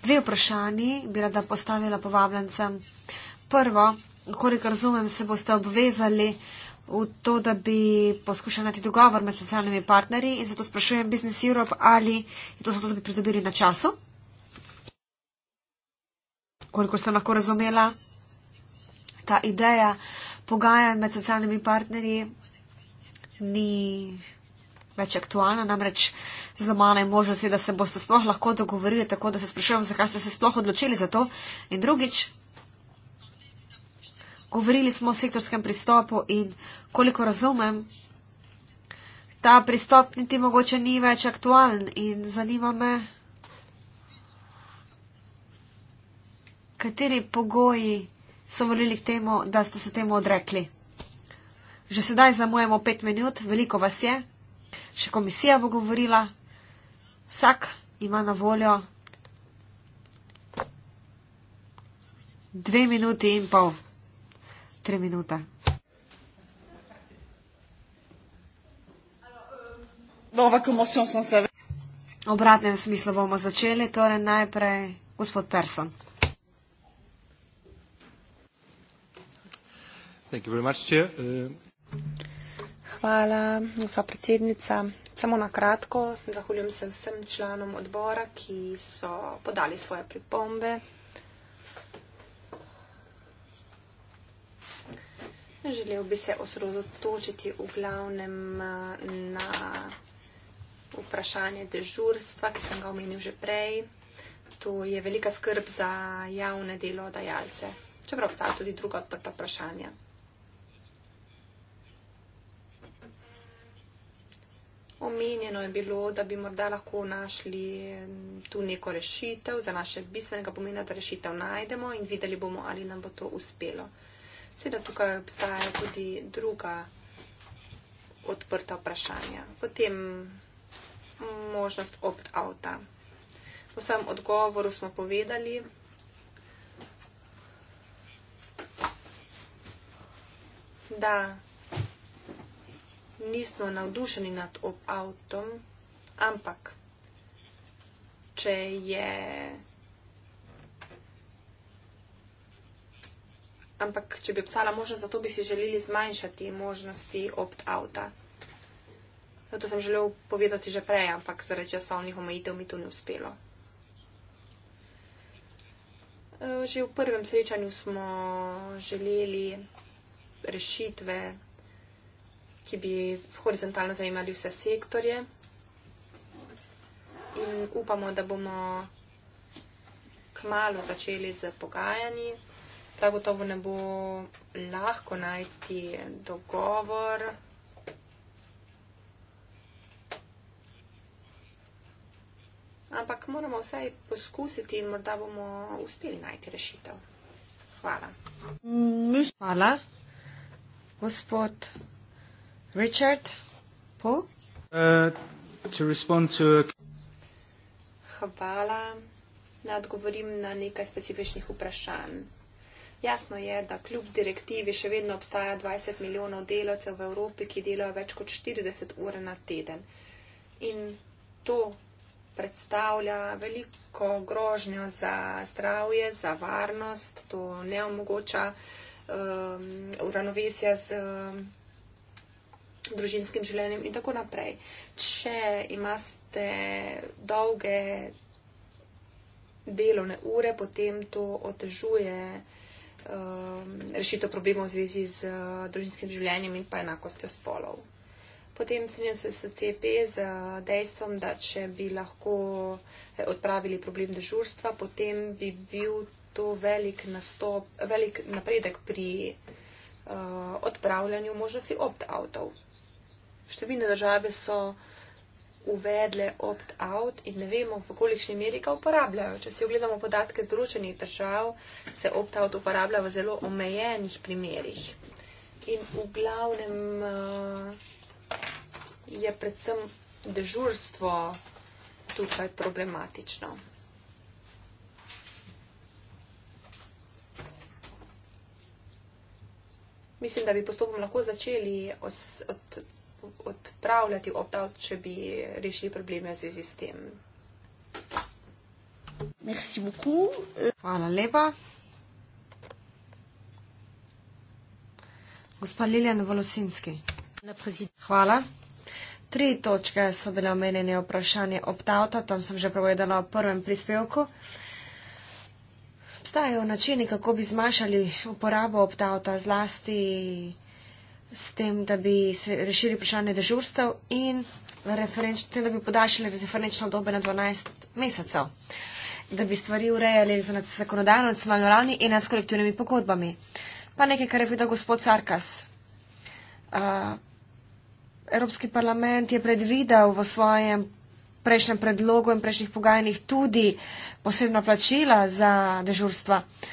Dve vprašanji bi rada postavila povabljencem. Prvo, koliko razumem, se boste obvezali v to, da bi poskušali najti dogovor med socialnimi partnerji in zato sprašujem Business Europe, ali je to zato, da bi pridobili na času. Koliko sem lahko razumela ta ideja pogajanj med socialnimi partnerji ni več aktualna, namreč zelo malo je možnosti, da se boste sploh lahko dogovorili, tako da se sprašujem, zakaj ste se sploh odločili za to. In drugič, govorili smo o sektorskem pristopu in koliko razumem, ta pristop niti mogoče ni več aktualen in zanima me, kateri pogoji so volili k temu, da ste se temu odrekli. Že sedaj zamujemo pet minut, veliko vas je, še komisija bo govorila, vsak ima na voljo dve minuti in pol, tri minute. V obratnem smislu bomo začeli, torej najprej gospod Person. Uh, Hvala, gospod predsednica. Samo na kratko, zahvaljujem se vsem članom odbora, ki so podali svoje pripombe. Želel bi se osredotočiti v glavnem uh, na vprašanje dežurstva, ki sem ga omenil že prej. To je velika skrb za javne delodajalce, čeprav obstajajo tudi druga odprta vprašanja. Omenjeno je bilo, da bi morda lahko našli tu neko rešitev, za naše bistvenega pomena, da rešitev najdemo in videli bomo, ali nam bo to uspelo. Seveda tukaj obstajajo tudi druga odprta vprašanja. Potem možnost opt-outa. V svojem odgovoru smo povedali, da nismo navdušeni nad avtom, ampak če je. Ampak, če bi obstala možnost, zato bi si želeli zmanjšati možnosti opt-outa. No, to sem želel povedati že prej, ampak zaradi časovnih omejitev mi to ni uspelo. Eh, že v prvem srečanju smo želeli rešitve ki bi horizontalno zajemali vse sektorje. In upamo, da bomo kmalo začeli z pogajanji. Prav gotovo ne bo lahko najti dogovor. Ampak moramo vsaj poskusiti in morda bomo uspeli najti rešitev. Hvala. Hvala. Gospod Richard, Paul? Uh, to respond to a... Hvala. Naj odgovorim na nekaj specifičnih vprašanj. Jasno je, da kljub direktivi še vedno obstaja 20 milijonov delavcev v Evropi, ki delajo več kot 40 ur na teden. In to predstavlja veliko grožnjo za zdravje, za varnost, to ne omogoča um, uravnovesja z. Um, družinskim življenjem in tako naprej. Če imate dolge delovne ure, potem to otežuje um, rešitev problemov v zvezi z uh, družinskim življenjem in pa enakostjo spolov. Potem strinjam se s CP z uh, dejstvom, da če bi lahko eh, odpravili problem dežurstva, potem bi bil to velik, nastop, velik napredek pri uh, odpravljanju možnosti opt-outov številne države so uvedle opt-out in ne vemo, v kolikšni meri ga uporabljajo. Če si ogledamo podatke združenih držav, se opt-out uporablja v zelo omejenih primerih. In v glavnem uh, je predvsem dežurstvo tukaj problematično. Mislim, da bi postopom lahko začeli od. od odpravljati opt-out, če bi rešili probleme v zvezi s tem. Hvala lepa. Gospa Liljana Volosinski. Hvala. Tri točke so bile omenjene vprašanje opt-outa, tam sem že povedala v prvem prispevku. Obstajajo načini, kako bi zmanjšali uporabo opt-outa zlasti s tem, da bi se rešili vprašanje dežurstev in tem, da bi podaljšali referenčno dobe na 12 mesecev, da bi stvari urejali za zakonodajno nacionalno ravni in nad kolektivnimi pogodbami. Pa nekaj, kar je povedal gospod Sarkas. Uh, Evropski parlament je predvidel v svojem prejšnjem predlogu in prejšnjih pogajanjih tudi posebna plačila za dežurstva. Uh,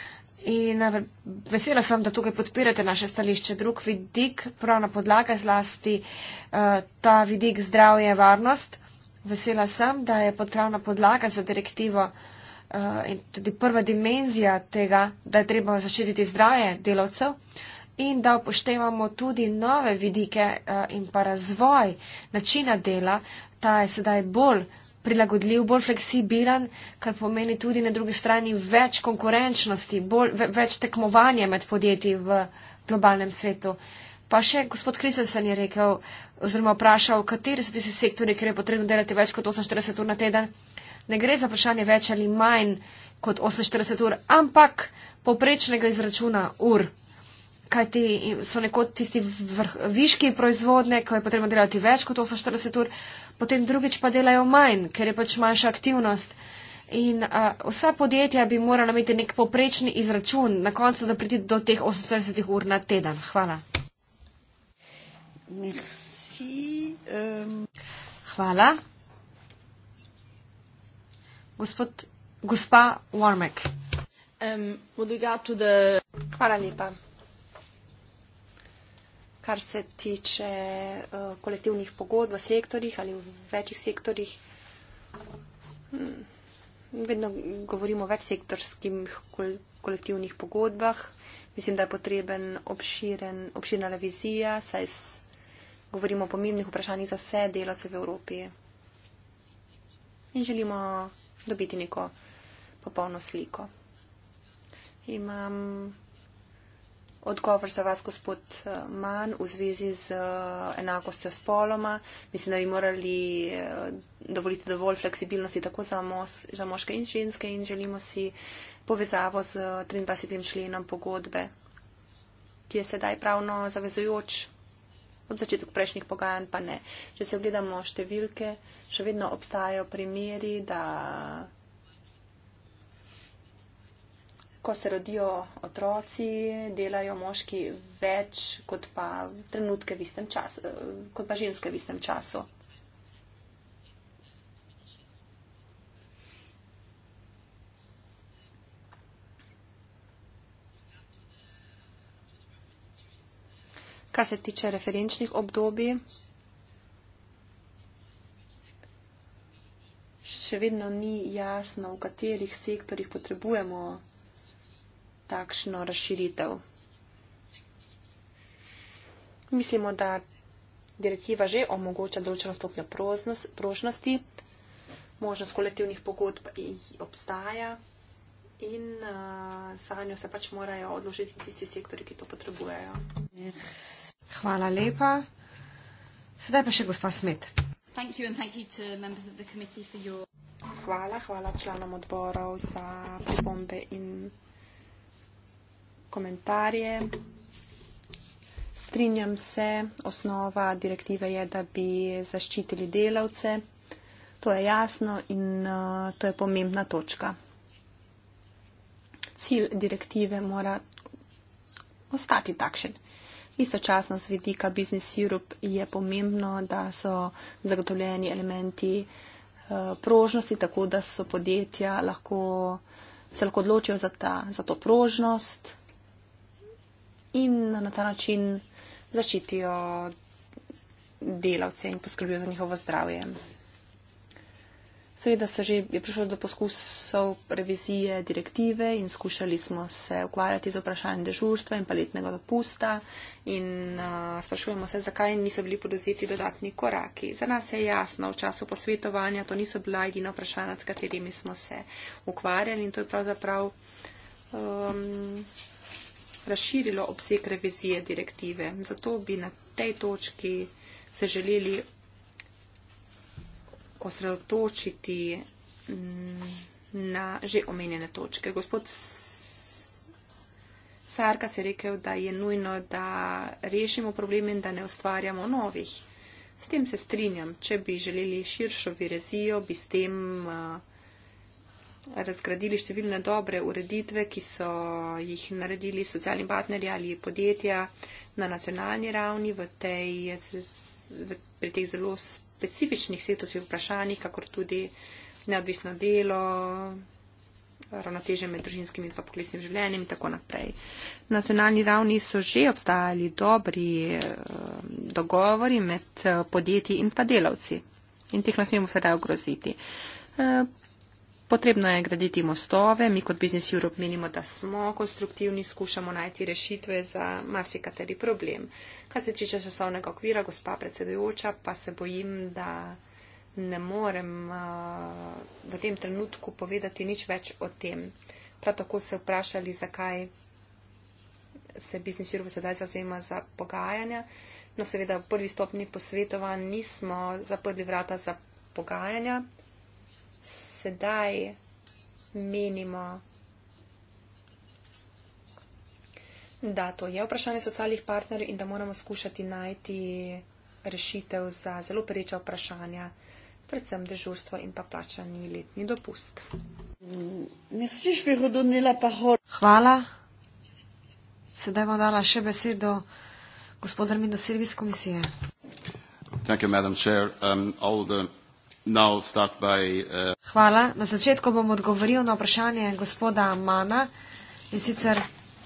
In eh, vesela sem, da tukaj podpirate naše stališče. Drug vidik, pravna podlaga zlasti eh, ta vidik zdravje, varnost. Vesela sem, da je potravna podlaga za direktivo eh, in tudi prva dimenzija tega, da je treba zaščititi zdravje delavcev in da upoštevamo tudi nove vidike in pa razvoj načina dela, ta je sedaj bolj prilagodljiv, bolj fleksibilen, kar pomeni tudi na drugi strani več konkurenčnosti, bolj, več tekmovanja med podjetji v globalnem svetu. Pa še gospod Kristensen je rekel oziroma vprašal, kateri so tisti sektori, kjer je potrebno delati več kot 48 ur na teden. Ne gre za vprašanje več ali manj kot 48 ur, ampak poprečnega izračuna ur kajti so nekod tisti vrh, viški proizvodne, ko je potrebno delati več kot 48 ur, potem drugič pa delajo manj, ker je pač manjša aktivnost. In a, vsa podjetja bi morala imeti nek poprečni izračun na koncu, da priti do teh 48 ur na teden. Hvala. Merci, um... Hvala. Gospod, gospa Warmek. Um, the... Hvala lepa kar se tiče uh, kolektivnih pogodb v sektorjih ali v večjih sektorjih. Hm, vedno govorimo o večsektorskih kol kolektivnih pogodbah. Mislim, da je potreben obširen, obširna revizija, saj govorimo o pomembnih vprašanjih za vse delavce v Evropi. In želimo dobiti neko popolno sliko. Imam odgovor za vas, gospod eh, Mann, v zvezi z eh, enakostjo spoloma. Mislim, da bi morali eh, dovoliti dovolj fleksibilnosti tako za, mos, za moške in ženske in želimo si povezavo z 23. členom pogodbe, ki je sedaj pravno zavezujoč. Od začetka prejšnjih pogajanj pa ne. Če se ogledamo številke, še vedno obstajajo primeri, da ko se rodijo otroci, delajo moški več kot pa trenutke v istem času, kot pa ženske v istem času. Kar se tiče referenčnih obdobij, še vedno ni jasno, v katerih sektorjih potrebujemo takšno razširitev. Mislimo, da direktiva že omogoča določeno stopnjo prošnosti, možnost kolektivnih pogodb obstaja in za uh, njo se pač morajo odložiti tisti sektori, ki to potrebujejo. Hvala lepa. Sedaj pa še gospa Smet. Hvala, hvala članom odborov za pripombe in komentarje. Strinjam se, osnova direktive je, da bi zaščitili delavce. To je jasno in uh, to je pomembna točka. Cilj direktive mora ostati takšen. Istočasno z vidika Business Europe je pomembno, da so zagotovljeni elementi uh, prožnosti, tako da so podjetja lahko, se lahko odločijo za, ta, za to prožnost, in na ta način zaščitijo delavce in poskrbijo za njihovo zdravje. Seveda se že je prišlo do poskusov revizije direktive in skušali smo se ukvarjati z vprašanjem dežurstva in paletnega dopusta in uh, sprašujemo se, zakaj niso bili podozeti dodatni koraki. Za nas je jasno, v času posvetovanja to niso bila edina vprašanja, s katerimi smo se ukvarjali in to je pravzaprav. Um, razširilo obseg revizije direktive. Zato bi na tej točki se želeli osredotočiti mm, na že omenjene točke. Gospod Sarkas je rekel, da je nujno, da rešimo probleme in da ne ustvarjamo novih. S tem se strinjam. Če bi želeli širšo virezijo, bi s tem. Uh, razgradili številne dobre ureditve, ki so jih naredili socialni partnerji ali podjetja na nacionalni ravni v tej, pri teh zelo specifičnih svetovskih vprašanjih, kakor tudi neodvisno delo, ravnoteže med družinskimi in poklicnim življenjem in tako naprej. Na nacionalni ravni so že obstajali dobri eh, dogovori med eh, podjetji in pa delavci. In teh nas smemo sedaj ogroziti. Eh, Potrebno je graditi mostove, mi kot Business Europe menimo, da smo konstruktivni, skušamo najti rešitve za marsikateri problem. Kar se tiče časovnega okvira, gospa predsedujoča, pa se bojim, da ne morem eh, v tem trenutku povedati nič več o tem. Prav tako se vprašali, zakaj se Business Europe sedaj zazema za pogajanja. No, seveda, v prvi stopni posvetovanj nismo zaprli vrata za pogajanja sedaj menimo, da to je vprašanje socialnih partnerjev in da moramo skušati najti rešitev za zelo pereča vprašanja, predvsem dežurstvo in pa plačani letni dopust. Hvala. Sedaj bom dala še besedo gospodarmi do servis komisije. Thank you, Madam Chair. Um, all the Uh, Hvala. Na začetku bom odgovoril na vprašanje gospoda Mana in sicer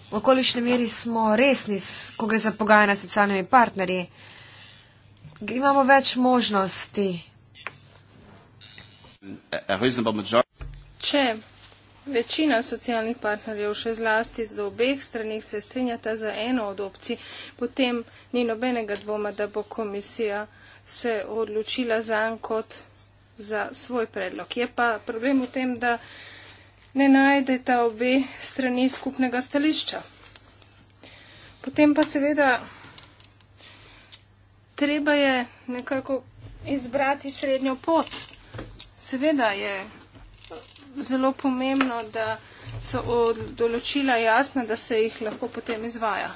v okolišnem meri smo resni, ko ga zapogajanja s socialnimi partnerji. Imamo več možnosti. Če večina socialnih partnerjev še zlasti z obeh stranih se strinjata za eno od opcij, potem ni nobenega dvoma, da bo komisija se odločila za en kot za svoj predlog. Je pa problem v tem, da ne najdete obe strani skupnega stališča. Potem pa seveda treba je nekako izbrati srednjo pot. Seveda je zelo pomembno, da so določila jasna, da se jih lahko potem izvaja.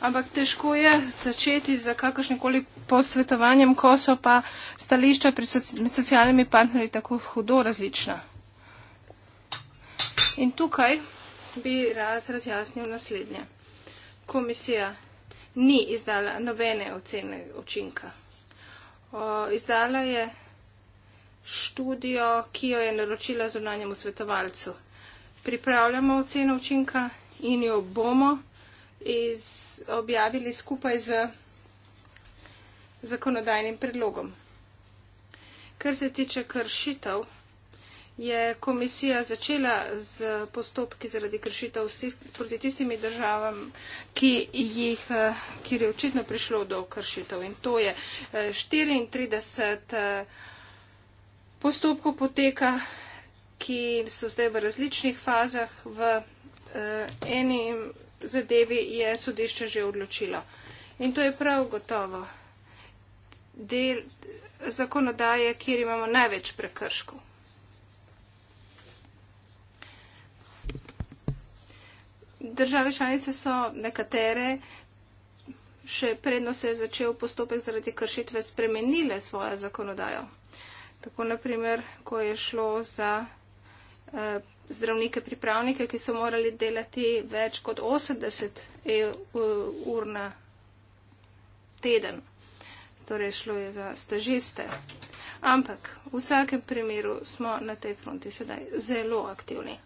Ampak težko je začeti z kakršnikoli posvetovanjem, ko so pa stališča pri soci, med socialnimi partnerji tako hudo različna. In tukaj bi rad razjasnil naslednje. Komisija ni izdala nobene ocene učinka. O, izdala je študijo, ki jo je naročila zunanjemu svetovalcu. Pripravljamo oceno učinka in jo bomo iz, objavili skupaj z zakonodajnim predlogom. Kar se tiče kršitev, je komisija začela z postopki zaradi kršitev proti tistimi državam, ki jih, eh, kjer je očitno prišlo do kršitev. In to je 34 eh, eh, postopkov poteka, ki so zdaj v različnih fazah v enim zadevi je sodišče že odločilo. In to je prav gotovo del zakonodaje, kjer imamo največ prekrškov. Države članice so nekatere, še predno se je začel postopek zaradi kršitve, spremenile svojo zakonodajo. Tako naprimer, ko je šlo za eh, zdravnike, pripravnike, ki so morali delati več kot 80 e-, ur na teden. Torej šlo je za stažiste. Ampak v vsakem primeru smo na tej fronti sedaj zelo aktivni.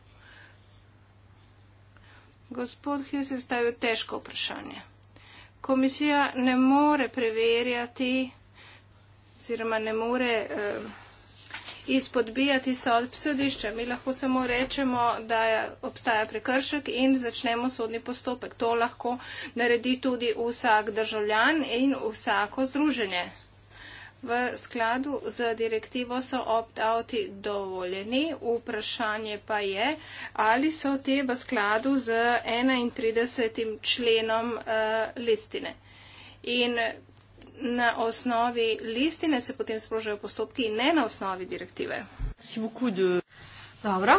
Gospod Hughes je stavil težko vprašanje. Komisija ne more preverjati oziroma ne more. Eh, izpodbijati sodb sodišča. Mi lahko samo rečemo, da obstaja prekršek in začnemo sodni postopek. To lahko naredi tudi vsak državljan in vsako združenje. V skladu z direktivo so opt-outi dovoljeni, vprašanje pa je, ali so te v skladu z 31. členom uh, listine. In na osnovi listine se potem sprožajo postopki in ne na osnovi direktive. Dobro,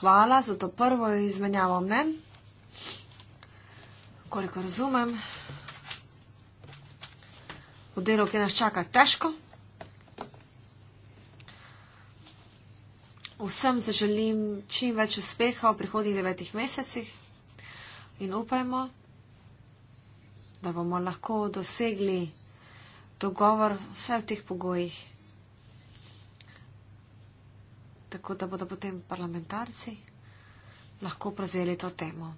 hvala za to prvo izmenjavo mnen. Koliko razumem, v delu, ki nas čaka, težko. Vsem zaželim čim več uspeha v prihodnih devetih mesecih in upajmo, da bomo lahko dosegli dogovor vse v teh pogojih. Tako da bodo potem parlamentarci lahko prezeli to temo.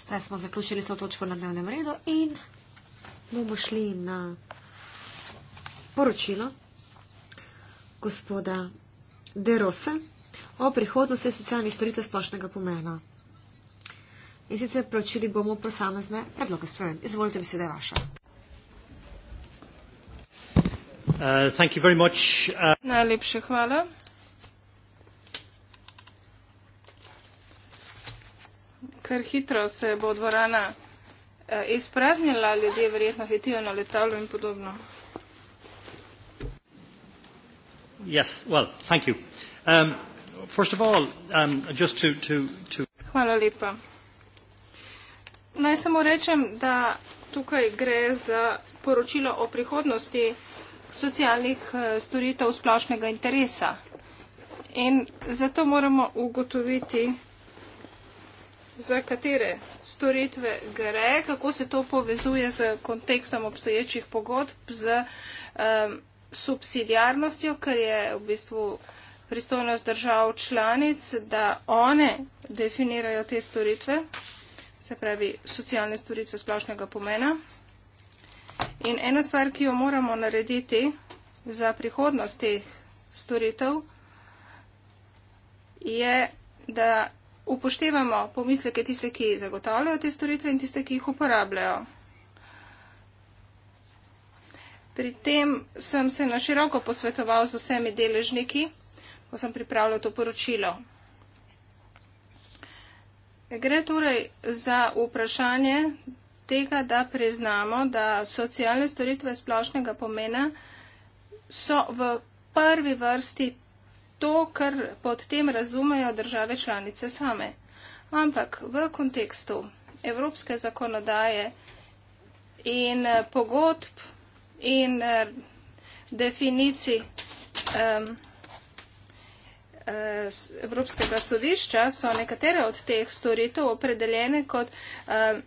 Zdaj smo zaključili to točko na dnevnem redu in bomo šli na poročilo gospoda Derose o prihodnosti socialnih storitev splošnega pomena. In sicer preučili bomo posamezne predloge sprememb. Izvolite, beseda je vaša. Uh, thank you very much. Uh, Najlepše hvala. Ker hitro se bo dvorana uh, izpraznila, ljudje verjetno hitijo na letalo in podobno. Yes, well, thank you. Um, first of all, um, just to, to, to... Hvala lepa. Naj samo rečem, da tukaj gre za poročilo o prihodnosti socialnih eh, storitev splošnega interesa. In zato moramo ugotoviti, za katere storitve gre, kako se to povezuje z kontekstom obstoječih pogodb, z um, subsidijarnostjo, ker je v bistvu pristojnost držav članic, da one definirajo te storitve, se pravi socialne storitve splošnega pomena. In ena stvar, ki jo moramo narediti za prihodnost teh storitev, je, da upoštevamo pomisleke tiste, ki zagotavljajo te storitve in tiste, ki jih uporabljajo. Pri tem sem se na široko posvetoval z vsemi deležniki, ko sem pripravljal to poročilo. Gre torej za vprašanje, tega, da priznamo, da socialne storitve splošnega pomena so v prvi vrsti to, kar pod tem razumejo države članice same. Ampak v kontekstu evropske zakonodaje in eh, pogodb in eh, definicij um, Evropskega sodišča so nekatere od teh storitev opredeljene kot um,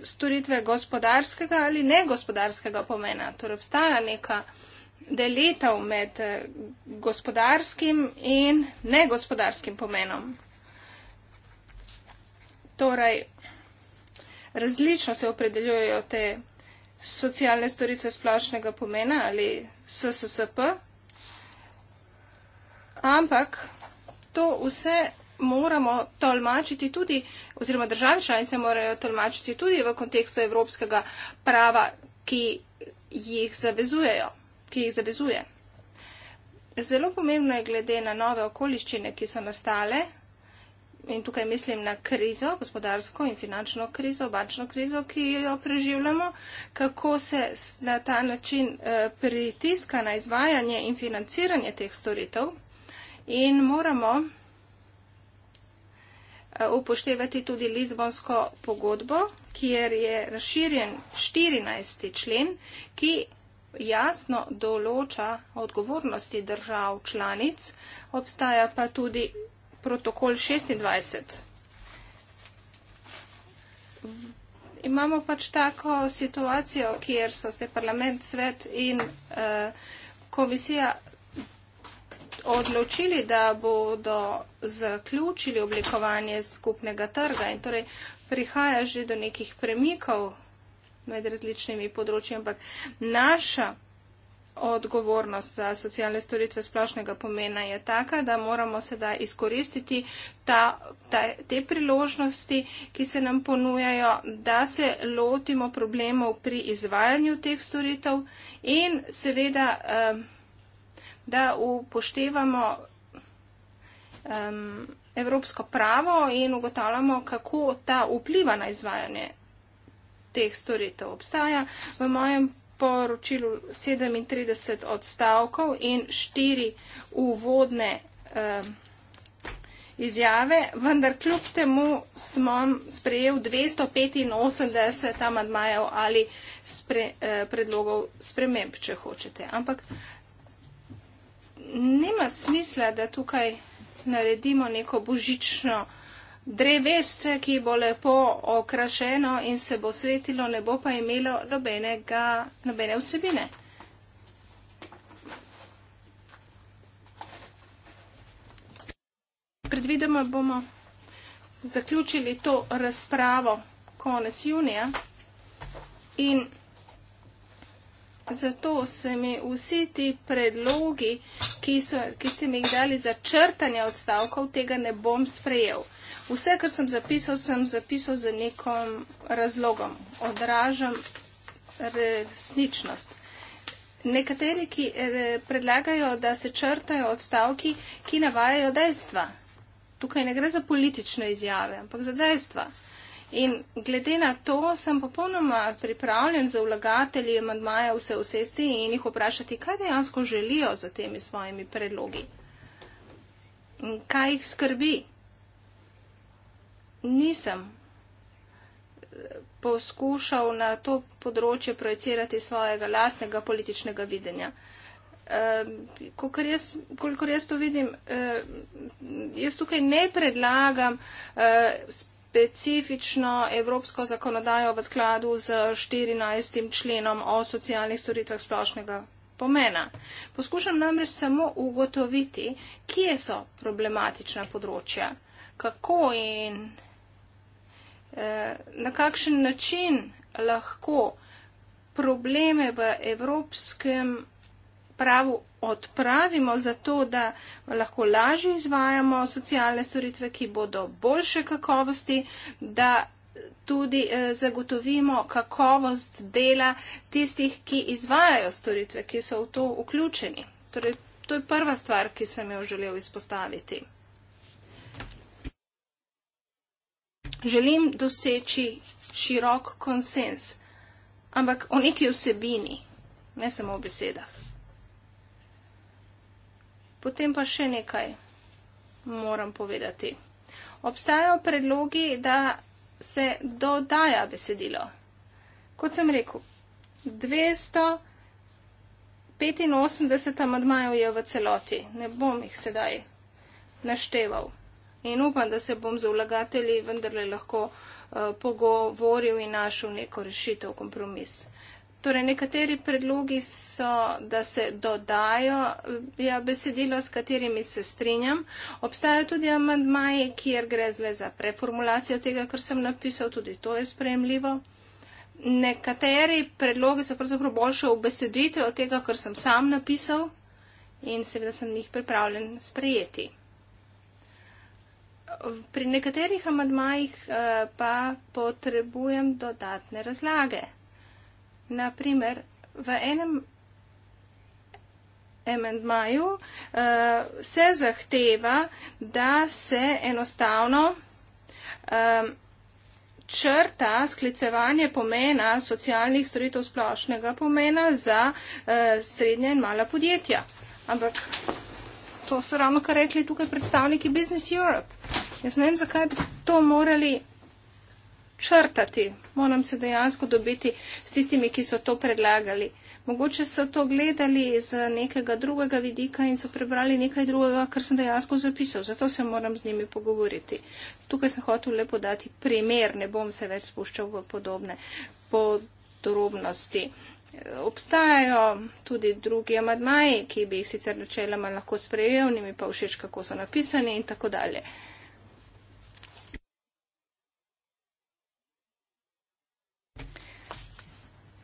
storitve gospodarskega ali negospodarskega pomena. Torej obstaja neka delitev med eh, gospodarskim in negospodarskim pomenom. Torej, različno se opredeljujejo te socialne storitve splošnega pomena ali SSSP, ampak to vse moramo tolmačiti tudi, oziroma države članice morajo tolmačiti tudi v kontekstu evropskega prava, ki jih zavezujejo, ki jih zavezuje. Zelo pomembno je glede na nove okoliščine, ki so nastale, in tukaj mislim na krizo, gospodarsko in finančno krizo, bančno krizo, ki jo preživljamo, kako se na ta način eh, pritiska na izvajanje in financiranje teh storitev in moramo Eh, upoštevati tudi Lizbonsko pogodbo, kjer je razširjen 14. člen, ki jasno določa odgovornosti držav članic, obstaja pa tudi protokol 26. Imamo pač tako situacijo, kjer so se parlament, svet in uh, komisija odločili, da bodo zaključili oblikovanje skupnega trga in torej prihaja že do nekih premikov med različnimi področji, ampak naša odgovornost za socialne storitve splošnega pomena je taka, da moramo sedaj izkoristiti ta, ta, te priložnosti, ki se nam ponujajo, da se lotimo problemov pri izvajanju teh storitev in seveda. Eh, da upoštevamo um, evropsko pravo in ugotavljamo, kako ta vpliva na izvajanje teh storitev obstaja. V mojem poročilu 37 odstavkov in 4 uvodne um, izjave, vendar kljub temu smo sprejel 285 amadmajev ali spre, eh, predlogov sprememb, če hočete. Ampak eh, nima smisla, da tukaj naredimo neko božično drevesce, ki bo lepo okrašeno in se bo svetilo, ne bo pa imelo nobenega, nobene vsebine. Predvidoma bomo zaključili to razpravo konec junija in zato se mi vsi ti predlogi, ki, so, ki ste mi jih dali za črtanje odstavkov, tega ne bom sprejel. Vse, kar sem zapisal, sem zapisal z nekom razlogom. Odražam resničnost. Nekateri, ki eh, predlagajo, da se črtajo odstavki, ki navajajo dejstva. Tukaj ne gre za politične izjave, ampak za dejstva. In glede na to sem popolnoma pripravljen za vlagatelji amadmaja vse vsesti in jih vprašati, kaj dejansko želijo za temi svojimi predlogi. In kaj jih skrbi? Nisem eh, poskušal na to področje projecirati svojega lastnega političnega videnja. Eh, jaz, kolikor jaz to vidim, eh, jaz tukaj ne predlagam specifično evropsko zakonodajo v skladu z 14. členom o socialnih storitvah splošnega pomena. Poskušam namreč samo ugotoviti, kje so problematična področja, kako in eh, na kakšen način lahko probleme v evropskem pravu odpravimo zato, da lahko lažje izvajamo socialne storitve, ki bodo boljše kakovosti, da tudi eh, zagotovimo kakovost dela tistih, ki izvajajo storitve, ki so v to vključeni. Torej, to je prva stvar, ki sem jo želel izpostaviti. Želim doseči širok konsens, ampak o neki vsebini, ne samo v besedah. Potem pa še nekaj moram povedati. Obstajajo predlogi, da se dodaja besedilo. Kot sem rekel, 285 amadmajev je v celoti. Ne bom jih sedaj našteval. In upam, da se bom z vlagatelji vendarle lahko uh, pogovoril in našel neko rešitev, kompromis. Torej, nekateri predlogi so, da se dodajo ja, besedilo, s katerimi se strinjam. Obstajajo tudi amandmaje, kjer gre zle za preformulacijo tega, kar sem napisal, tudi to je spremljivo. Nekateri predlogi so pravzaprav boljše v beseditev od tega, kar sem sam napisal in seveda sem jih pripravljen sprejeti. Pri nekaterih amadmajih eh, pa potrebujem dodatne razlage naprimer, v enem emendmaju uh, eh, se zahteva, da se enostavno um, črta sklicevanje pomena socialnih storitev splošnega pomena za uh, srednja in mala podjetja. Ampak to so ravno kar rekli tukaj predstavniki Business Europe. Jaz ne vem, zakaj bi to morali črtati, moram se dejansko dobiti s tistimi, ki so to predlagali. Mogoče so to gledali iz nekega drugega vidika in so prebrali nekaj drugega, kar sem dejansko zapisal, zato se moram z njimi pogovoriti. Tukaj sem hotel le podati primer, ne bom se več spuščal v podobne podrobnosti. Obstajajo tudi drugi amadmaji, ki bi jih sicer načeloma lahko sprejel, njimi pa všeč, kako so napisani in tako dalje.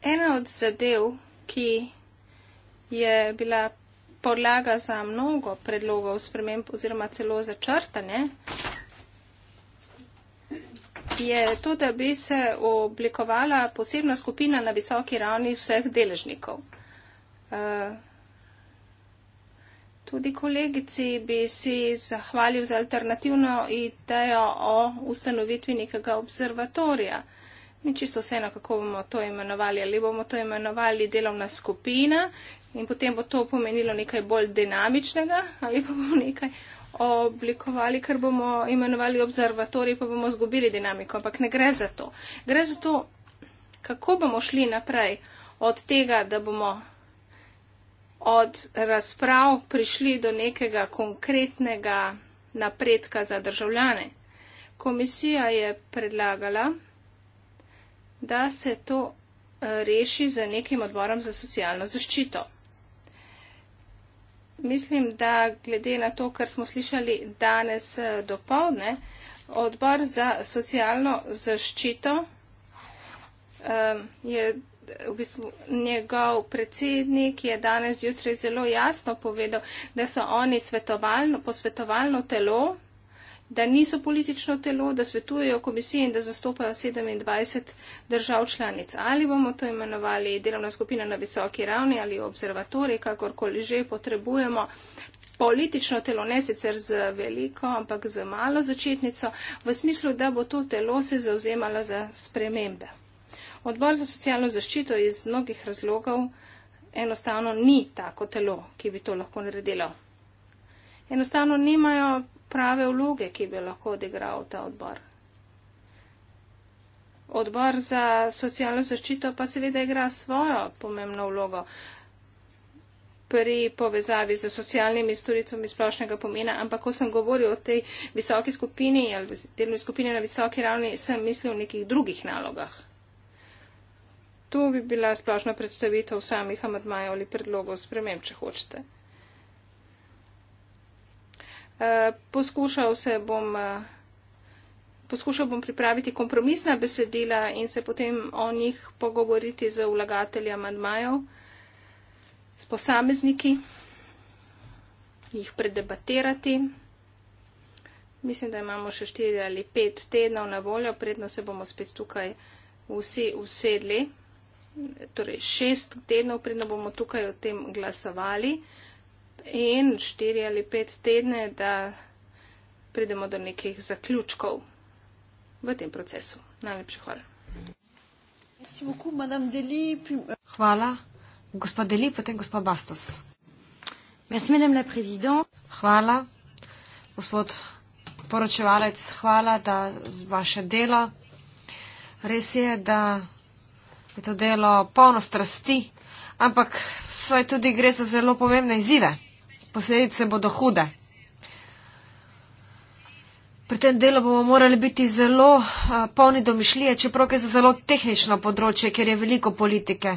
Ena od zadev, ki je bila podlaga za mnogo predlogov sprememb oziroma celo začrtanje, je to, da bi se oblikovala posebna skupina na visoki ravni vseh deležnikov. Eh, tudi kolegici bi si zahvalil za alternativno idejo o ustanovitvi nekega observatorija mi čisto vseeno, kako bomo to imenovali, ali bomo to imenovali delovna skupina in potem bo to pomenilo nekaj bolj dinamičnega ali pa bomo nekaj oblikovali, ker bomo imenovali observatorij, pa bomo zgubili dinamiko. Ampak ne gre za to. Gre za to, kako bomo šli naprej od tega, da bomo od razprav prišli do nekega konkretnega napredka za državljane. Komisija je predlagala da se to eh, reši z nekim odborom za socialno zaščito. Mislim, da glede na to, kar smo slišali danes eh, do povdne, odbor za socialno zaščito eh, je v bistvu njegov predsednik je danes jutri zelo jasno povedal, da so oni posvetovalno telo, da niso politično telo, da svetujejo komisiji in da zastopajo 27 držav članic. Ali bomo to imenovali delovna skupina na visoki ravni ali observatori, kakorkoli že potrebujemo. Politično telo ne sicer z veliko, ampak z malo začetnico, v smislu, da bo to telo se zauzemalo za spremembe. Odbor za socialno zaščito iz mnogih razlogov enostavno ni tako telo, ki bi to lahko naredilo. Enostavno nimajo prave vloge, ki bi lahko odigral ta odbor. Odbor za socialno zaščito pa seveda igra svojo pomembno vlogo pri povezavi z socialnimi storitvami splošnega pomena, ampak ko sem govoril o tej visoki skupini ali delovni skupini na visoki ravni, sem mislil o nekih drugih nalogah. To bi bila splošna predstavitev samih amadmajev ali predlogov spremem, če hočete. Eh, poskušal se bom, eh, poskušal bom pripraviti kompromisna besedila in se potem o njih pogovoriti z vlagatelji amadmajev, s posamezniki, jih predebatirati. Mislim, da imamo še štiri ali pet tednov na voljo, predno se bomo spet tukaj vsi usedli. Torej šest tednov predno bomo tukaj o tem glasovali in štiri ali pet tedne, da pridemo do nekih zaključkov v tem procesu. Najlepši hvala. Euh, hvala. Gospod Deli, potem gospod Bastos. Merci, madame la hvala. Gospod poročevalec, hvala da z vaše delo. Res je, da je to delo polno strasti, ampak svoj tudi gre za zelo pomembne izzive. Posledice bodo hude. Pri tem delu bomo morali biti zelo a, eh, polni domišljije, čeprav je za zelo tehnično področje, ker je veliko politike.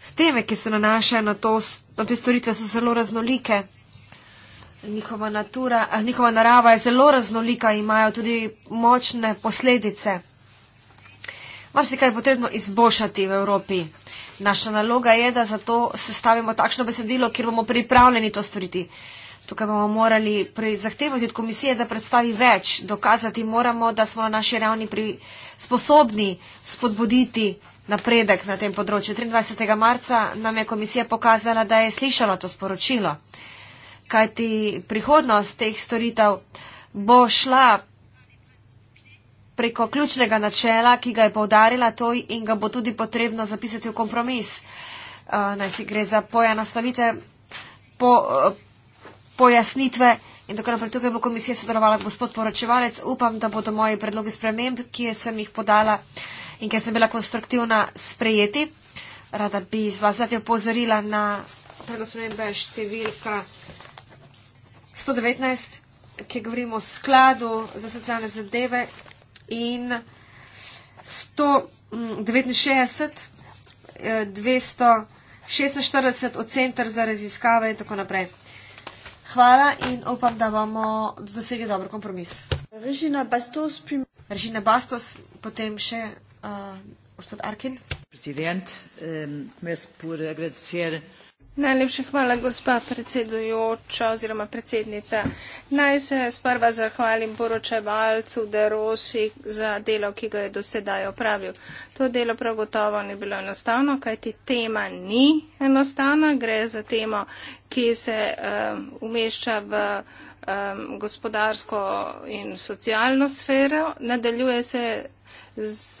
Steme, ki se nanašajo na, to, na te storitve, so zelo raznolike. Njihova, natura, a, eh, njihova narava je zelo raznolika in imajo tudi močne posledice marsikaj potrebno izboljšati v Evropi. Naša naloga je, da zato sestavimo takšno besedilo, kjer bomo pripravljeni to storiti. Tukaj bomo morali zahtevati od komisije, da predstavi več, dokazati moramo, da smo na naši ravni sposobni spodbuditi napredek na tem področju. 23. marca nam je komisija pokazala, da je slišala to sporočilo, kajti prihodnost teh storitev bo šla preko ključnega načela, ki ga je povdarila to in ga bo tudi potrebno zapisati v kompromis. Eh, naj si gre za pojanostavite po, eh, pojasnitve in tako naprej. Tukaj bo komisija sodelovala gospod poročevalec. Upam, da bodo moji predlogi sprememb, ki sem jih podala in ker sem bila konstruktivna, sprejeti. Rada bi z vas zdaj opozorila na predlog spremembe številka 119, ki govorimo o skladu za socialne zadeve in 169, 246 eh, od centra za raziskave in tako naprej. Hvala in upam, da bomo dosegli dober kompromis. Režina Bastos, prim... Režina Bastos potem še uh, gospod Arkin. Predsednik, eh, um, Najlepša hvala, gospa predsedujoča oziroma predsednica. Naj se sprva zahvalim poročevalcu Derosi za delo, ki ga je dosedaj opravil. To delo prav gotovo ni bilo enostavno, kajti tema ni enostavna. Gre za temo, ki se um, umešča v um, gospodarsko in socialno sfero. Nadaljuje se z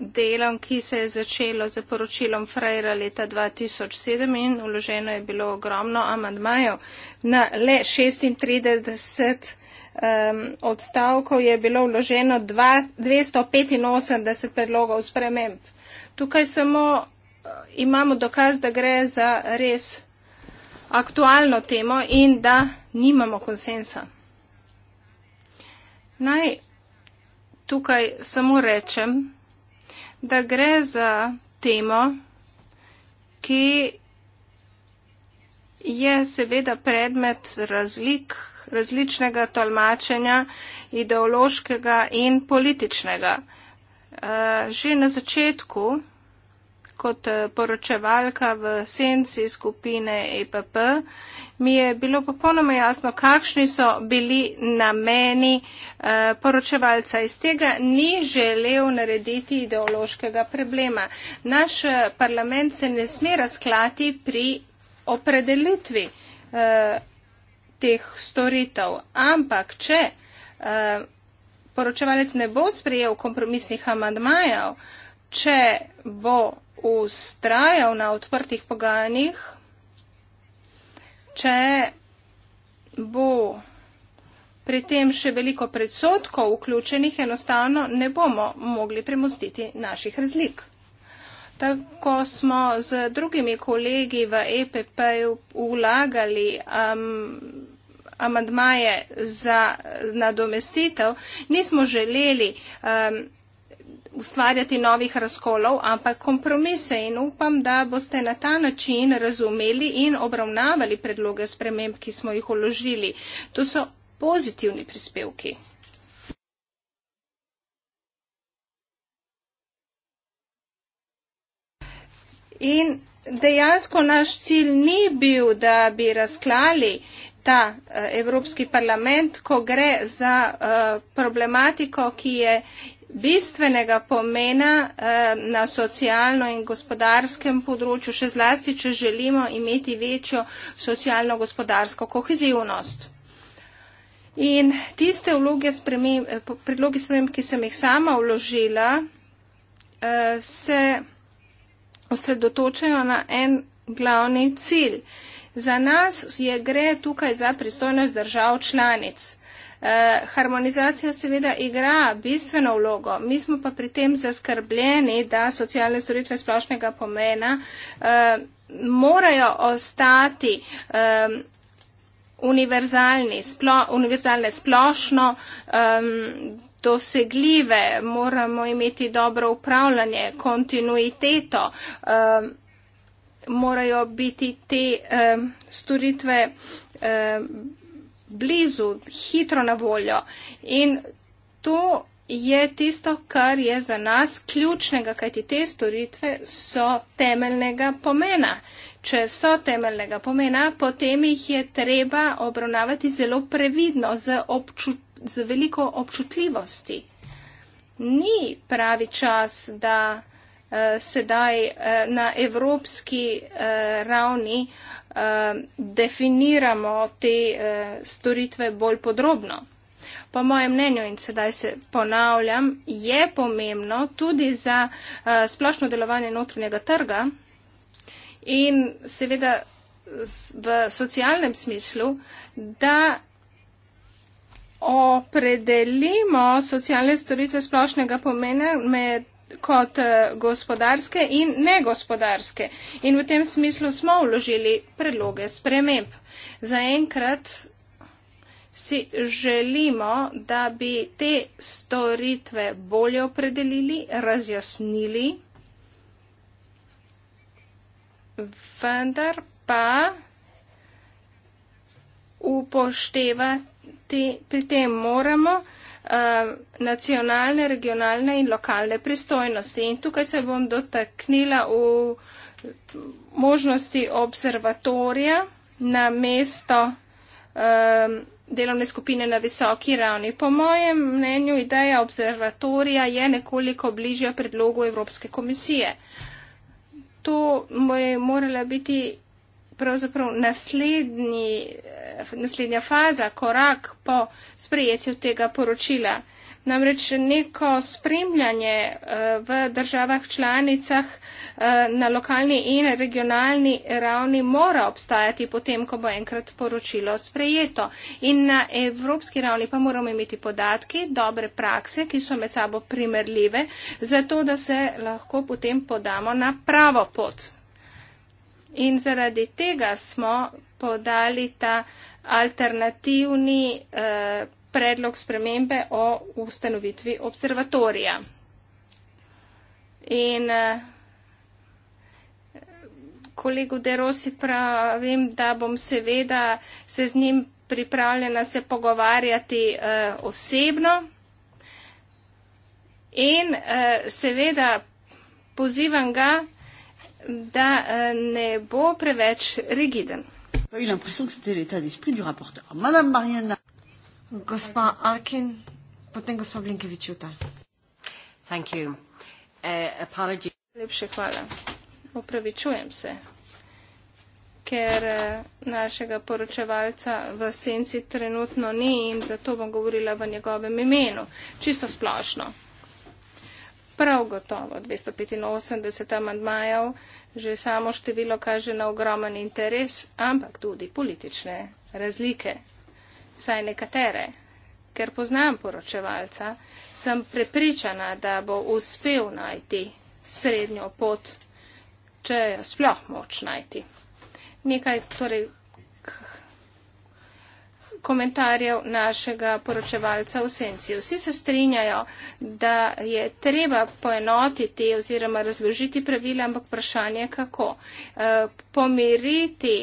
delom, ki se je začelo z poročilom Freira leta 2007 in uloženo je bilo ogromno amandmajev. Na le 36 um, odstavkov je bilo uloženo dva, 285 predlogov sprememb. Tukaj samo eh, imamo dokaz, da gre za res aktualno temo in da nimamo konsensa. Naj tukaj samo rečem, da gre za temo, ki je seveda predmet razlik, različnega tolmačenja, ideološkega in političnega. Eh, že na začetku kot eh, poročevalka v senci skupine EPP, mi je bilo popolnoma jasno, kakšni so bili nameni eh, poročevalca. Iz tega ni želel narediti ideološkega problema. Naš eh, parlament se ne sme razklati pri opredelitvi teh storitev, ampak če poročevalec ne bo sprejel kompromisnih amandmajev, če bo ustrajal na odprtih pogajanjih, če bo pri tem še veliko predsotkov vključenih, enostavno ne bomo mogli premustiti naših razlik. Tako smo z drugimi kolegi v EPP-ju ulagali um, amandmaje za nadomestitev, nismo želeli um, ustvarjati novih razkolov, ampak kompromise in upam, da boste na ta način razumeli in obravnavali predloge sprememb, ki smo jih uložili. To so pozitivni prispevki. In dejansko naš cilj ni bil, da bi razklali ta eh, Evropski parlament, ko gre za eh, problematiko, ki je bistvenega pomena eh, na socialno in gospodarskem področju, še zlasti, če želimo imeti večjo socialno-gospodarsko kohezivnost. In tiste eh, predloge sprememb, ki sem jih sama vložila, eh, se osredotočajo na en glavni cilj. Za nas je gre tukaj za pristojnost držav članic. Eh, harmonizacija seveda igra bistveno vlogo. Mi smo pa pri tem zaskrbljeni, da socialne storitve splošnega pomena eh, morajo ostati eh, univerzalni, splo, univerzalne splošno dosegljive, moramo imeti dobro upravljanje, kontinuiteto, um, morajo biti te um, storitve um, blizu, hitro na voljo. In to je tisto, kar je za nas ključnega, kajti te storitve so temeljnega pomena. Če so temeljnega pomena, potem jih je treba obravnavati zelo previdno, z, obču, z veliko občutljivosti. Ni pravi čas, da eh, sedaj eh, na evropski eh, ravni eh, Eh, definiramo te eh, storitve bolj podrobno. Po mojem mnenju in sedaj se ponavljam, je pomembno tudi za eh, splošno delovanje notranjega trga in seveda v socialnem smislu, da opredelimo socialne storitve splošnega pomena med kot eh, gospodarske in negospodarske. In v tem smislu smo vložili predloge sprememb. Zaenkrat si želimo, da bi te storitve bolje opredelili, razjasnili, vendar pa upoštevati pri tem moramo, Eh, nacionalne, regionalne in lokalne pristojnosti. In tukaj se bom dotaknila v možnosti observatorija na mesto um, delovne skupine na visoki ravni. Po mojem mnenju ideja observatorija je nekoliko bližja predlogu Evropske komisije. To bi morala biti pravzaprav naslednji, naslednja faza, korak po sprejetju tega poročila. Namreč neko spremljanje eh, v državah članicah eh, na lokalni in regionalni ravni mora obstajati potem, ko bo enkrat poročilo sprejeto. In na evropski ravni pa moramo imeti podatke, dobre prakse, ki so med sabo primerljive, zato da se lahko potem podamo na pravo pot. In zaradi tega smo podali ta alternativni eh, predlog spremembe o ustanovitvi observatorija. In eh, kolegu Derosi pravim, da bom seveda se z njim pripravljena se pogovarjati eh, osebno. In eh, seveda pozivam ga, da eh, ne bo preveč rigiden. Gospa Arkin, potem gospa Blinkevičuta. Eh, Lepše hvala. Opravičujem se, ker eh, našega poročevalca v senci trenutno ni in zato bom govorila v njegovem imenu. Čisto splošno prav gotovo 285 amandmajev, že samo število kaže na ogromen interes, ampak tudi politične razlike. Saj nekatere, ker poznam poročevalca, sem prepričana, da bo uspel najti srednjo pot, če jo sploh moč najti. Nekaj torej komentarjev našega poročevalca v senci. Vsi se strinjajo, da je treba poenotiti oziroma razložiti pravila, ampak vprašanje je kako. Eh, pomiriti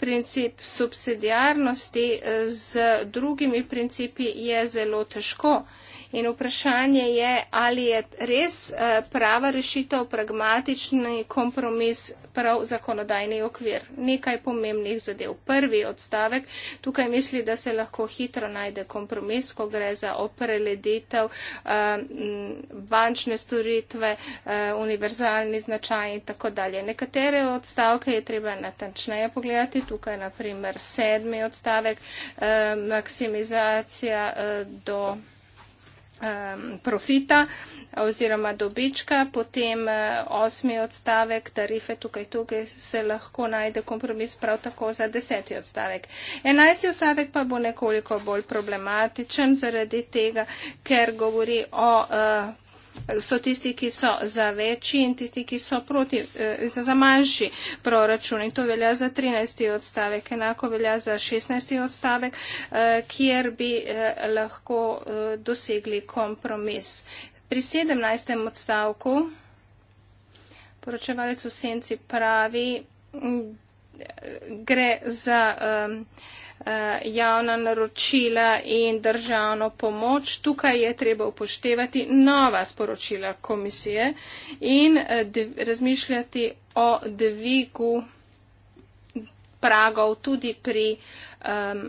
princip subsidijarnosti eh, z drugimi principi je zelo težko. In vprašanje je, ali je res eh, prava rešitev pragmatični kompromis prav zakonodajni okvir. Nekaj pomembnih zadev. Prvi odstavek, tukaj misli, da se lahko hitro najde kompromis, ko gre za opreleditev eh, bančne storitve, eh, univerzalni značaj in tako dalje. Nekatere odstavke je treba natančneje pogledati, tukaj naprimer sedmi odstavek, maksimizacija do profita oziroma dobička, potem eh, osmi odstavek tarife, tukaj, tukaj se lahko najde kompromis prav tako za deseti odstavek. Enajsti odstavek pa bo nekoliko bolj problematičen zaradi tega, ker govori o uh, so tisti, ki so za večji in tisti, ki so proti, eh, za, za manjši proračun. In to velja za 13. odstavek, enako velja za 16. odstavek, eh, kjer bi eh, lahko eh, dosegli kompromis. Pri 17. odstavku poročevalec v senci pravi, m, mm, gre za. Eh, Eh, javna naročila in državno pomoč. Tukaj je treba upoštevati nova sporočila komisije in eh, razmišljati o dvigu pragov tudi pri um,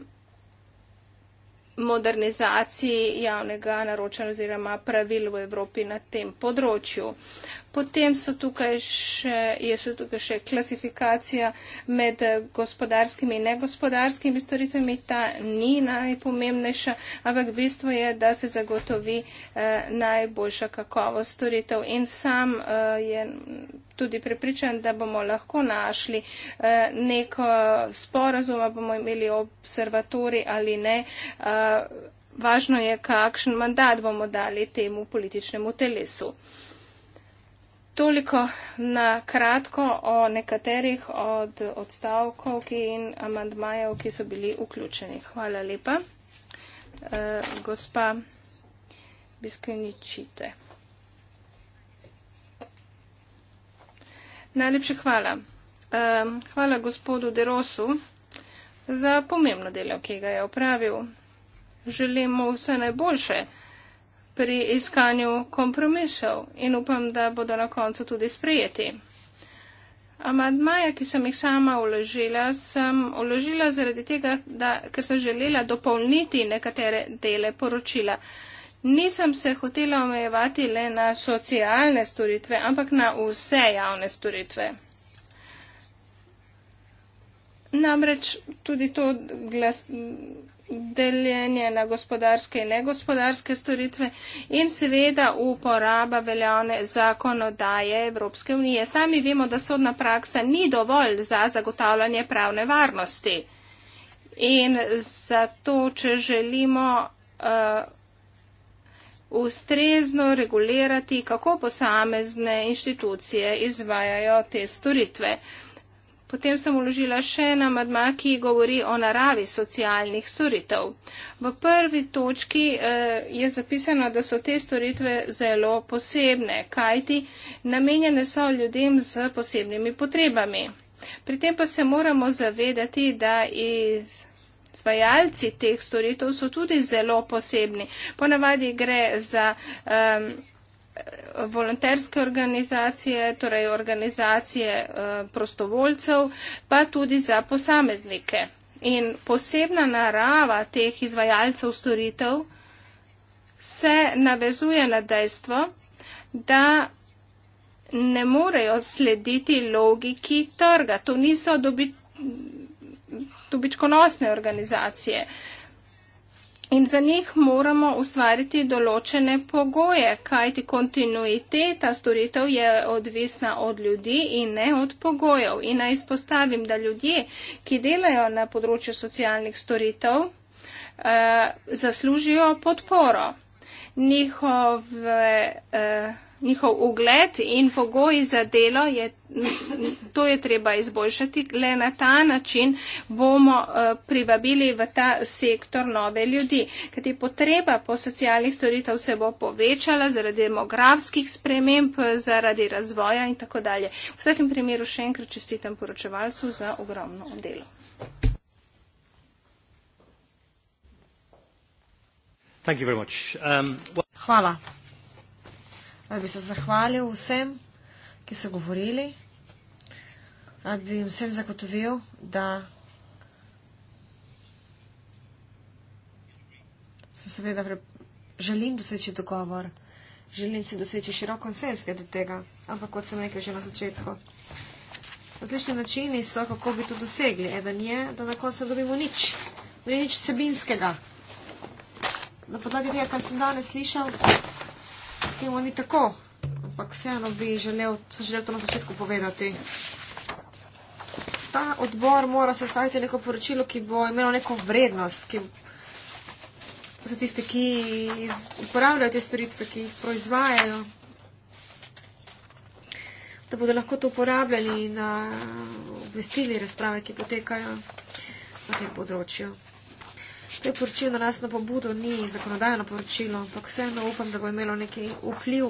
modernizaciji javnega naročanja oziroma pravil v Evropi na tem področju. Uh, Potem so tukaj še, je so tukaj še klasifikacija med gospodarskimi in negospodarskimi storitvami. Ta ni najpomembnejša, ampak bistvo je, da se zagotovi eh, najboljša kakovost storitev. In sam eh, je tudi prepričan, da bomo lahko našli eh, neko sporazum, bomo imeli observatori ali ne. Eh, važno je, kakšen mandat bomo dali temu političnemu telesu. Toliko na kratko o nekaterih od odstavkov in amandmajev, ki so bili vključeni. Hvala lepa. E, gospa Biskveničite. Najlepše hvala. E, hvala gospodu Derosu za pomembno delo, ki ga je opravil. Želimo vse najboljše pri iskanju kompromisov in upam, da bodo na koncu tudi sprejeti. Amadmaje, ki sem jih sama uložila, sem uložila zaradi tega, da, ker sem želela dopolniti nekatere dele poročila. Nisem se hotela omejevati le na socialne storitve, ampak na vse javne storitve. Namreč tudi to glas, deljenje na gospodarske in negospodarske storitve in seveda uporaba veljavne zakonodaje Evropske unije. Sami vemo, da sodna praksa ni dovolj za zagotavljanje pravne varnosti. In zato, če želimo uh, ustrezno regulirati, kako posamezne inštitucije izvajajo te storitve. Uh, Potem sem uložila še en amadma, ki govori o naravi socialnih storitev. V prvi točki eh, je zapisano, da so te storitve zelo posebne, kajti namenjene so ljudem z posebnimi potrebami. Pri tem pa se moramo zavedati, da izvajalci teh storitev so tudi zelo posebni. Ponavadi gre za. Eh, volonterske organizacije, torej organizacije eh, prostovoljcev, pa tudi za posameznike. In posebna narava teh izvajalcev storitev se navezuje na dejstvo, da ne morejo slediti logiki trga. To niso dobi, dobičkonosne organizacije. Uh, In za njih moramo ustvariti določene pogoje, kajti kontinuiteta storitev je odvisna od ljudi in ne od pogojev. In naj izpostavim, da ljudje, ki delajo na področju socialnih storitev, eh, zaslužijo podporo. Njihove, eh, njihov ugled in pogoji za delo, je, to je treba izboljšati. Le na ta način bomo eh, privabili v ta sektor nove ljudi, kajti potreba po socialnih storitev se bo povečala zaradi demografskih sprememb, zaradi razvoja in tako dalje. V vsakem primeru še enkrat čestitam poročevalcu za ogromno delo. Um, Hvala. Rad bi se zahvalil vsem, ki so govorili. Rad bi jim vsem zagotovil, da se seveda želim doseči dogovor. Želim si doseči široko konsenske do tega, ampak kot sem rekel že na začetku. Različni načini so, kako bi to dosegli. Eden je, da na koncu dobimo nič, ni nič sebinskega. Na podlagi tega, kar sem danes slišal, temu ni tako, ampak vseeno bi želel, želel to na začetku povedati. Ta odbor mora sestaviti neko poročilo, ki bo imelo neko vrednost ki, za tiste, ki iz, uporabljajo te storitve, ki jih proizvajajo, da bodo lahko to uporabljali in obvestili razprave, ki potekajo na tem področju. To je poročilo na nas na pobudo, ni zakonodajno poročilo, ampak vseeno upam, da bo imelo neki vpliv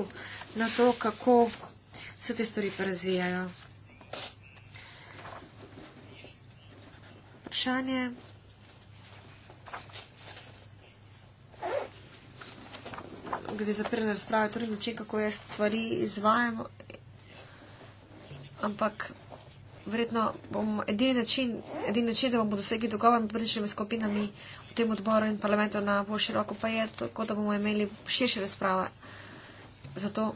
na to, kako se te storitve razvijajo. Vprašanje. Glede zaprene razprave, tudi torej način, kako jaz stvari izvajam, ampak verjetno bom edini način, edini način, da bomo dosegli dogovor med političnimi skupinami v tem odboru in parlamentu na bolj široko, pa je tako, da bomo imeli širše razprave. Zato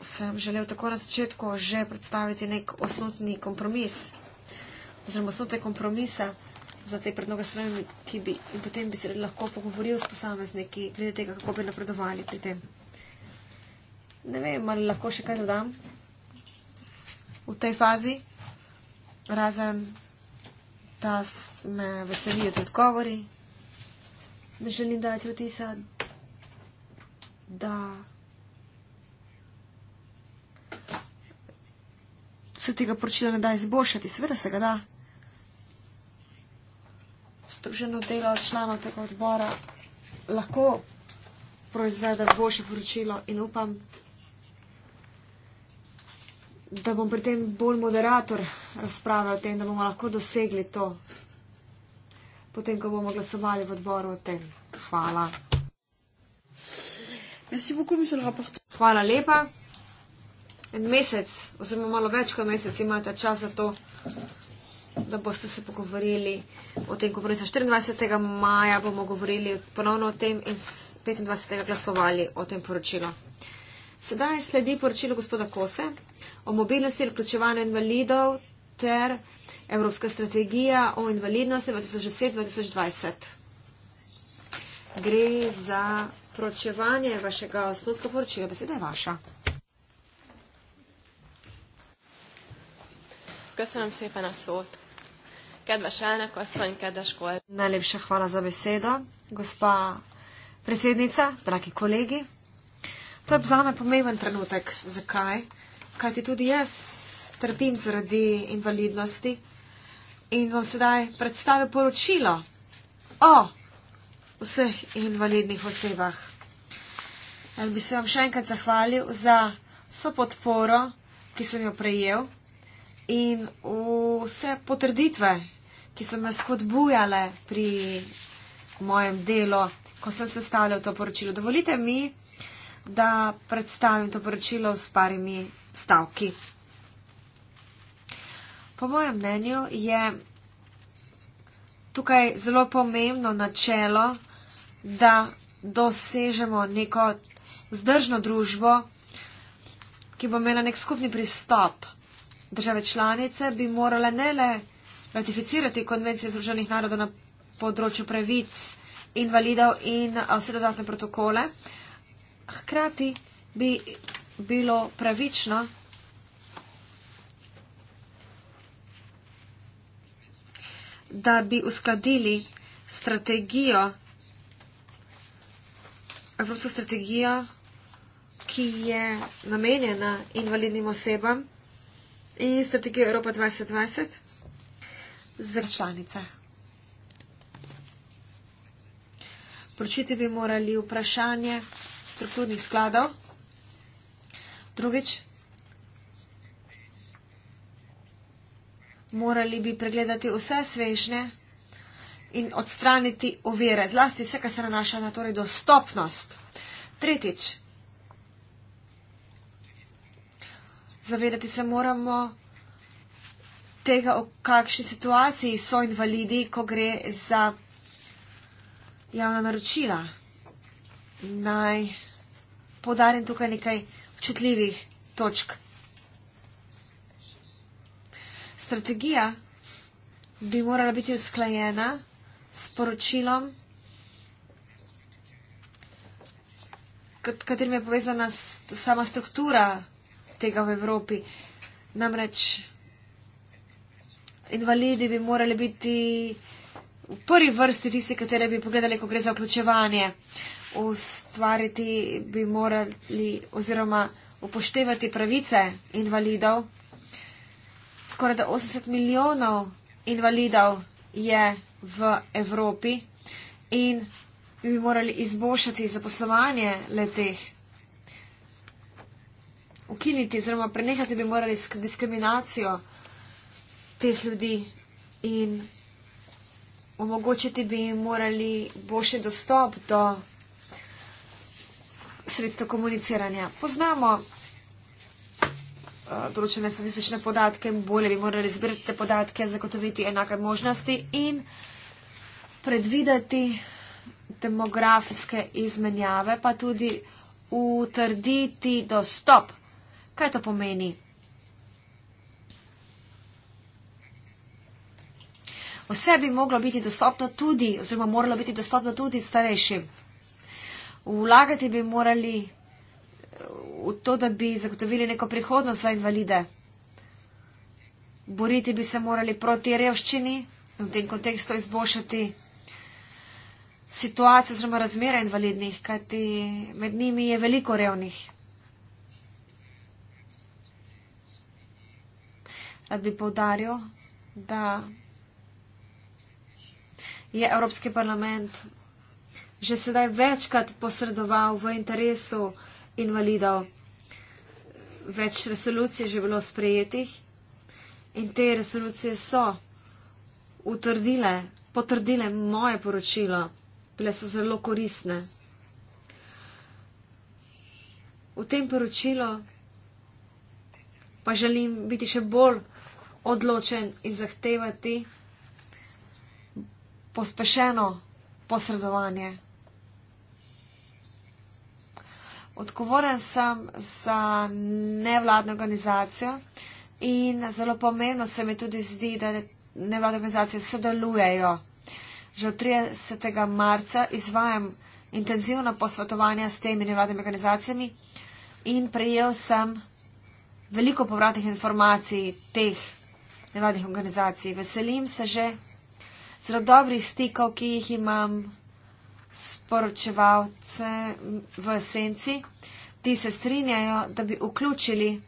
sem želel tako na začetku že predstaviti nek osnutni kompromis oziroma osnutek kompromisa za te predloge spremembe, ki bi in potem bi se lahko pogovoril s posamezniki glede tega, kako bi napredovali pri tem. Ne vem, ali lahko še kaj dodam v tej fazi, razen da me veselijo te odgovori, ne želim dati vtisa, da se tega poročila ne da izboljšati. Seveda se ga da. Združeno delo članov tega odbora lahko proizvede boljše poročilo in upam, da bom pri tem bolj moderator razprave o tem, da bomo lahko dosegli to potem, ko bomo glasovali v odboru o tem. Hvala. Hvala lepa. En mesec, oziroma malo več kot mesec, imate čas za to, da boste se pogovorili o tem, ko bo res 24. maja, bomo govorili ponovno o tem in 25. glasovali o tem poročilu. Sedaj sledi poročilo gospoda Kose o mobilnosti in vključevanju invalidov ter Evropska strategija o invalidnosti 2010-2020. Gre za pročevanje vašega osnutka poročila. Beseda je vaša. Köszönöm szépen a szót. Kedves elnök asszony, kedves kollégák. Ne lépse hvala za beseda, gospa presednica, dragi kollégi. Több zame pomében trenutek, zakaj? Kajti tudi jaz trpim zaradi invalidnosti, in vam sedaj predstavi poročilo o vseh invalidnih osebah. Jaz bi se vam še enkrat zahvalil za vso podporo, ki sem jo prejel in vse potrditve, ki so me spodbujale pri mojem delu, ko sem sestavljal to poročilo. Dovolite mi, da predstavim to poročilo s parimi stavki. Po mojem mnenju je tukaj zelo pomembno načelo, da dosežemo neko vzdržno družbo, ki bo imela nek skupni pristop. Države članice bi morale ne le ratificirati konvencije Združenih narodov na področju pravic invalidov in vse dodatne protokole, hkrati bi bilo pravično da bi uskladili strategijo, evropsko strategijo, ki je namenjena invalidnim osebam in strategijo Evropa 2020 za članice. Pročiti bi morali vprašanje strukturnih skladov. Drugič, morali bi pregledati vse svežne in odstraniti ovire, zlasti vse, kar se nanaša na torej dostopnost. Tretjič. Zavedati se moramo tega, v kakšni situaciji so invalidi, ko gre za javna naročila. Naj podarim tukaj nekaj občutljivih točk. strategija bi morala biti usklajena s poročilom, katerim je povezana sama struktura tega v Evropi. Namreč invalidi bi morali biti v prvi vrsti tisti, katere bi pogledali, ko gre za vključevanje. Ustvariti bi morali oziroma upoštevati pravice invalidov skoraj 80 milijonov invalidov je v Evropi in bi morali izboljšati zaposlovanje leteh. Ukiniti oziroma prenehati bi morali diskriminacijo teh ljudi in omogočiti bi jim morali boljši dostop do sredstva komuniciranja. Poznamo Eh, določene statistične podatke, bolje bi morali zbirati te podatke, zagotoviti enake možnosti in predvideti demografske izmenjave, pa tudi utrditi dostop. Kaj to pomeni? Vse bi moglo biti dostopno tudi, oziroma moralo biti dostopno tudi starejšim. Vlagati bi morali v to, da bi zagotovili neko prihodnost za invalide. Boriti bi se morali proti revščini in v tem kontekstu izboljšati situacijo oziroma razmere invalidnih, kajti med njimi je veliko revnih. Rad bi povdaril, da je Evropski parlament že sedaj večkrat posredoval v interesu invalidov. Več resolucij je že bilo sprejetih in te resolucije so utrdile, potrdile moje poročilo, bile so zelo koristne. V tem poročilu pa želim biti še bolj odločen in zahtevati pospešeno posredovanje. Odgovoren sem za nevladno organizacijo in zelo pomembno se mi tudi zdi, da nevladne organizacije sodelujejo. Že od 30. marca izvajam intenzivna posvetovanja s temi nevladnimi organizacijami in prejel sem veliko povratnih informacij teh nevladnih organizacij. Veselim se že zelo dobrih stikov, ki jih imam sporočevalce v esenci, ti se strinjajo, da bi vključili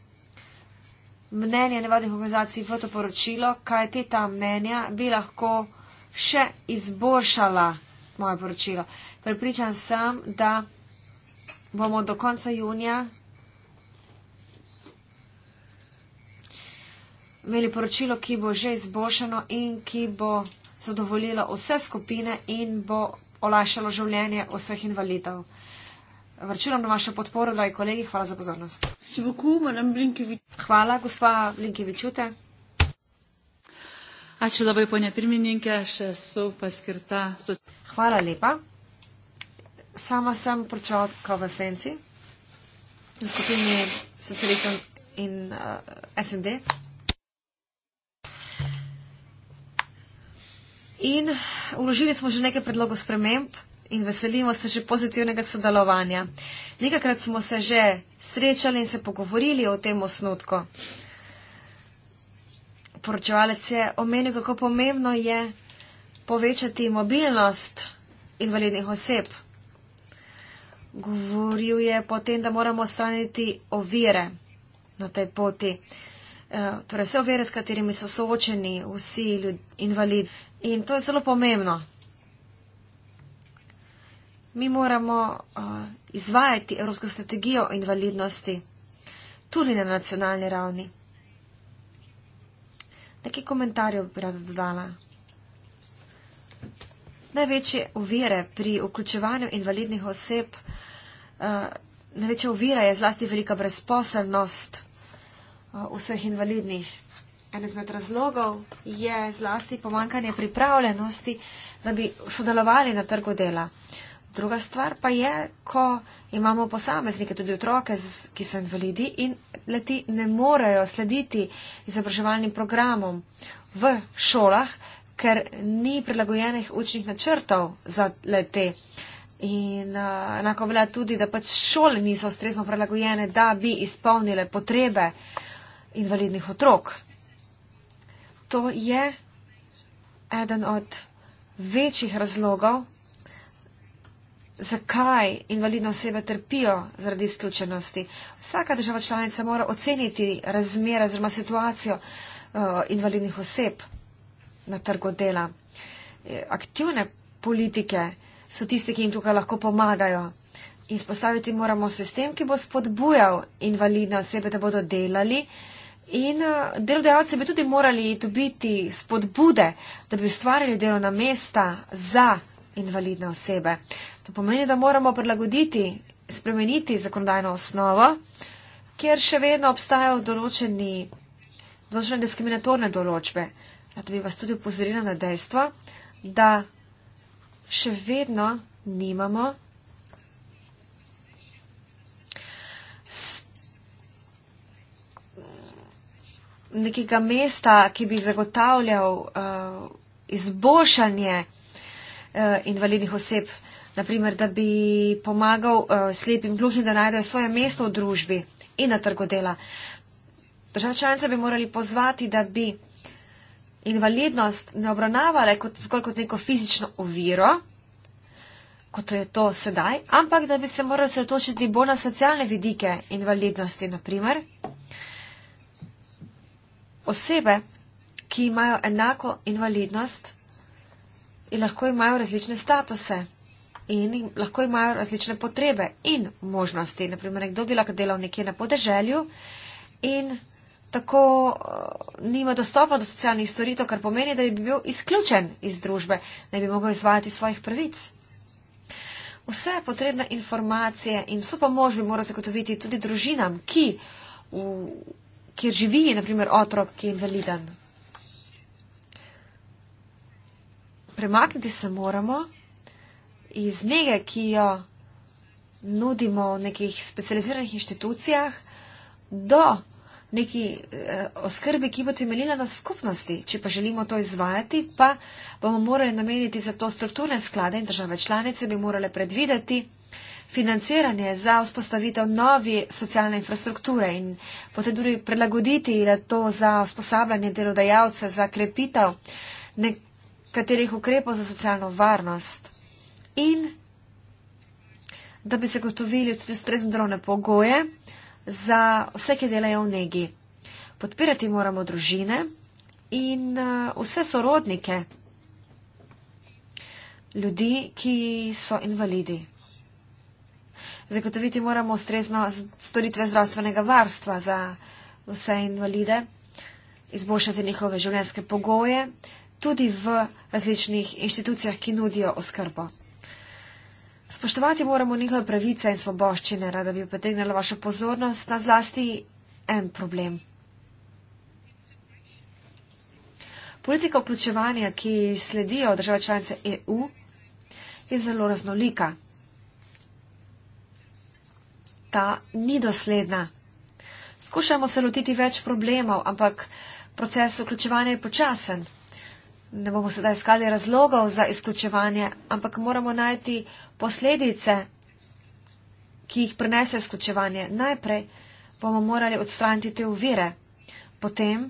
mnenje nevadnih organizacij v to poročilo, kaj ti ta mnenja bi lahko še izboljšala moje poročilo. Pripričan sem, da bomo do konca junija imeli poročilo, ki bo že izboljšano in ki bo zadovoljilo vse skupine in bo olajšalo življenje vseh invalidov. Vrčujem na vašo podporo, dragi kolegi, hvala za pozornost. Hvala, gospa Blinkevičute. Ačiū labai, ponia pirmininkė, aš esu paskirta. Hvala lepa. Sama sem pročotka v Senci, v skupini socialistov in uh, eh, SND. In vložili smo že nekaj predlogov sprememb in veselimo se že pozitivnega sodelovanja. Nekakrat smo se že srečali in se pogovorili o tem osnutku. Poročevalec je omenil, kako pomembno je povečati mobilnost invalidnih oseb. Govoril je potem, da moramo straniti ovire na tej poti. Eh, torej vse ovire, s katerimi so soočeni vsi ljud, invalidi. In to je zelo pomembno. Mi moramo uh, izvajati Evropsko strategijo o invalidnosti tudi na nacionalni ravni. Nekaj komentarjev bi rada dodala. Največje ovire pri vključevanju invalidnih oseb, uh, največja ovira je zlasti velika brezposelnost. Eh, vseh invalidnih. En izmed razlogov je zlasti pomankanje pripravljenosti, da bi sodelovali na trgu dela. Druga stvar pa je, ko imamo posameznike, tudi otroke, ki so invalidi in leti ne morejo slediti izobraževalnim programom v šolah, ker ni prilagojenih učnih načrtov za leti. In uh, enako velja tudi, da pač šole niso ustrezno prilagojene, da bi izpolnile potrebe uh, invalidnih otrok. To je eden od večjih razlogov, zakaj invalidne osebe trpijo zaradi izključenosti. Vsaka država članica mora oceniti razmere oziroma situacijo eh, invalidnih oseb na trgu dela. Eh, aktivne politike so tiste, ki jim tukaj lahko pomagajo. In spostaviti moramo sistem, ki bo spodbujal invalidne osebe, da bodo delali, In eh, delodajalce bi tudi morali dobiti spodbude, da bi ustvarili delovna mesta za invalidne osebe. To pomeni, da moramo prilagoditi, spremeniti zakonodajno osnovo, kjer še vedno obstajajo določeni, določene diskriminatorne določbe. Rada bi vas tudi upozorila na dejstvo, da še vedno nimamo nekega mesta, ki bi zagotavljal uh, izboljšanje uh, invalidnih oseb, naprimer, da bi pomagal uh, slepim gluhim, da najdejo svoje mesto v družbi in na trgu dela. Država članica bi morali pozvati, da bi invalidnost ne obravnavala kot zgolj kot neko fizično oviro, kot je to sedaj, ampak da bi se morali sretočiti bolj na socialne vidike invalidnosti, naprimer osebe, ki imajo enako invalidnost in lahko imajo različne statuse in lahko imajo različne potrebe in možnosti. Naprimer, nekdo bi lahko delal nekje na podeželju in tako uh, nima dostopa do socialnih storitev, kar pomeni, da bi bil izključen iz družbe, da bi mogel izvajati svojih pravic. Vse potrebne informacije in vso pomoč bi moral zagotoviti tudi družinam, ki v kjer živi naprimer otrok, ki je invaliden. Premakniti se moramo iz nege, ki jo nudimo v nekih specializiranih inštitucijah, do neki eh, oskrbi, ki bo temeljila na skupnosti. Če pa želimo to izvajati, pa bomo morali nameniti za to strukturne sklade in države članice bi morale predvideti financiranje za vzpostavitev nove socialne infrastrukture in potem tudi prilagoditi to za usposabljanje delodajalce, za krepitev nekaterih ukrepov za socialno varnost in da bi zagotovili tudi ustrezne delovne pogoje za vse, ki delajo v negi. Podpirati moramo družine in uh, vse sorodnike ljudi, ki so invalidi zagotoviti moramo ustrezno storitve zdravstvenega varstva za vse invalide, izboljšati njihove življenjske pogoje, tudi v različnih inštitucijah, ki nudijo oskrbo. Spoštovati moramo njihove pravice in svoboščine, rada bi potegnila vašo pozornost na zlasti en problem. Politika vključevanja, ki sledijo države članice EU, je zelo raznolika ta ni dosledna. Skušamo se lotiti več problemov, ampak proces vključevanja je počasen. Ne bomo sedaj iskali razlogov za izključevanje, ampak moramo najti posledice, ki jih prinese izključevanje. Najprej bomo morali odstraniti te uvire, potem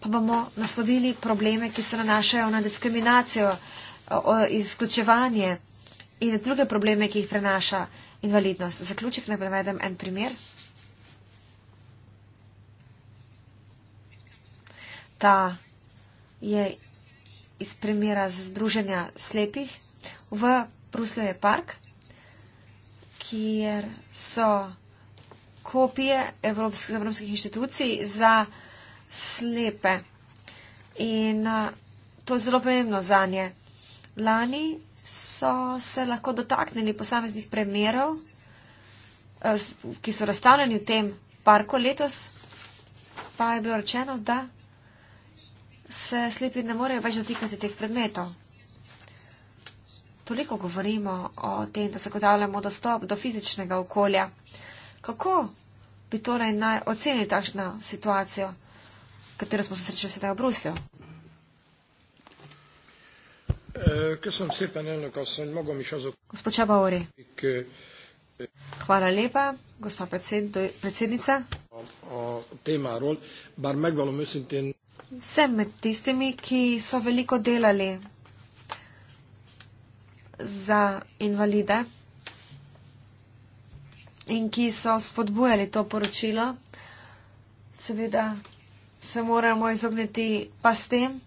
pa bomo naslovili probleme, ki se nanašajo na diskriminacijo, izključevanje in druge probleme, ki jih prenaša invalidnost. Za zaključek naj navedem en primer. Ta je iz primera Združenja slepih v Brusloje park, kjer so kopije evropskih, evropskih inštitucij za slepe. In a, eh, to je zelo pomembno za nje. Lani so se lahko dotaknili posameznih primerov, eh, ki so razstavljeni v tem parku letos, pa je bilo rečeno, da se slepi ne morejo več dotikati teh predmetov. Toliko govorimo o tem, da zagotavljamo dostop do fizičnega okolja. Kako bi torej naj ocenili takšno situacijo, katero smo se srečali sedaj v Bruslju? Eh, köszönöm szépen, elnök asszony, magam is azok. Akik, eh, Hvala lepa, gospa predsednica. A, a témáról, bár megvalom őszintén. Sem med tistimi, ki so veliko delali za invalide in ki so spodbujali to poročilo. Seveda se moramo izogniti pa s tem,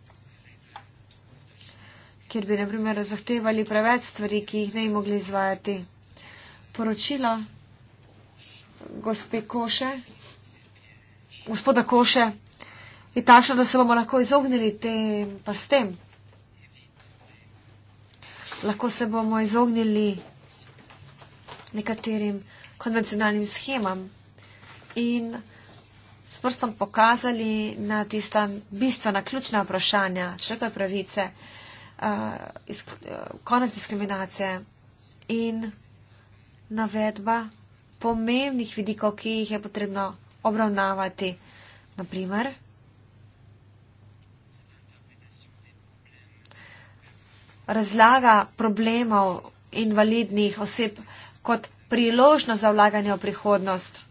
kjer bi naprimer zahtevali preveč stvari, ki jih ne bi mogli izvajati. Poročilo gospe Koše, gospoda Koše, je takšno, da se bomo lahko izognili tem pa s tem. Lahko se bomo izognili nekaterim konvencionalnim schemam in s prstom pokazali na tista bistvena, ključna vprašanja človekove pravice uh, isk, uh, konec diskriminacije in navedba pomembnih vidikov, ki jih je potrebno obravnavati. Naprimer, razlaga problemov invalidnih oseb kot priložnost za vlaganje v prihodnost.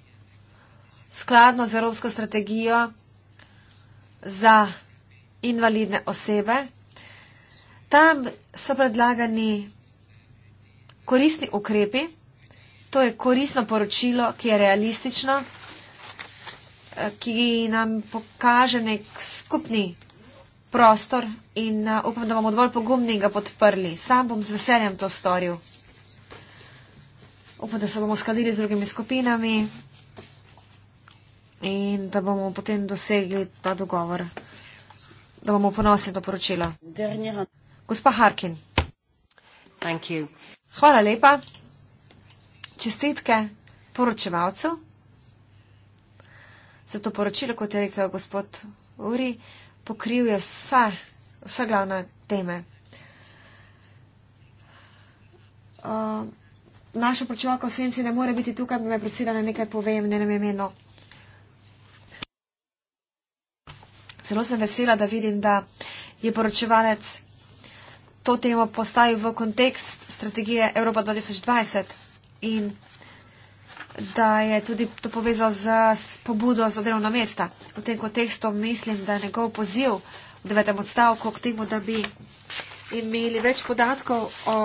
Skladno z Evropsko strategijo za invalidne osebe Tam so predlagani koristni ukrepi, to je koristno poročilo, ki je realistično, eh, ki nam pokaže nek skupni prostor in eh, upam, da bomo dovolj pogumni ga podprli. Sam bom z veseljem to storil. Upam, da se bomo skladili z drugimi skupinami in da bomo potem dosegli ta dogovor, da bomo ponosni to poročilo. Dernjera. Gospa Harkin. Thank you. Hvala lepa. Čestitke poročevalcu za to poročilo, kot je rekel gospod Uri, pokril je vse, vse glavne teme. Uh, naša poročevalka v senci ne more biti tukaj, bi me prosila, da nekaj povem, ne nam je meno. Zelo sem vesela, da vidim, da je poročevalec to temo postavi v kontekst strategije Evropa 2020 in da je tudi to povezal z pobudo za delovna mesta. V tem kontekstu mislim, da je njegov poziv v devetem odstavku k temu, da bi imeli več podatkov o,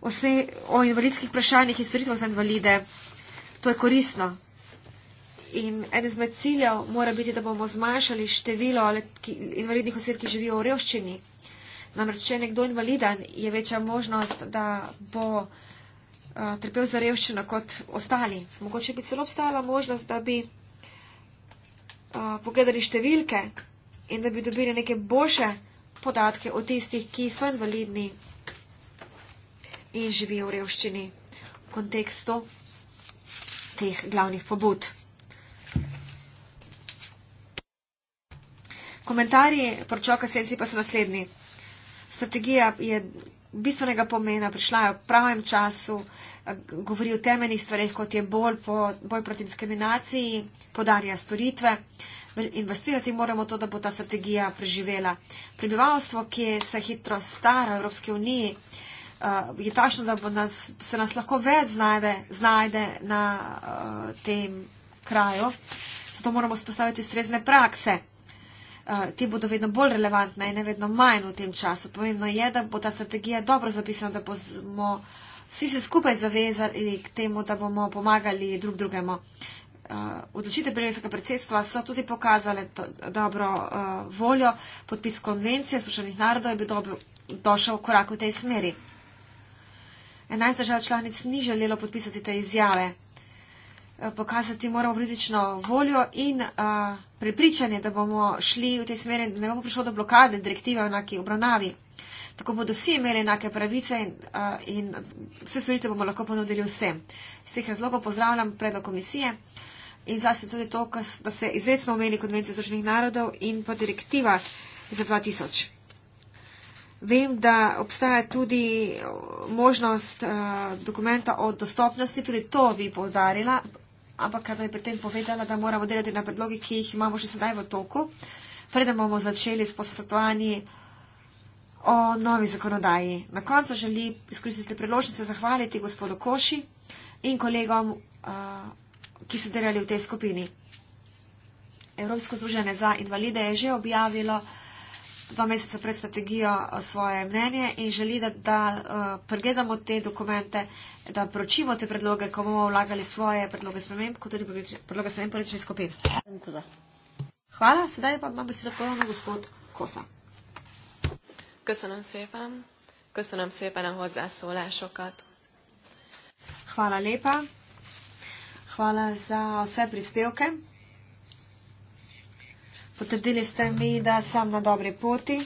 o, se, o invalidskih vprašanjih in storitvah za invalide. To je korisno. In eden izmed ciljev mora biti, da bomo zmanjšali število invalidnih oseb, ki živijo v revščini, Namreč, če je nekdo invaliden, je večja možnost, da bo eh, trpel za revščino kot ostali. Mogoče bi celo obstajala možnost, da bi eh, pogledali številke in da bi dobili neke boljše podatke o tistih, ki so invalidni in živijo v revščini v kontekstu teh glavnih pobud. Komentarji poročoka senci pa so naslednji strategija je bistvenega pomena, prišla je v pravem času, eh, govori o temeljnih stvarih, kot je bolj po, boj proti diskriminaciji, podarja storitve. Investirati moramo to, da bo ta strategija preživela. Prebivalstvo, ki se hitro stara v Evropski uniji, eh, je tašno, da nas, se nas lahko več znajde, znajde na uh, tem kraju. Zato moramo spostaviti strezne prakse. Eh, ti bodo vedno bolj relevantna in ne vedno manj v tem času. Pomembno je, da bo ta strategija dobro zapisana, da bomo vsi se skupaj zavezali k temu, da bomo pomagali drug drugemu. Eh, Odločite Brežnjega predsedstva so tudi pokazali to, dobro uh, voljo, podpis konvencije Sušenih narodov je bil dobro, došel korak v tej smeri. 11 držav članic ni želelo podpisati te izjave. Pokazati moramo politično voljo in uh, prepričanje, da bomo šli v tej smeri, da ne bomo prišli do blokade direktive v enaki obravnavi. Tako bodo vsi imeli enake pravice in, eh, in vse storitev bomo lahko ponudili vsem. Z teh razlogov pozdravljam predlog komisije in zase tudi to, da se izredno omeni konvencija zaživnih narodov in pa direktiva za 2000. Vem, da obstaja tudi eh, možnost uh, dokumenta o dostopnosti, tudi to bi povdarila, ampak kar je pri tem povedala, da moramo delati na predlogi, ki jih imamo že sedaj v toku, preden bomo začeli s posvetovanji o novi zakonodaji. Na koncu želi izkoristiti priložnost se zahvaliti gospodu Koši in kolegom, ki so delali v tej skupini. Evropsko združenje za invalide je že objavilo, dva meseca pred strategijo eh, svoje mnenje in želi, da, da eh, pregledamo te dokumente, da pročimo te predloge, ko bomo vlagali svoje predloge sprememb, kot tudi predloge sprememb političnih skupin. Hvala, sedaj pa ima besedo ponovno gospod Kosa. Köszönöm szépen. Köszönöm szépen a hozzászólásokat. Hvala lepa. Hvala za vse prispevke. Potrdili ste mi, da sem na dobri poti.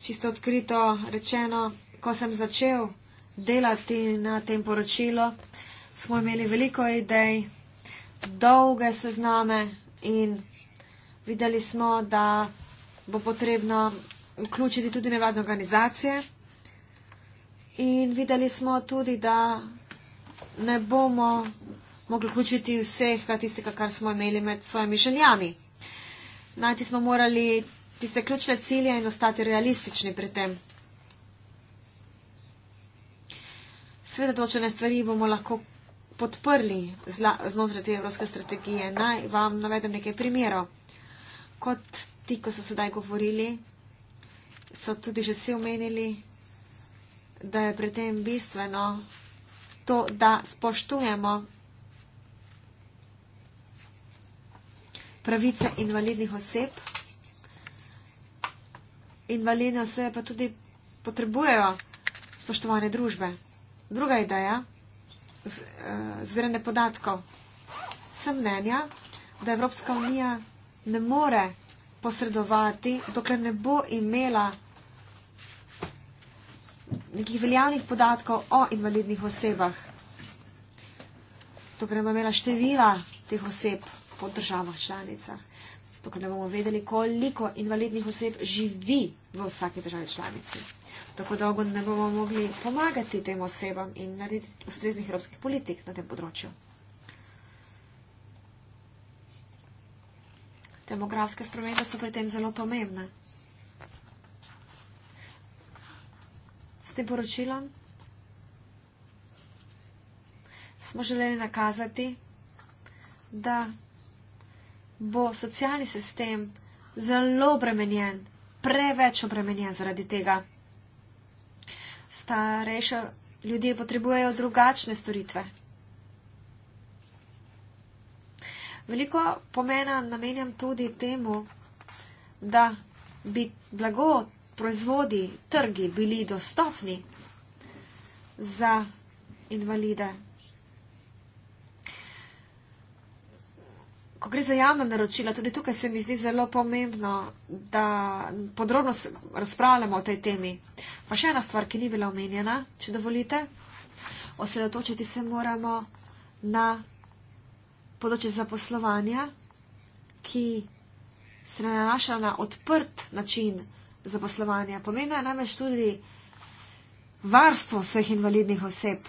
Čisto odkrito rečeno, ko sem začel delati na tem poročilu, smo imeli veliko idej, dolge sezname in videli smo, da bo potrebno vključiti tudi nevladne organizacije. In videli smo tudi, da ne bomo mogli vključiti vsega tistega, kar smo imeli med svojimi željami. Najti smo morali tiste ključne cilje in ostati realistični pri tem. Sveda določene stvari bomo lahko podprli znotraj te evropske strategije. Naj vam navedem nekaj primerov. Kot ti, ko so sedaj govorili, so tudi že vsi omenili, da je pri tem bistveno to, da spoštujemo pravice invalidnih oseb. Invalidne osebe pa tudi potrebujejo spoštovane družbe. Druga ideja eh, zbiranje podatkov. Sem mnenja, da Evropska unija ne more posredovati, dokler ne bo imela nekih veljavnih podatkov o invalidnih osebah. Dokler ne bo imela števila teh oseb, po državah članicah. To, ker ne bomo vedeli, koliko invalidnih oseb živi v vsaki državi članici. Tako dolgo ne bomo mogli pomagati tem osebam in narediti ustreznih evropskih politik na tem področju. Demografske spremembe so pri tem zelo pomembne. S tem poročilom smo želeli nakazati, da bo socialni sistem zelo obremenjen, preveč obremenjen zaradi tega. Starejše ljudje potrebujejo drugačne storitve. Veliko pomena namenjam tudi temu, da bi blago, proizvodi, trgi bili dostopni za invalide, ko gre za javna naročila, tudi tukaj se mi zdi zelo pomembno, da podrobno razpravljamo o tej temi. Pa še ena stvar, ki ni bila omenjena, če dovolite, osredotočiti se moramo na področje zaposlovanja, ki se nanaša na odprt način zaposlovanja. Pomembno je namreč tudi varstvo vseh invalidnih oseb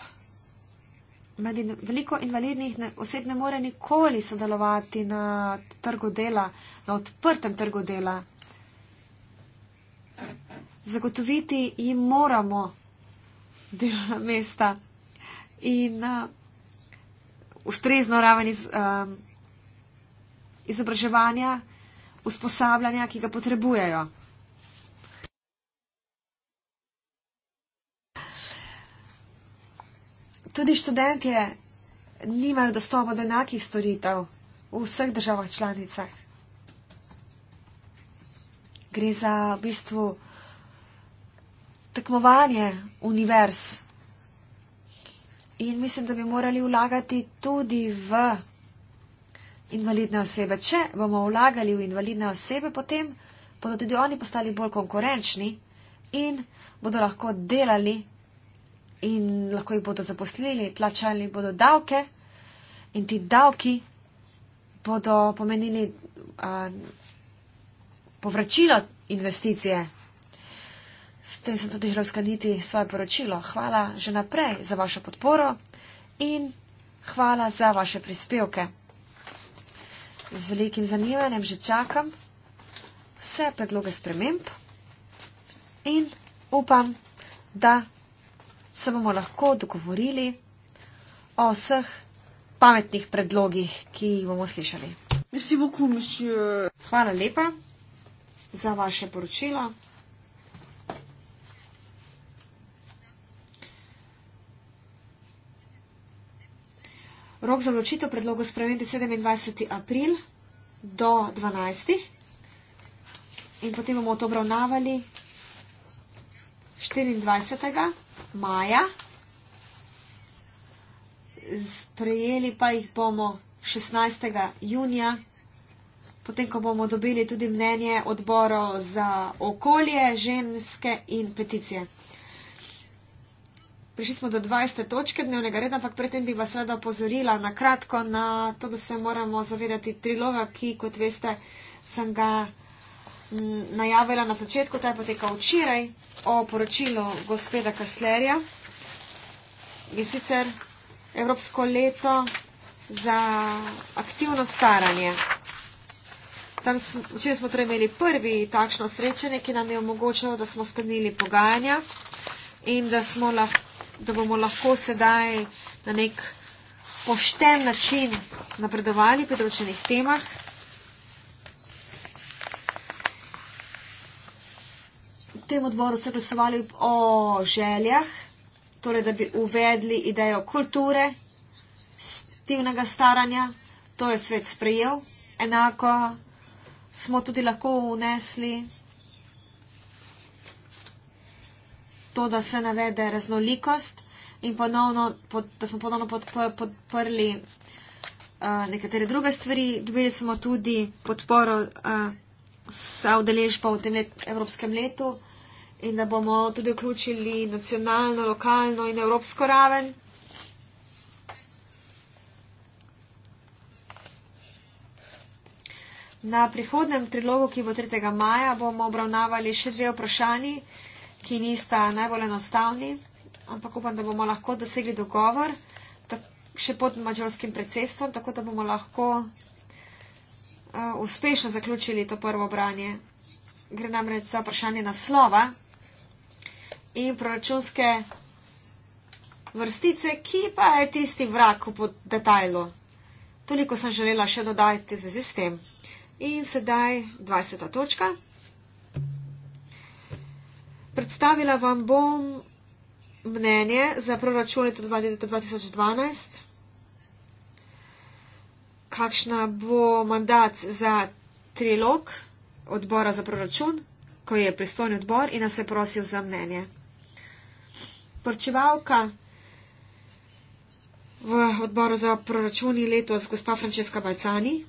med in, veliko invalidnih ne, oseb ne more nikoli sodelovati na trgu dela, na odprtem trgu dela. Zagotoviti jim moramo delovna mesta in uh, ustrezno raven iz, um, izobraževanja, usposabljanja, ki ga potrebujejo. Tudi študentje nimajo dostopa do enakih storitev v vseh državah članicah. Gre za v bistvu tekmovanje univerz. In mislim, da bi morali vlagati tudi v invalidne osebe. Če bomo vlagali v invalidne osebe, potem bodo tudi oni postali bolj konkurenčni in bodo lahko delali in lahko jih bodo zaposlili, plačali bodo davke in ti davki bodo pomenili a, povračilo investicije. S tem sem tudi želel skleniti svoje poročilo. Hvala že naprej za vašo podporo in hvala za vaše prispevke. Z velikim zanimanjem že čakam vse predloge sprememb in upam, da se bomo lahko dogovorili o vseh pametnih predlogih, ki jih bomo slišali. Merci beaucoup, monsieur. Hvala lepa za vaše poročilo. Rok za vločitev predlogu spremembe 27. april do 12. in potem bomo to obravnavali 24 maja, sprejeli pa jih bomo 16. junija, potem, ko bomo dobili tudi mnenje odborov za okolje, ženske in peticije. Prišli smo do 20. točke dnevnega reda, ampak predtem bi vas rada opozorila na kratko na to, da se moramo zavedati triloga, ki, kot veste, sem ga najavila na začetku, ta je potekal včeraj o poročilu gospeda Kaslerja. In sicer Evropsko leto za aktivno staranje. Tam smo, včeraj smo torej imeli prvi takšno srečanje, ki nam je omogočilo, da smo sklenili pogajanja in da, smo lah, da bomo lahko sedaj na nek pošten način napredovali pri določenih temah. tem odboru so glasovali o željah, torej da bi uvedli idejo kulture stivnega staranja. To je svet sprejel. Enako smo tudi lahko unesli to, da se navede raznolikost in ponovno, da smo ponovno podprli eh, nekatere druge stvari. Dobili smo tudi podporo. Eh, Sa udeležba v tem let, evropskem letu in da bomo tudi vključili nacionalno, lokalno in evropsko raven. Na prihodnem trilogu, ki bo 3. maja, bomo obravnavali še dve vprašanji, ki nista najbolj enostavni, ampak upam, da bomo lahko dosegli dogovor še pod mađarskim predsedstvom, tako da bomo lahko eh, uspešno zaključili to prvo branje. Gre namreč za vprašanje naslova in proračunske vrstice, ki pa je tisti vrak v detajlu. Toliko sem želela še dodati v zvezi s tem. In sedaj 20. točka. Predstavila vam bom mnenje za proračun leta 2012, kakšna bo mandat za trilog odbora za proračun, ko je pristojni odbor in nas je prosil za mnenje poročevalka v odboru za proračuni letos, gospa Francesca Balcani.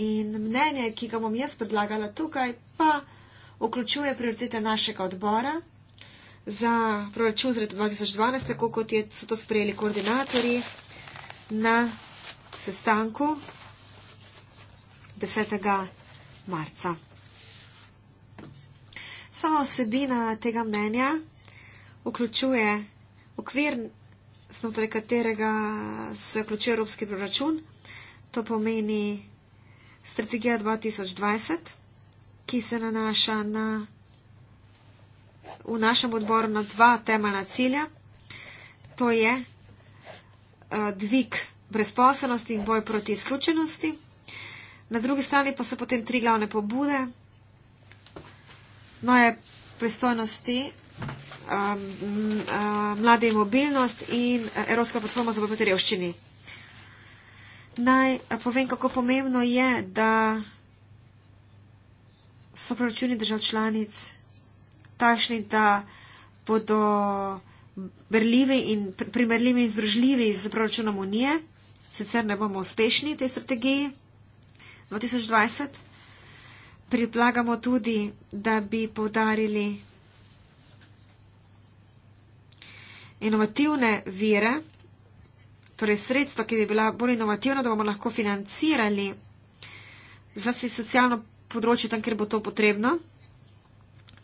In mnenje, ki ga bom jaz predlagala tukaj, pa vključuje prioritete našega odbora za proračun z leta 2012, tako kot je, so to sprejeli koordinatorji na sestanku 10. marca. Sama osebina tega mnenja vključuje okvir, znotraj katerega se vključuje evropski proračun. To pomeni strategija 2020, ki se nanaša na v našem odboru na dva temeljna cilja. To je eh, dvig brezposobnosti in boj proti izključenosti. Na drugi strani pa so potem tri glavne pobude. Noje pristojnosti Um, um, mlade in mobilnost in eh, Evropska platforma za boj proti revščini. Naj eh, povem, kako pomembno je, da so proračuni držav članic takšni, da bodo berljivi in primerljivi in združljivi z proračunom Unije, sicer ne bomo uspešni v tej strategiji 2020. Priplagamo tudi, da bi povdarili inovativne vire, torej sredstva, ki bi bila bolj inovativna, da bomo lahko financirali zase socialno področje tam, kjer bo to potrebno.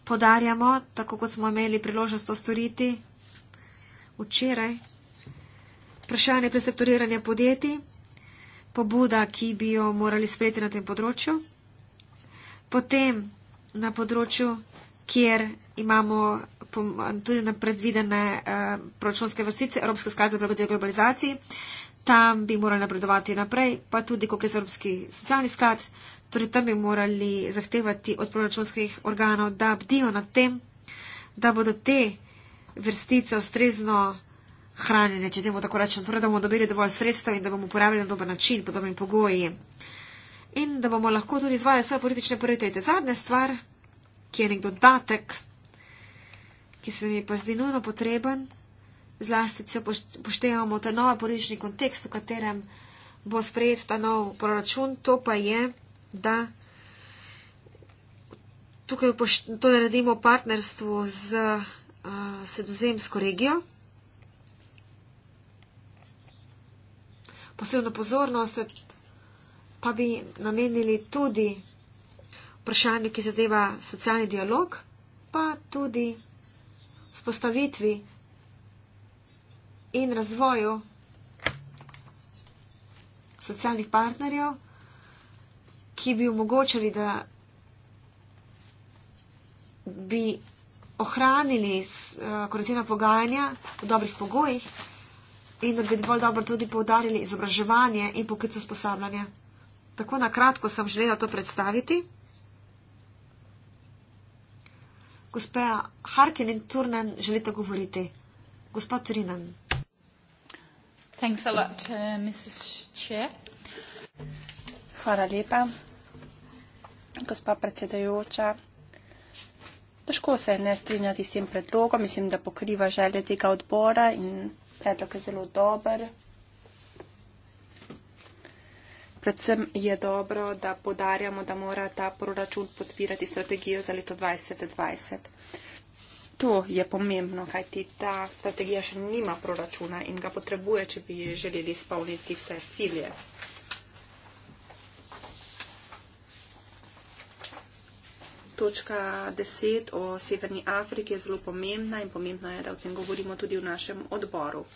Podarjamo, tako kot smo imeli priložnost to storiti včeraj, vprašanje prestrukturiranja podjetij, pobuda, ki bi jo morali sprejeti na tem področju. Potem na področju, kjer imamo tudi na predvidene eh, proračunske vrstice Evropske skladbe prilagoditve globalizaciji. Tam bi morali napredovati naprej, pa tudi kot je Evropski socialni sklad, torej tam bi morali zahtevati od proračunskih organov, da bdijo nad tem, da bodo te vrstice ustrezno hranjene, če temu tako rečem, torej da bomo dobili dovolj sredstev in da bomo uporabljali na dober način, podobni pogoji in da bomo lahko tudi izvajali svoje politične prioritete. Zadnja stvar, ki je nek dodatek, ki se mi pa zdi nujno potreben, zlasti, če poštevamo ta nova politični kontekst, v katerem bo sprejet ta nov proračun, to pa je, da tukaj to naredimo v partnerstvu z uh, sredozemsko regijo. Posebno pozornost pa bi namenili tudi vprašanju, ki zadeva socialni dialog, pa tudi spostavitvi in razvoju socialnih partnerjev, ki bi omogočali, da bi ohranili eh, korotina pogajanja v dobrih pogojih in da bi dovolj dobro tudi poudarili izobraževanje in poklic usposabljanja. Tako na kratko sem želela to predstaviti. Gospa Harkin in Turnen, želite govoriti? Gospa Turinen. Lot, uh, Hvala lepa, gospa predsedajoča. Težko se ne strinjati s tem predlogom. Mislim, da pokriva želje tega odbora in predlog je zelo dober. Predvsem je dobro, da podarjamo, da mora ta proračun podpirati strategijo za leto 2020. To je pomembno, kajti ta strategija še nima proračuna in ga potrebuje, če bi želeli spolniti vse cilje. Točka 10 o Severni Afriki je zelo pomembna in pomembno je, da o tem govorimo tudi v našem odboru.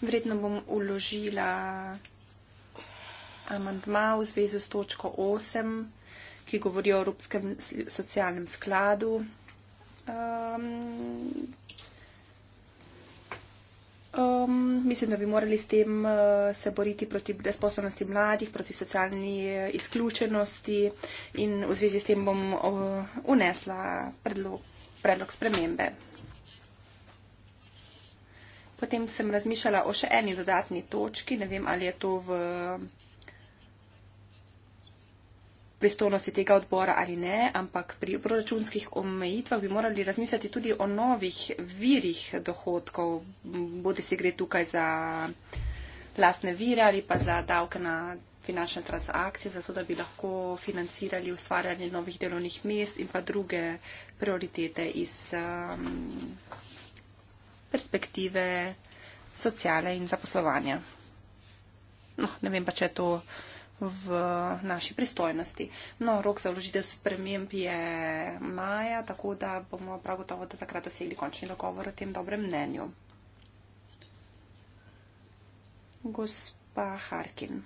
Vredno bom uložila amantma v zvezi s točko 8, ki govori o Evropskem socialnem skladu. Um, Um, mislim, da bi morali s tem uh, se boriti proti brezposobnosti mladih, proti socialni eh, izključenosti in v zvezi s tem bom uh, eh, unesla predlog, predlog spremembe. Potem sem razmišljala o še eni dodatni točki, ne vem, ali je to v pristojnosti tega odbora ali ne, ampak pri proračunskih omejitvah bi morali razmisliti tudi o novih virih dohodkov, bodi si gre tukaj za lastne vire ali pa za davke na finančne transakcije, zato da bi lahko financirali ustvarjanje novih delovnih mest in pa druge prioritete iz. Um, perspektive sociale in zaposlovanja. No, ne vem pa, če je to v naši pristojnosti. No, rok za vložitev sprememb je maja, tako da bomo prav gotovo do takrat dosegli končni dogovor o tem dobrem mnenju. Gospa Harkin.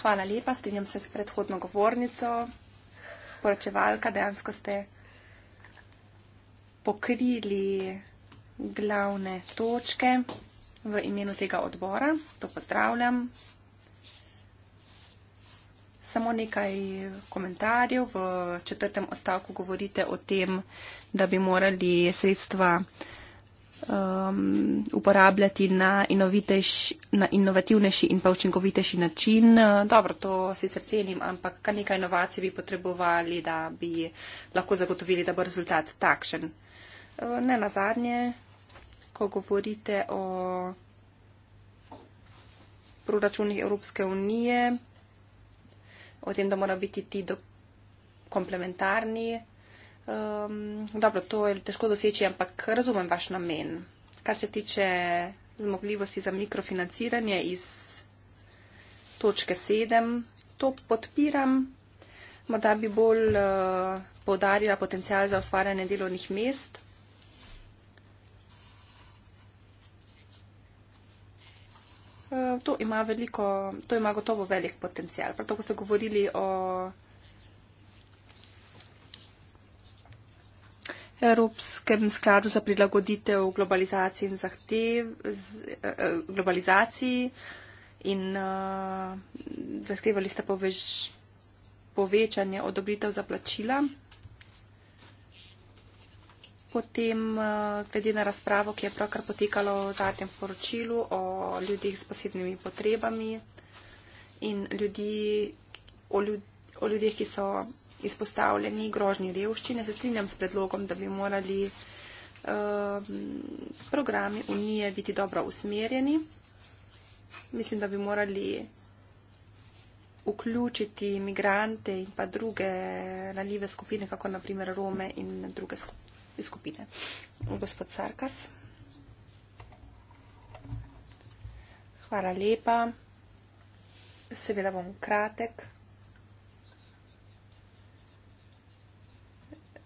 Hvala lepa, strinjam se s predhodno govornico. Poročevalka, dejansko ste pokrili glavne točke v imenu tega odbora. To pozdravljam. Samo nekaj komentarjev. V četrtem odstavku govorite o tem, da bi morali sredstva um, uporabljati na, na inovativnejši in pa učinkovitejši način. Dobro, to sicer cenim, ampak kar nekaj inovacij bi potrebovali, da bi lahko zagotovili, da bo rezultat takšen. Ne na zadnje, ko govorite o proračunih Evropske unije, o tem, da mora biti ti komplementarni. Um, dobro, to je težko doseči, ampak razumem vaš namen. Kar se tiče zmogljivosti za mikrofinanciranje iz točke 7, to podpiram. Morda bi bolj uh, povdarjala potencial za ustvarjanje delovnih mest. Eh, to ima, veliko, to ima gotovo velik potencial. Prav tako ste govorili o Evropskem skladu za prilagoditev globalizaciji in zahtev, eh, eh, globalizaciji in zahtevali ste povež, povečanje odobritev za plačila. Potem, eh, glede na razpravo, ki je pravkar potekalo v zadnjem poročilu o ljudeh s posebnimi potrebami in ljudi, o, ljud, o ljudeh, ki so izpostavljeni grožnji revščine, se strinjam s predlogom, da bi morali um, programi Unije biti dobro usmerjeni. Mislim, da bi morali vključiti imigrante in pa druge ranljive skupine, kako naprimer Rome in druge skupine poslanske skupine. Gospod Sarkas. Hvala lepa. Seveda bom kratek.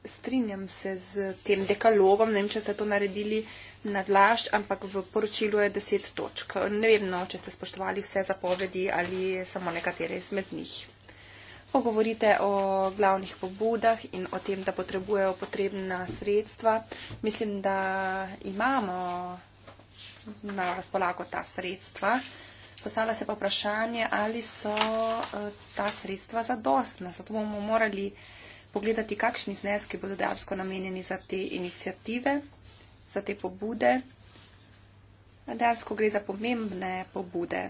Strinjam se z tem dekalogom, ne vem, če ste to naredili na glas, ampak v poročilu je deset točk. Ne vem, no, če ste spoštovali vse zapovedi ali samo nekatere izmed njih. Pogovorite o glavnih pobudah in o tem, da potrebujejo potrebna sredstva. Mislim, da imamo na razpolago ta sredstva. Postavlja se pa vprašanje, ali so e, ta sredstva zadostna. Zato bomo morali pogledati, kakšni zneski bodo dejansko namenjeni za te inicijative, za te pobude. Dejansko gre za pomembne pobude.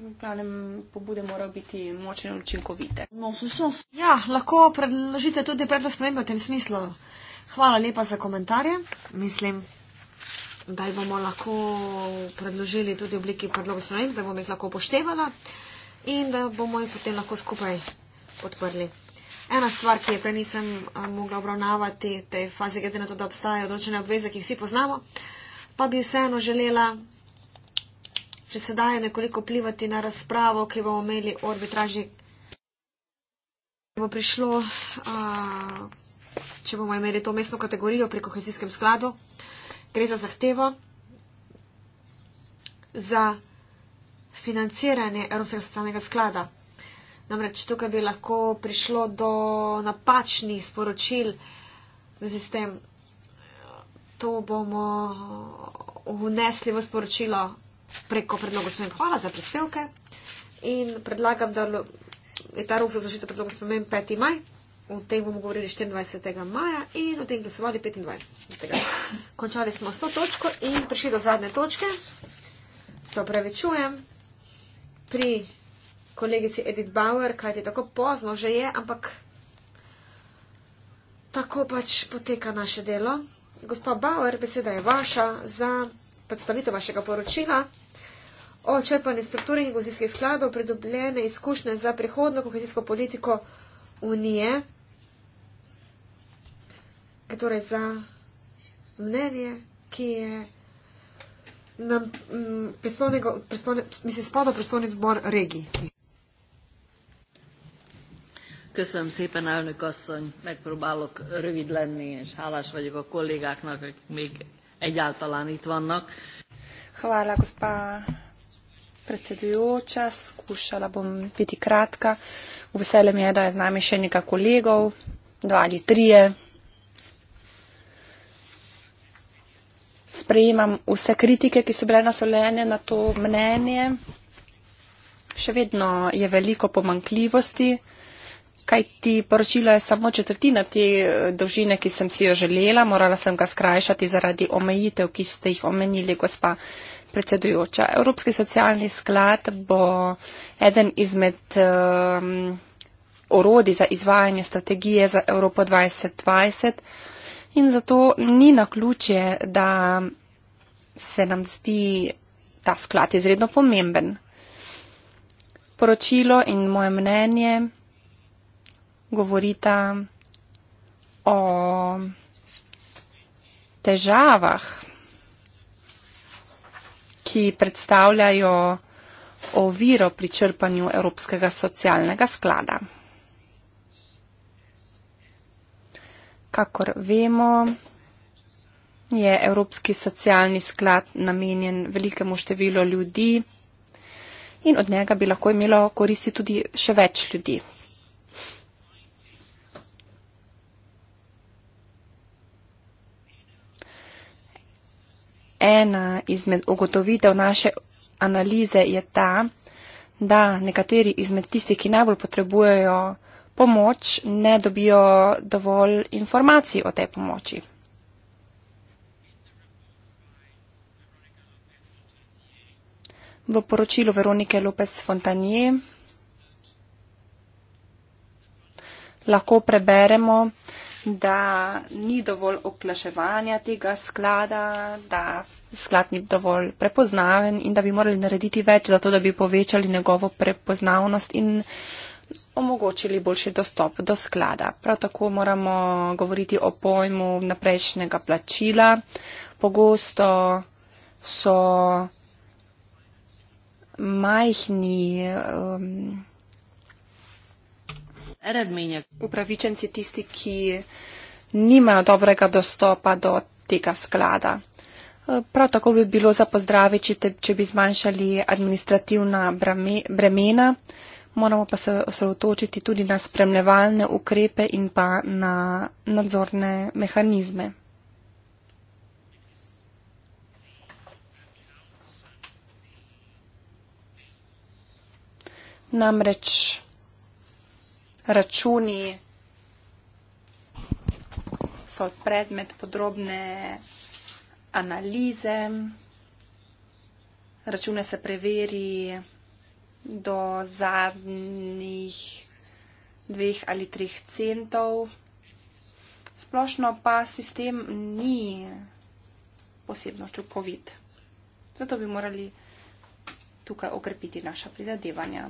Pravnem, pobude morajo biti močne in učinkovite. No, ja, lahko predložite tudi predlog spremembe v tem smislu. Hvala lepa za komentarje. Mislim, da jih bomo lahko predložili tudi v obliki predloga sprememb, da bomo jih lahko poštevala in da bomo jih potem lahko skupaj podprli. Ena stvar, ki je prej nisem eh, mogla obravnavati v tej fazi, glede na to, da obstajajo določene obveze, ki jih vsi poznamo, pa bi vseeno želela že sedaj nekoliko plivati na razpravo, ki bomo imeli o arbitraži, ki bo prišlo, a, če bomo imeli to mestno kategorijo pri kohezijskem skladu. Gre za zahtevo za financiranje Evropskega socialnega sklada. Namreč tukaj bi lahko prišlo do napačnih sporočil z sistem. To bomo vnesli v sporočilo preko predlogov sprememb. Hvala za prispevke in predlagam, da je ta rok za zaščito predlogov sprememb 5. maj. O tem bomo govorili 24. maja in o tem glasovali 25. Končali smo s to točko in prišli do zadnje točke. Se opravičujem pri kolegici Edith Bauer, kajti tako pozno že je, ampak tako pač poteka naše delo. Gospa Bauer, beseda je vaša za predstavitev vašega poročila o črpanju strukturnih in kohezijskih skladov, pridobljene izkušnje za prihodno kohezijsko politiko unije, torej za mnenje, ki je nam mm, pristojnega, pristojne, mislim, spada pristojni zbor regij. Köszönöm szépen, elnök asszony, megpróbálok rövidlenni, és hálás vagyok a kollégáknak, akik még egyáltalán itt vannak. Hvala, gospa predsedujoča, skušala bom biti kratka. Veselim je, da je z nami še nekaj kolegov, dva ali trije. Sprejemam vse kritike, ki so bile naslovljene na to mnenje. Še vedno je veliko pomankljivosti, kaj ti poročilo je samo četrtina te eh, dožine, ki sem si jo želela. Morala sem ga skrajšati zaradi omejitev, ki ste jih omenili, gospa predsedujoča. Evropski socialni sklad bo eden izmed um, orodi za izvajanje strategije za Evropo 2020 in zato ni na ključje, da se nam zdi ta sklad izredno pomemben. Poročilo in moje mnenje govorita o težavah ki predstavljajo oviro pri črpanju Evropskega socialnega sklada. Kakor vemo, je Evropski socialni sklad namenjen velikemu številu ljudi in od njega bi lahko imelo koristi tudi še več ljudi. ena izmed ugotovitev naše analize je ta, da nekateri izmed tistih, ki najbolj potrebujejo pomoč, ne dobijo dovolj informacij o tej pomoči. V poročilu Veronike Lopez Fontanije lahko preberemo, da ni dovolj oklaševanja tega sklada, da sklad ni dovolj prepoznaven in da bi morali narediti več za to, da bi povečali njegovo prepoznavnost in omogočili boljši dostop do sklada. Prav tako moramo govoriti o pojmu naprejšnjega plačila. Pogosto so majhni. Um, eredmények. Upravičenci tisti, ki nimajo dobrega dostopa do tega sklada. Prav tako bi bilo za pozdraviti, če bi zmanjšali administrativna bremena. Moramo pa se osredotočiti tudi na spremljevalne ukrepe in pa na nadzorne mehanizme. Namreč računi so predmet podrobne analize. Račune se preveri do zadnjih dveh ali treh centov. Splošno pa sistem ni posebno čukovit. Zato bi morali tukaj okrepiti naša prizadevanja.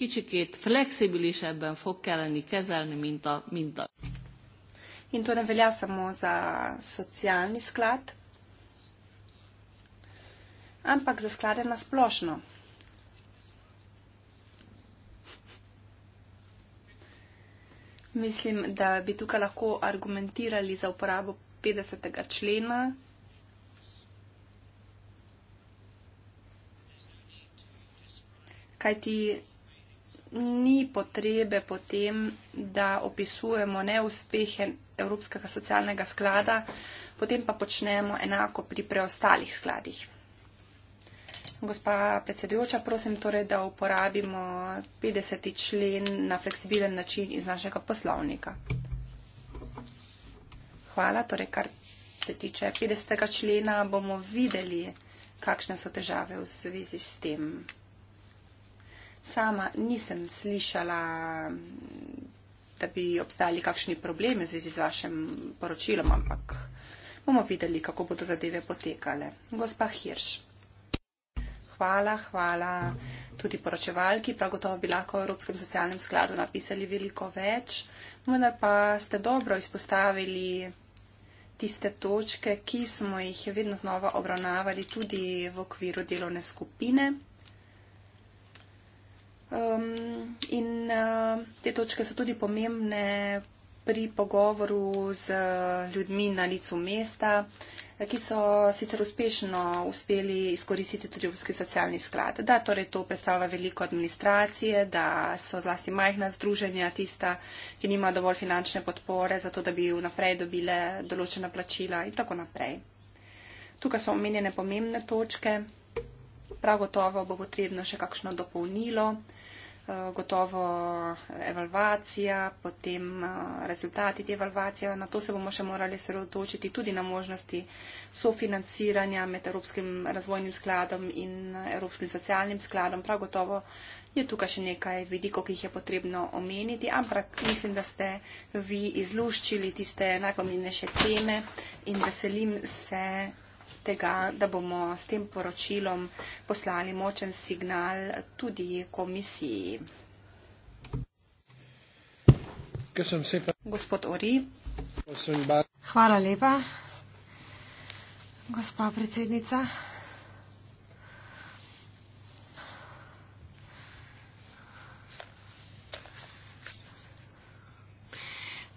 kicsikét flexibilisebben fog kelleni kezelni, mint a, mint a. In to ne velja samo za socialni sklad, ampak za sklade na splošno. Mislim, da bi tukaj lahko argumentirali za uporabo 50. člena. Kaj ti ni potrebe potem, da opisujemo neuspehe Evropskega socialnega sklada, potem pa počnemo enako pri preostalih skladih. Gospa predsedujoča, prosim torej, da uporabimo 50. člen na fleksibilen način iz našega poslovnika. Hvala, torej kar se tiče 50. člena, bomo videli, kakšne so težave v zvezi s tem. Sama nisem slišala, da bi obstajali kakšni problemi v zvezi z vašim poročilom, ampak bomo videli, kako bodo zadeve potekale. Gospa Hirš. Hvala, hvala tudi poročevalki. Prav gotovo bi lahko o Evropskem socialnem skladu napisali veliko več, vendar pa ste dobro izpostavili tiste točke, ki smo jih vedno znova obravnavali tudi v okviru delovne skupine. Um, in uh, te točke so tudi pomembne pri pogovoru z ljudmi na licu mesta, ki so sicer uspešno uspeli izkoristiti tudi Evropski socialni sklad. Da, torej to predstavlja veliko administracije, da so zlasti majhna združenja tista, ki nima dovolj finančne podpore za to, da bi vnaprej dobile določena plačila in tako naprej. Tukaj so omenjene pomembne točke. Prav gotovo bo potrebno še kakšno dopolnilo. Eh, gotovo evalvacija, potem eh, rezultati te evalvacije. Na to se bomo še morali sredotočiti tudi na možnosti sofinanciranja med Evropskim razvojnim skladom in eh, Evropskim socialnim skladom. Prav gotovo je tukaj še nekaj vidikov, ki jih je potrebno omeniti, ampak mislim, da ste vi izluščili tiste najpomembnejše teme in veselim se tega, da bomo s tem poročilom poslali močen signal tudi komisiji. Pa... Gospod Ori. Hvala lepa, gospa predsednica.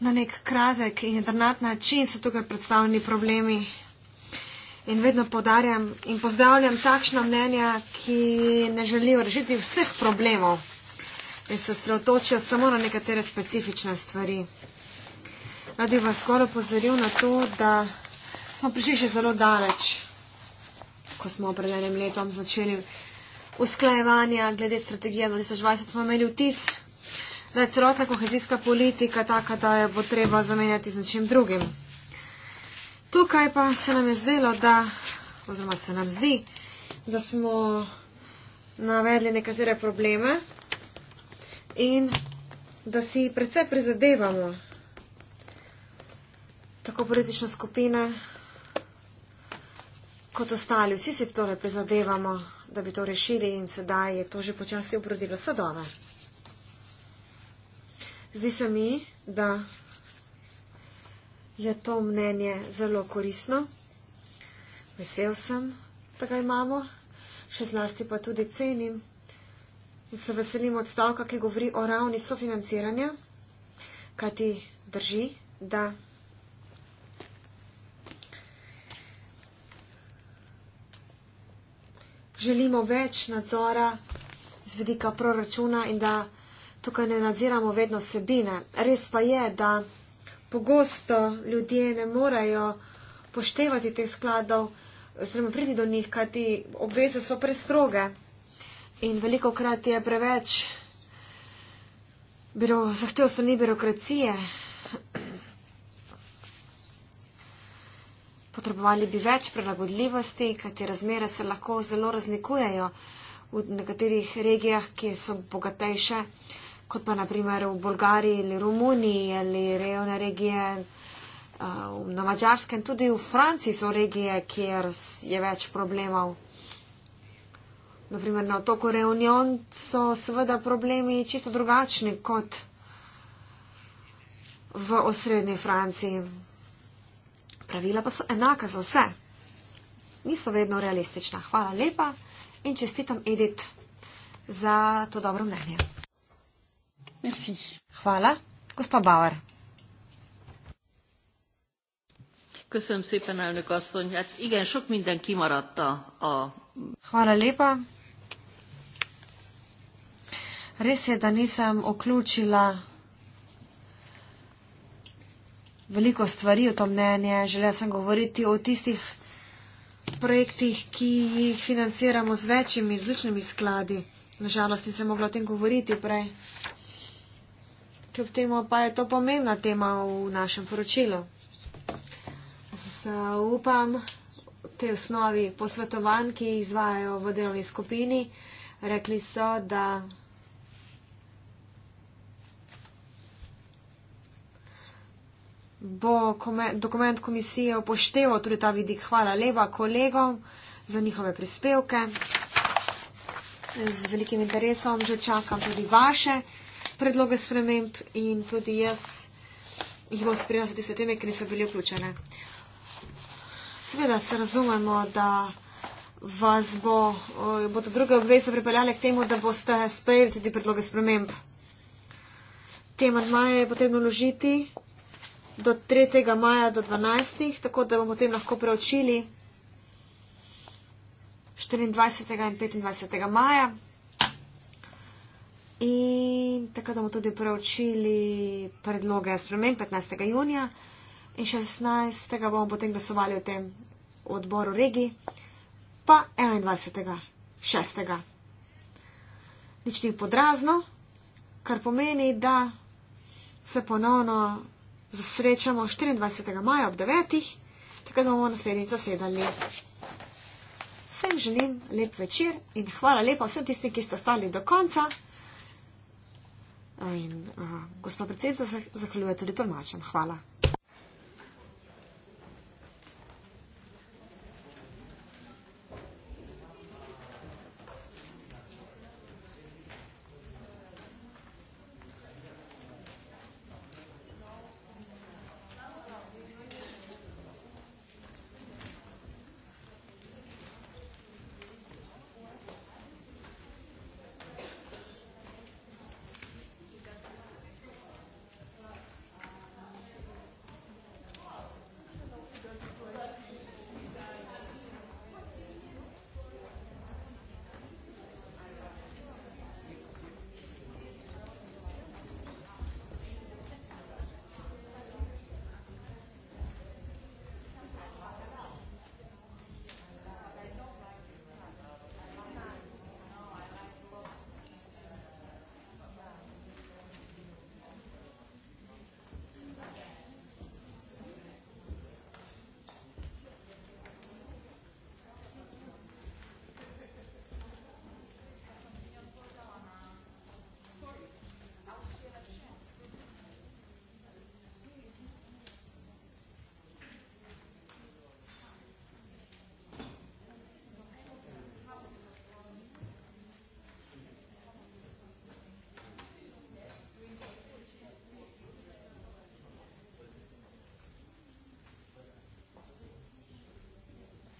Na nek kratek in jedrnat način so tukaj predstavljeni problemi in vedno podarjam in pozdravljam takšna mnenja, ki ne želijo rešiti vseh problemov in se sredotočijo samo na nekatere specifične stvari. Rad bi vas skoraj pozoril na to, da smo prišli še zelo daleč, ko smo opredeljenim letom začeli usklajevanja glede strategije 2020, smo imeli vtis, da je celotna kohezijska politika taka, da jo bo treba zamenjati z nečim drugim. Tukaj pa se nam je zdelo, da, oziroma se nam zdi, da smo navedli nekatere probleme in da si predvsej prizadevamo tako politične skupine kot ostali. Vsi si torej prizadevamo, da bi to rešili in sedaj je to že počasi obrodilo sadove. Zdi se mi, da je to mnenje zelo koristno. Vesel sem, da ga imamo, še zlasti pa tudi cenim in se veselim odstavka, ki govori o ravni sofinanciranja, kaj ti drži, da želimo več nadzora z vidika proračuna in da tukaj ne nadziramo vedno sebine. Res pa je, da pogosto ljudje ne morejo poštevati teh skladov, oziroma priti do njih, kajti obveze so prestroge. In veliko krat je preveč biro, zahtev strani birokracije. Potrebovali bi več prilagodljivosti, kajti razmere se lahko zelo razlikujejo v nekaterih regijah, ki so bogatejše kot pa naprimer v Bolgariji ali Romuniji ali rejone regije. Eh, na Mačarskem tudi v Franciji so regije, kjer je več problemov. Naprimer na otoku Reunion so seveda problemi čisto drugačni kot v osrednji Franciji. Pravila pa so enaka za vse. Niso vedno realistična. Hvala lepa in čestitam Edith za to dobro mnenje. Merci. Hvala. Gospa Bauer. Köszönöm szépen, elnök asszony. Hát igen, sok minden kimaradta a... Hvala lepa. Res je, da nisem oklúčila veliko stvari o to mnenje. Želela sem govoriti o tistih projektih, ki jih financiramo z večjimi, z ličnimi skladi. Nažalost, nisem mogla o tem govoriti prej. Kljub temu pa je to pomembna tema v našem poročilu. Zaupam te osnovi posvetovanj, ki jih izvajajo v delovni skupini. Rekli so, da bo dokument komisije upošteval tudi ta vidik. Hvala lepa kolegom za njihove prispevke. Z velikim interesom že čakam tudi vaše predloge sprememb in tudi jaz jih bom sprejela tudi s teme, ki niso bili vključene. Seveda se razumemo, da vas bo, eh, bodo druge obveze pripeljale k temu, da boste sprejeli tudi predloge sprememb. Te manjmaje je potrebno ložiti do 3. maja do 12. tako da bomo potem lahko preučili 24. in 25. maja. In tako da bomo tudi preučili predloge spremen 15. junija in 16. bomo potem glasovali o tem odboru regiji, pa 21. 6. Nič ni podrazno, kar pomeni, da se ponovno zasrečamo 24. maja ob 9. Tako da bomo naslednjič zasedali. Vsem želim lep večer in hvala lepa vsem tistim, ki ste ostali do konca. In uh, eh, gospod predsednik, zahvaljujem tudi tolmačem. Hvala.